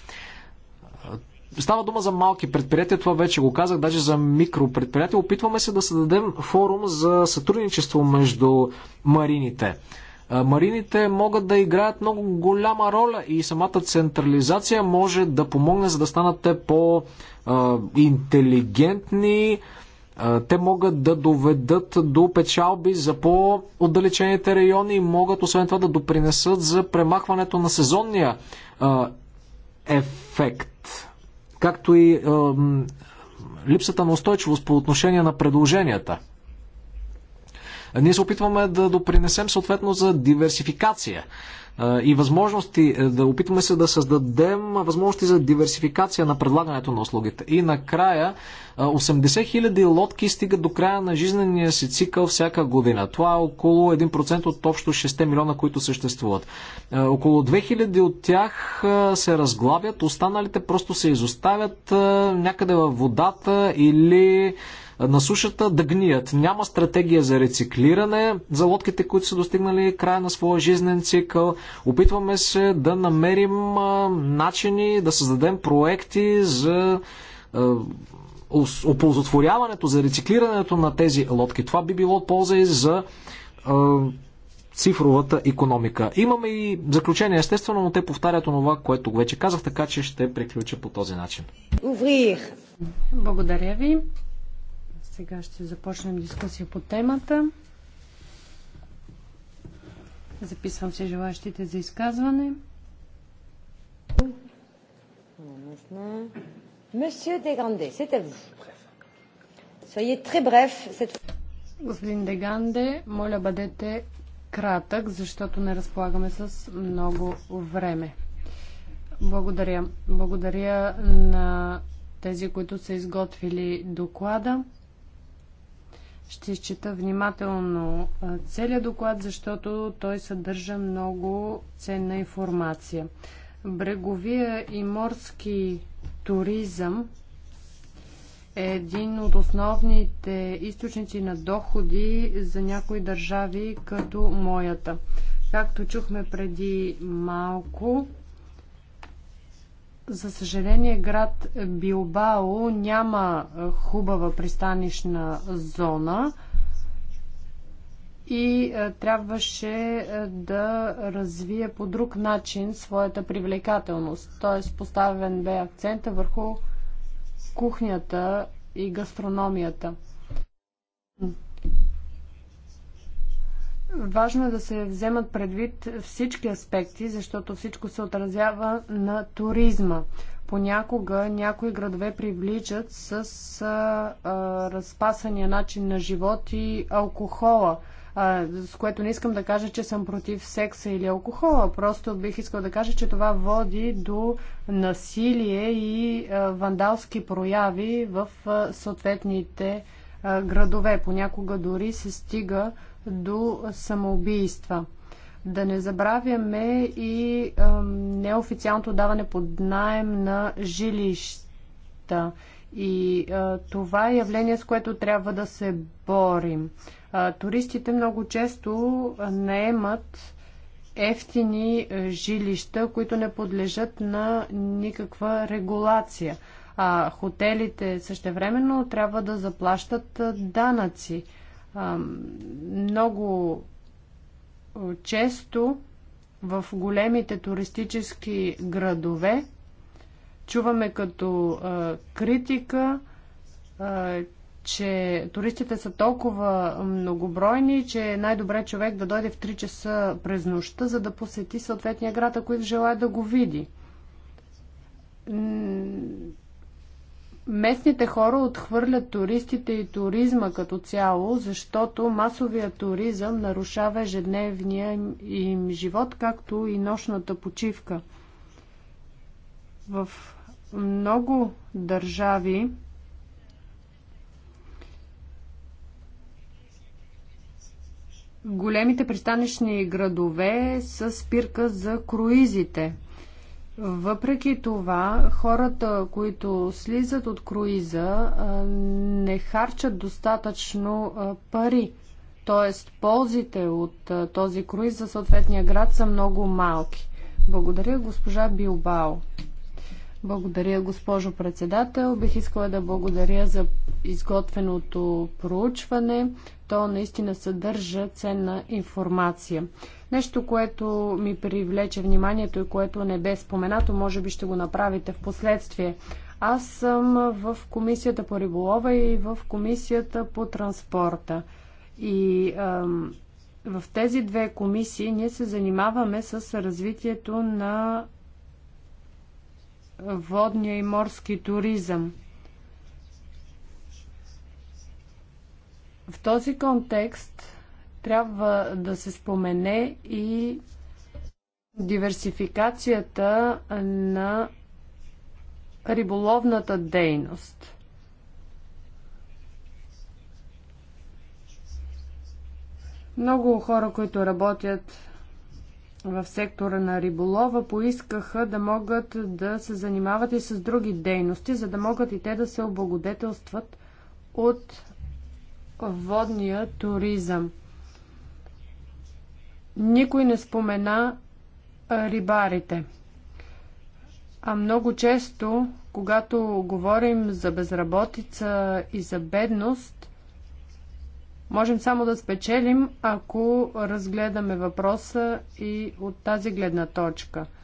Speaker 2: Става дума за малки предприятия, това вече го казах, даже за микропредприятия. Опитваме се да създадем форум за сътрудничество между марините. Марините могат да играят много голяма роля и самата централизация може да помогне, за да станат те по-интелигентни. Те могат да доведат до печалби за по-отдалечените райони и могат освен това да допринесат за премахването на сезонния ефект както и липсата на устойчивост по отношение на предложенията – ние се опитваме да допринесем съответно за диверсификация и възможности, е, да опитваме се да създадем възможности за диверсификация на предлагането на услугите. И накрая 80 000 лодки стигат до края на жизнения си цикъл всяка година. Това е около 1% от общо 6 милиона, които съществуват. Около 2000 от тях се разглавят, останалите просто се изоставят някъде във водата или на сушата да гният. Няма стратегия за рециклиране за лодките, които са достигнали края на своя жизнен цикъл. Опитваме се да намерим начини да създадем проекти за оползотворяването, за рециклирането на тези лодки. Това би било полза и за цифровата економика. Имаме и заключение, естествено, но те повтарят онова, което вече казах, така че ще приключа по този начин.
Speaker 1: Благодаря ви. Сега ще започнем дискусия по темата. Записвам се желащите за изказване. Monsieur Деганде, c'est à vous. Soyez très bref. Господин Деганде, моля бъдете кратък, защото не разполагаме с много време. Благодаря. Благодаря на тези, които са изготвили доклада. Ще изчета внимателно целият доклад, защото той съдържа много ценна информация. Бреговия и морски туризъм е един от основните източници на доходи за някои държави, като моята. Както чухме преди малко, за съжаление, град Билбао няма е, хубава пристанищна зона и е, трябваше е, да развие по друг начин своята привлекателност. Т.е. поставен бе акцента върху кухнята и гастрономията. Важно е да се вземат предвид всички аспекти, защото всичко се отразява на туризма. Понякога някои градове привличат с а, а, разпасания начин на живот и алкохола с което не искам да кажа, че съм против секса или алкохола. Просто бих искал да кажа, че това води до насилие и вандалски прояви в съответните градове. Понякога дори се стига до самоубийства. Да не забравяме и неофициалното даване под найем на жилища. И е, това е явление, с което трябва да се борим. Е, туристите много често наемат ефтини жилища, които не подлежат на никаква регулация. А хотелите същевременно трябва да заплащат данъци. Много често в големите туристически градове чуваме като критика, че туристите са толкова многобройни, че е най-добре човек да дойде в 3 часа през нощта, за да посети съответния град, ако желая да го види местните хора отхвърлят туристите и туризма като цяло, защото масовия туризъм нарушава ежедневния им живот, както и нощната почивка. В много държави големите пристанищни градове са спирка за круизите – въпреки това, хората, които слизат от круиза, не харчат достатъчно пари. Тоест, ползите от този круиз за съответния град са много малки. Благодаря, госпожа Билбао. Благодаря, госпожо председател. Бих искала да благодаря за изготвеното проучване. То наистина съдържа ценна информация. Нещо, което ми привлече вниманието и което не бе споменато, може би ще го направите в последствие. Аз съм в комисията по риболова и в комисията по транспорта. И ам, в тези две комисии ние се занимаваме с развитието на водния и морски туризъм. В този контекст трябва да се спомене и диверсификацията на риболовната дейност. Много хора, които работят в сектора на риболова, поискаха да могат да се занимават и с други дейности, за да могат и те да се облагодетелстват от водния туризъм. Никой не спомена рибарите. А много често, когато говорим за безработица и за бедност, можем само да спечелим, ако разгледаме въпроса и от тази гледна точка –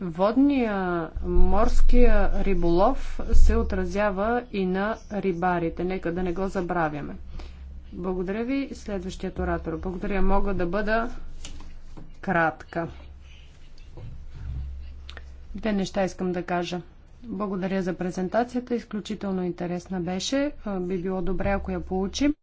Speaker 1: Водния морския риболов се отразява и на рибарите. Нека да не го забравяме. Благодаря ви, следващият оратор. Благодаря, мога да бъда кратка. Две неща искам да кажа. Благодаря за презентацията, изключително интересна беше. Би било добре, ако я получим.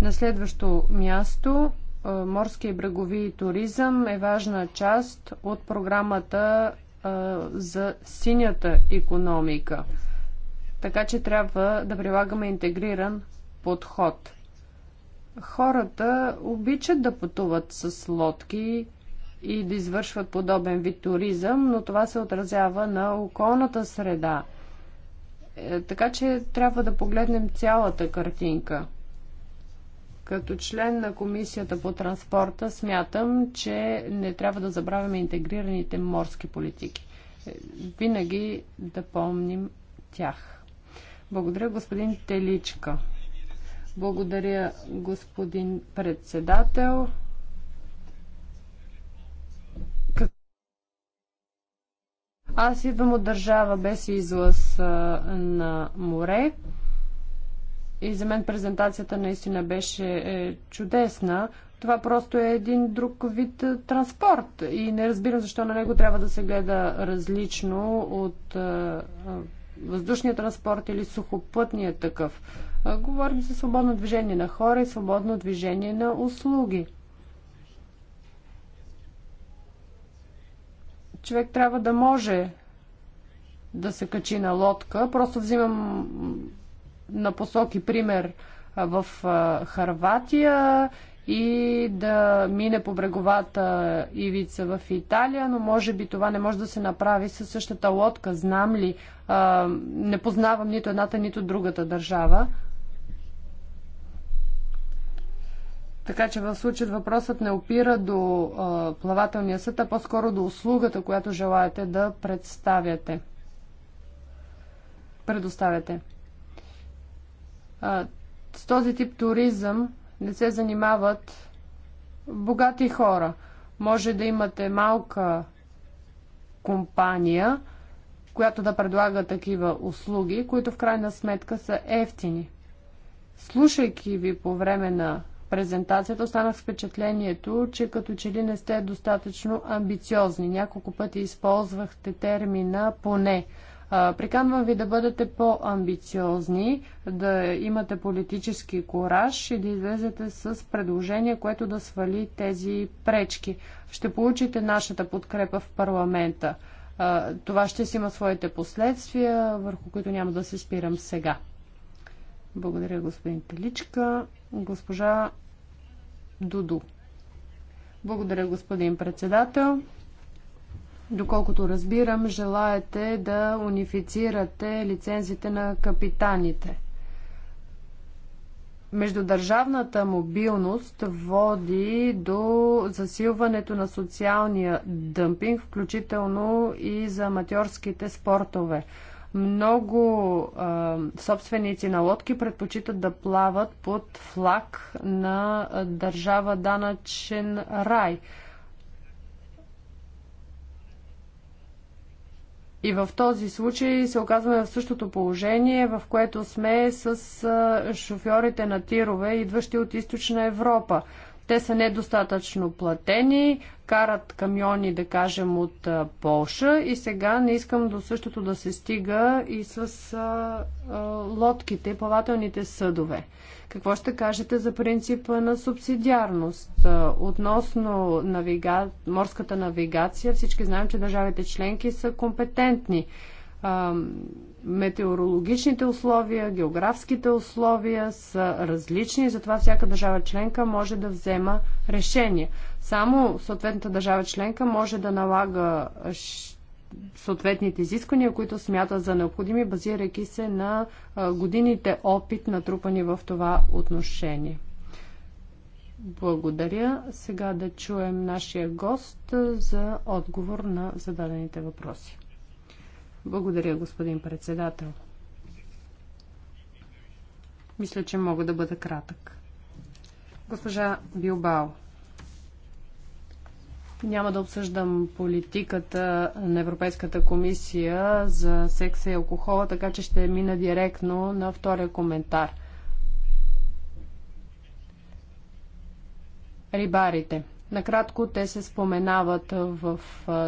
Speaker 1: На следващо място е, Морски и брегови туризъм е важна част от програмата е, за синята економика. Така че трябва да прилагаме интегриран подход. Хората обичат да пътуват с лодки и да извършват подобен вид туризъм, но това се отразява на околната среда. Е, така че трябва да погледнем цялата картинка. Като член на Комисията по транспорта смятам, че не трябва да забравяме интегрираните морски политики. Е, винаги да помним тях. Благодаря, господин Теличка. Благодаря, господин председател. Аз идвам от държава без излъз на море. И за мен презентацията наистина беше е, чудесна. Това просто е един друг вид е, транспорт и не разбирам защо на него трябва да се гледа различно от е, въздушния транспорт или сухопътния такъв. Говорим за свободно движение на хора и свободно движение на услуги. Човек трябва да може да се качи на лодка. Просто взимам на посоки пример в Харватия и да мине по бреговата ивица в Италия, но може би това не може да се направи със същата лодка, знам ли. не познавам нито едната, нито другата държава. Така че в случай въпросът не опира до а, плавателния съд, а по-скоро до услугата, която желаете да представяте. Предоставяте с този тип туризъм не се занимават богати хора. Може да имате малка компания, която да предлага такива услуги, които в крайна сметка са ефтини. Слушайки ви по време на презентацията, останах с впечатлението, че като че ли не сте достатъчно амбициозни. Няколко пъти използвахте термина поне. Приканвам ви да бъдете по-амбициозни, да имате политически кораж и да излезете с предложение, което да свали тези пречки. Ще получите нашата подкрепа в парламента. Това ще си има своите последствия, върху които няма да се спирам сега. Благодаря, господин Теличка. Госпожа Дуду. Благодаря, господин председател. Доколкото разбирам, желаете да унифицирате лицензите на капитаните. Междудържавната мобилност води до засилването на социалния дъмпинг, включително и за аматьорските спортове. Много а, е, собственици на лодки предпочитат да плават под флаг на държава данъчен рай. И в този случай се оказваме в същото положение, в което сме с шофьорите на тирове, идващи от източна Европа. Те са недостатъчно платени, карат камиони, да кажем, от Полша и сега не искам до същото да се стига и с а, а, лодките, плавателните съдове. Какво ще кажете за принципа на субсидиарност? Относно навига... морската навигация, всички знаем, че държавите членки са компетентни. А, метеорологичните условия, географските условия са различни, затова всяка държава членка може да взема решение. Само съответната държава членка може да налага съответните изисквания, които смята за необходими, базирайки се на годините опит, натрупани в това отношение. Благодаря. Сега да чуем нашия гост за отговор на зададените въпроси. Благодаря, господин председател. Мисля, че мога да бъда кратък. Госпожа Билбао, няма да обсъждам политиката на Европейската комисия за секса и алкохола, така че ще мина директно на втория коментар. Рибарите – Накратко те се споменават в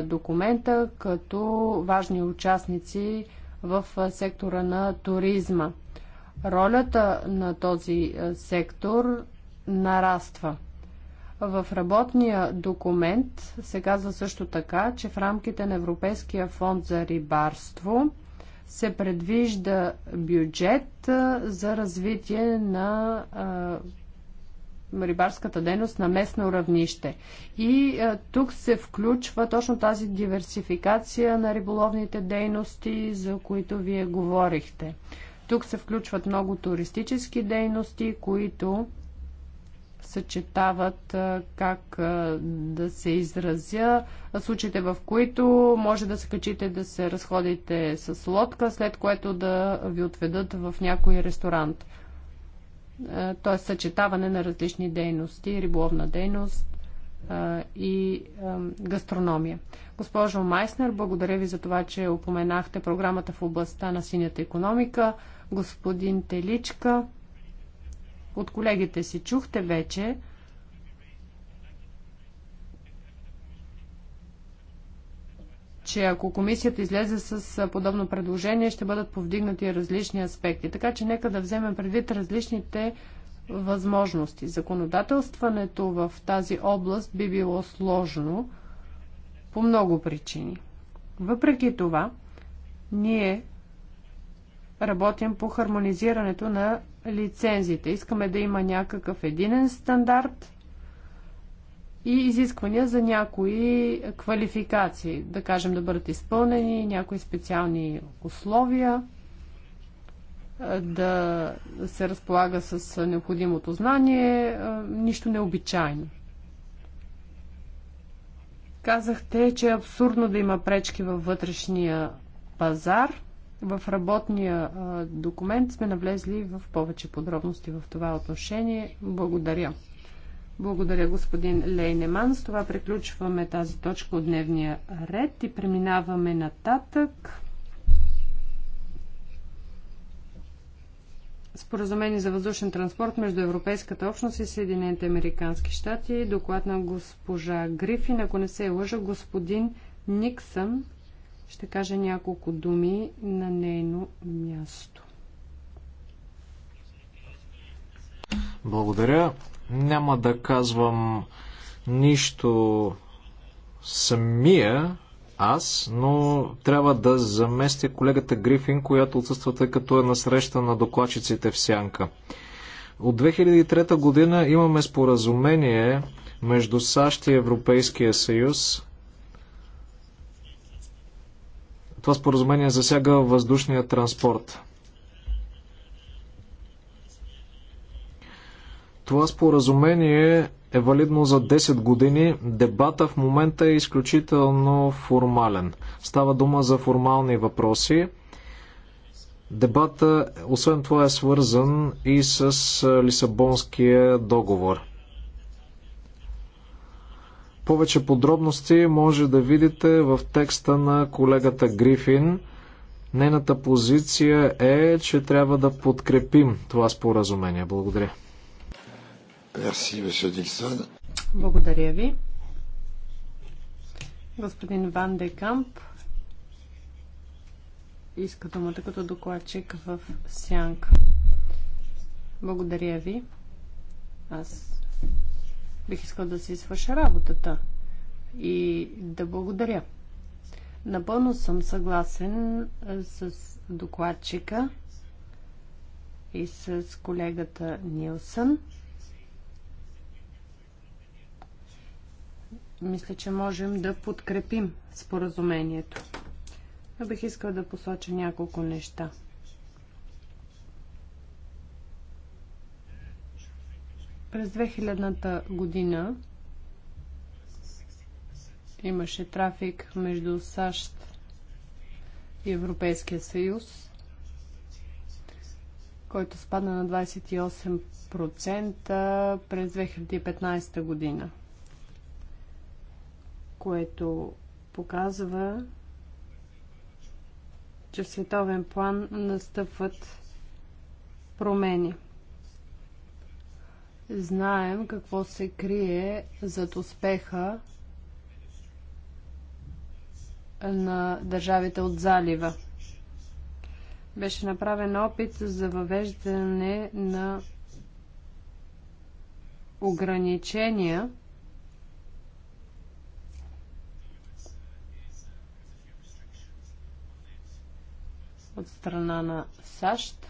Speaker 1: документа като важни участници в сектора на туризма. Ролята на този сектор нараства. В работния документ се казва също така, че в рамките на Европейския фонд за рибарство се предвижда бюджет за развитие на рибарската дейност на местно равнище. И а, е, тук се включва точно тази диверсификация на риболовните дейности, за които вие говорихте. Тук се включват много туристически дейности, които съчетават е, как е, да се изразя, случаите в които може да се качите да се разходите с лодка, след което да ви отведат в някой ресторант. Е, т.е. съчетаване на различни дейности, риболовна дейност е, и е, гастрономия. Госпожо Майснер, благодаря ви за това, че упоменахте програмата в областта на синята економика. Господин Теличка, от колегите си чухте вече, че ако комисията излезе с подобно предложение, ще бъдат повдигнати различни аспекти. Така че нека да вземем предвид различните възможности. Законодателстването в тази област би било сложно по много причини. Въпреки това, ние работим по хармонизирането на лицензите. Искаме да има някакъв единен стандарт – и изисквания за някои квалификации, да кажем да бъдат изпълнени някои специални условия, да се разполага с необходимото знание, нищо необичайно. Казахте, че е абсурдно да има пречки във вътрешния пазар. В работния документ сме навлезли в повече подробности в това отношение. Благодаря. Благодаря, господин Лейнеман. С това приключваме тази точка от дневния ред и преминаваме нататък. Споразумение за въздушен транспорт между Европейската общност и Съединените Американски щати. Доклад на госпожа Грифин. Ако не се е лъжа, господин Никсън ще каже няколко думи на нейно място.
Speaker 2: Благодаря. Няма да казвам нищо самия аз, но трябва да заместя колегата Грифин, която отсъства, тъй като е на среща на докладчиците в Сянка. От 2003 година имаме споразумение между САЩ и Европейския съюз. Това споразумение засяга въздушния транспорт. Това споразумение е валидно за 10 години. Дебата в момента е изключително формален. Става дума за формални въпроси. Дебата, освен това, е свързан и с Лисабонския договор. Повече подробности може да видите в текста на колегата Грифин. Нейната позиция е, че трябва да подкрепим това споразумение. Благодаря. Мерси, месье
Speaker 1: Благодаря ви. Господин Ван де Камп иска думата като докладчик в Сянка. Благодаря ви. Аз бих искал да си свърша работата и да благодаря. Напълно съм съгласен с докладчика и с колегата Нилсън. мисля, че можем да подкрепим споразумението. Но бих искал да посоча няколко неща. През 2000-та година имаше трафик между САЩ и Европейския съюз, който спадна на 28% през 2015 година което показва, че в световен план настъпват промени. Знаем какво се крие зад успеха на държавите от залива. Беше направен опит за въвеждане на ограничения от страна на САЩ.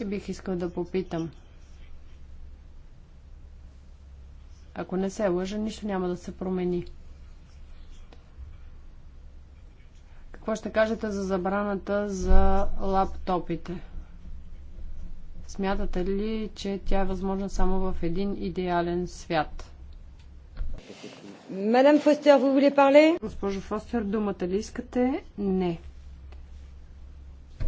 Speaker 1: И бих искал да попитам. Ако не се лъжа, нищо няма да се промени. Какво ще кажете за забраната за лаптопите? Смятате ли, че тя е възможна само в един идеален свят? Мадам Фостер, вы voulez parler? Госпожо Фостер, думата ли искате? Не.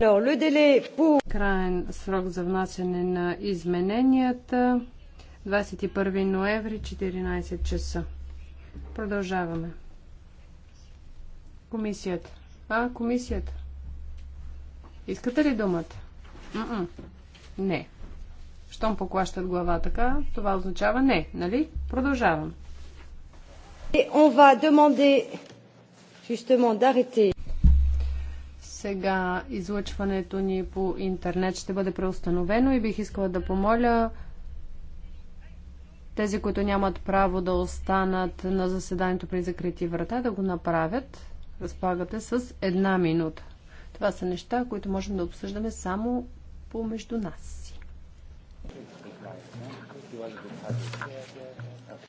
Speaker 1: Alors, le délai pour... Краен срок за внасяне на измененията 21 ноември 14 часа. Продължаваме. Комисията. А, комисията. Искате ли думата? М-м. Не. Щом поклащат глава така, това означава не, нали? Продължавам. Сега излъчването ни по интернет ще бъде преустановено и бих искала да помоля тези, които нямат право да останат на заседанието при закрити врата, да го направят. Разполагате с една минута. Това са неща, които можем да обсъждаме само помежду нас си.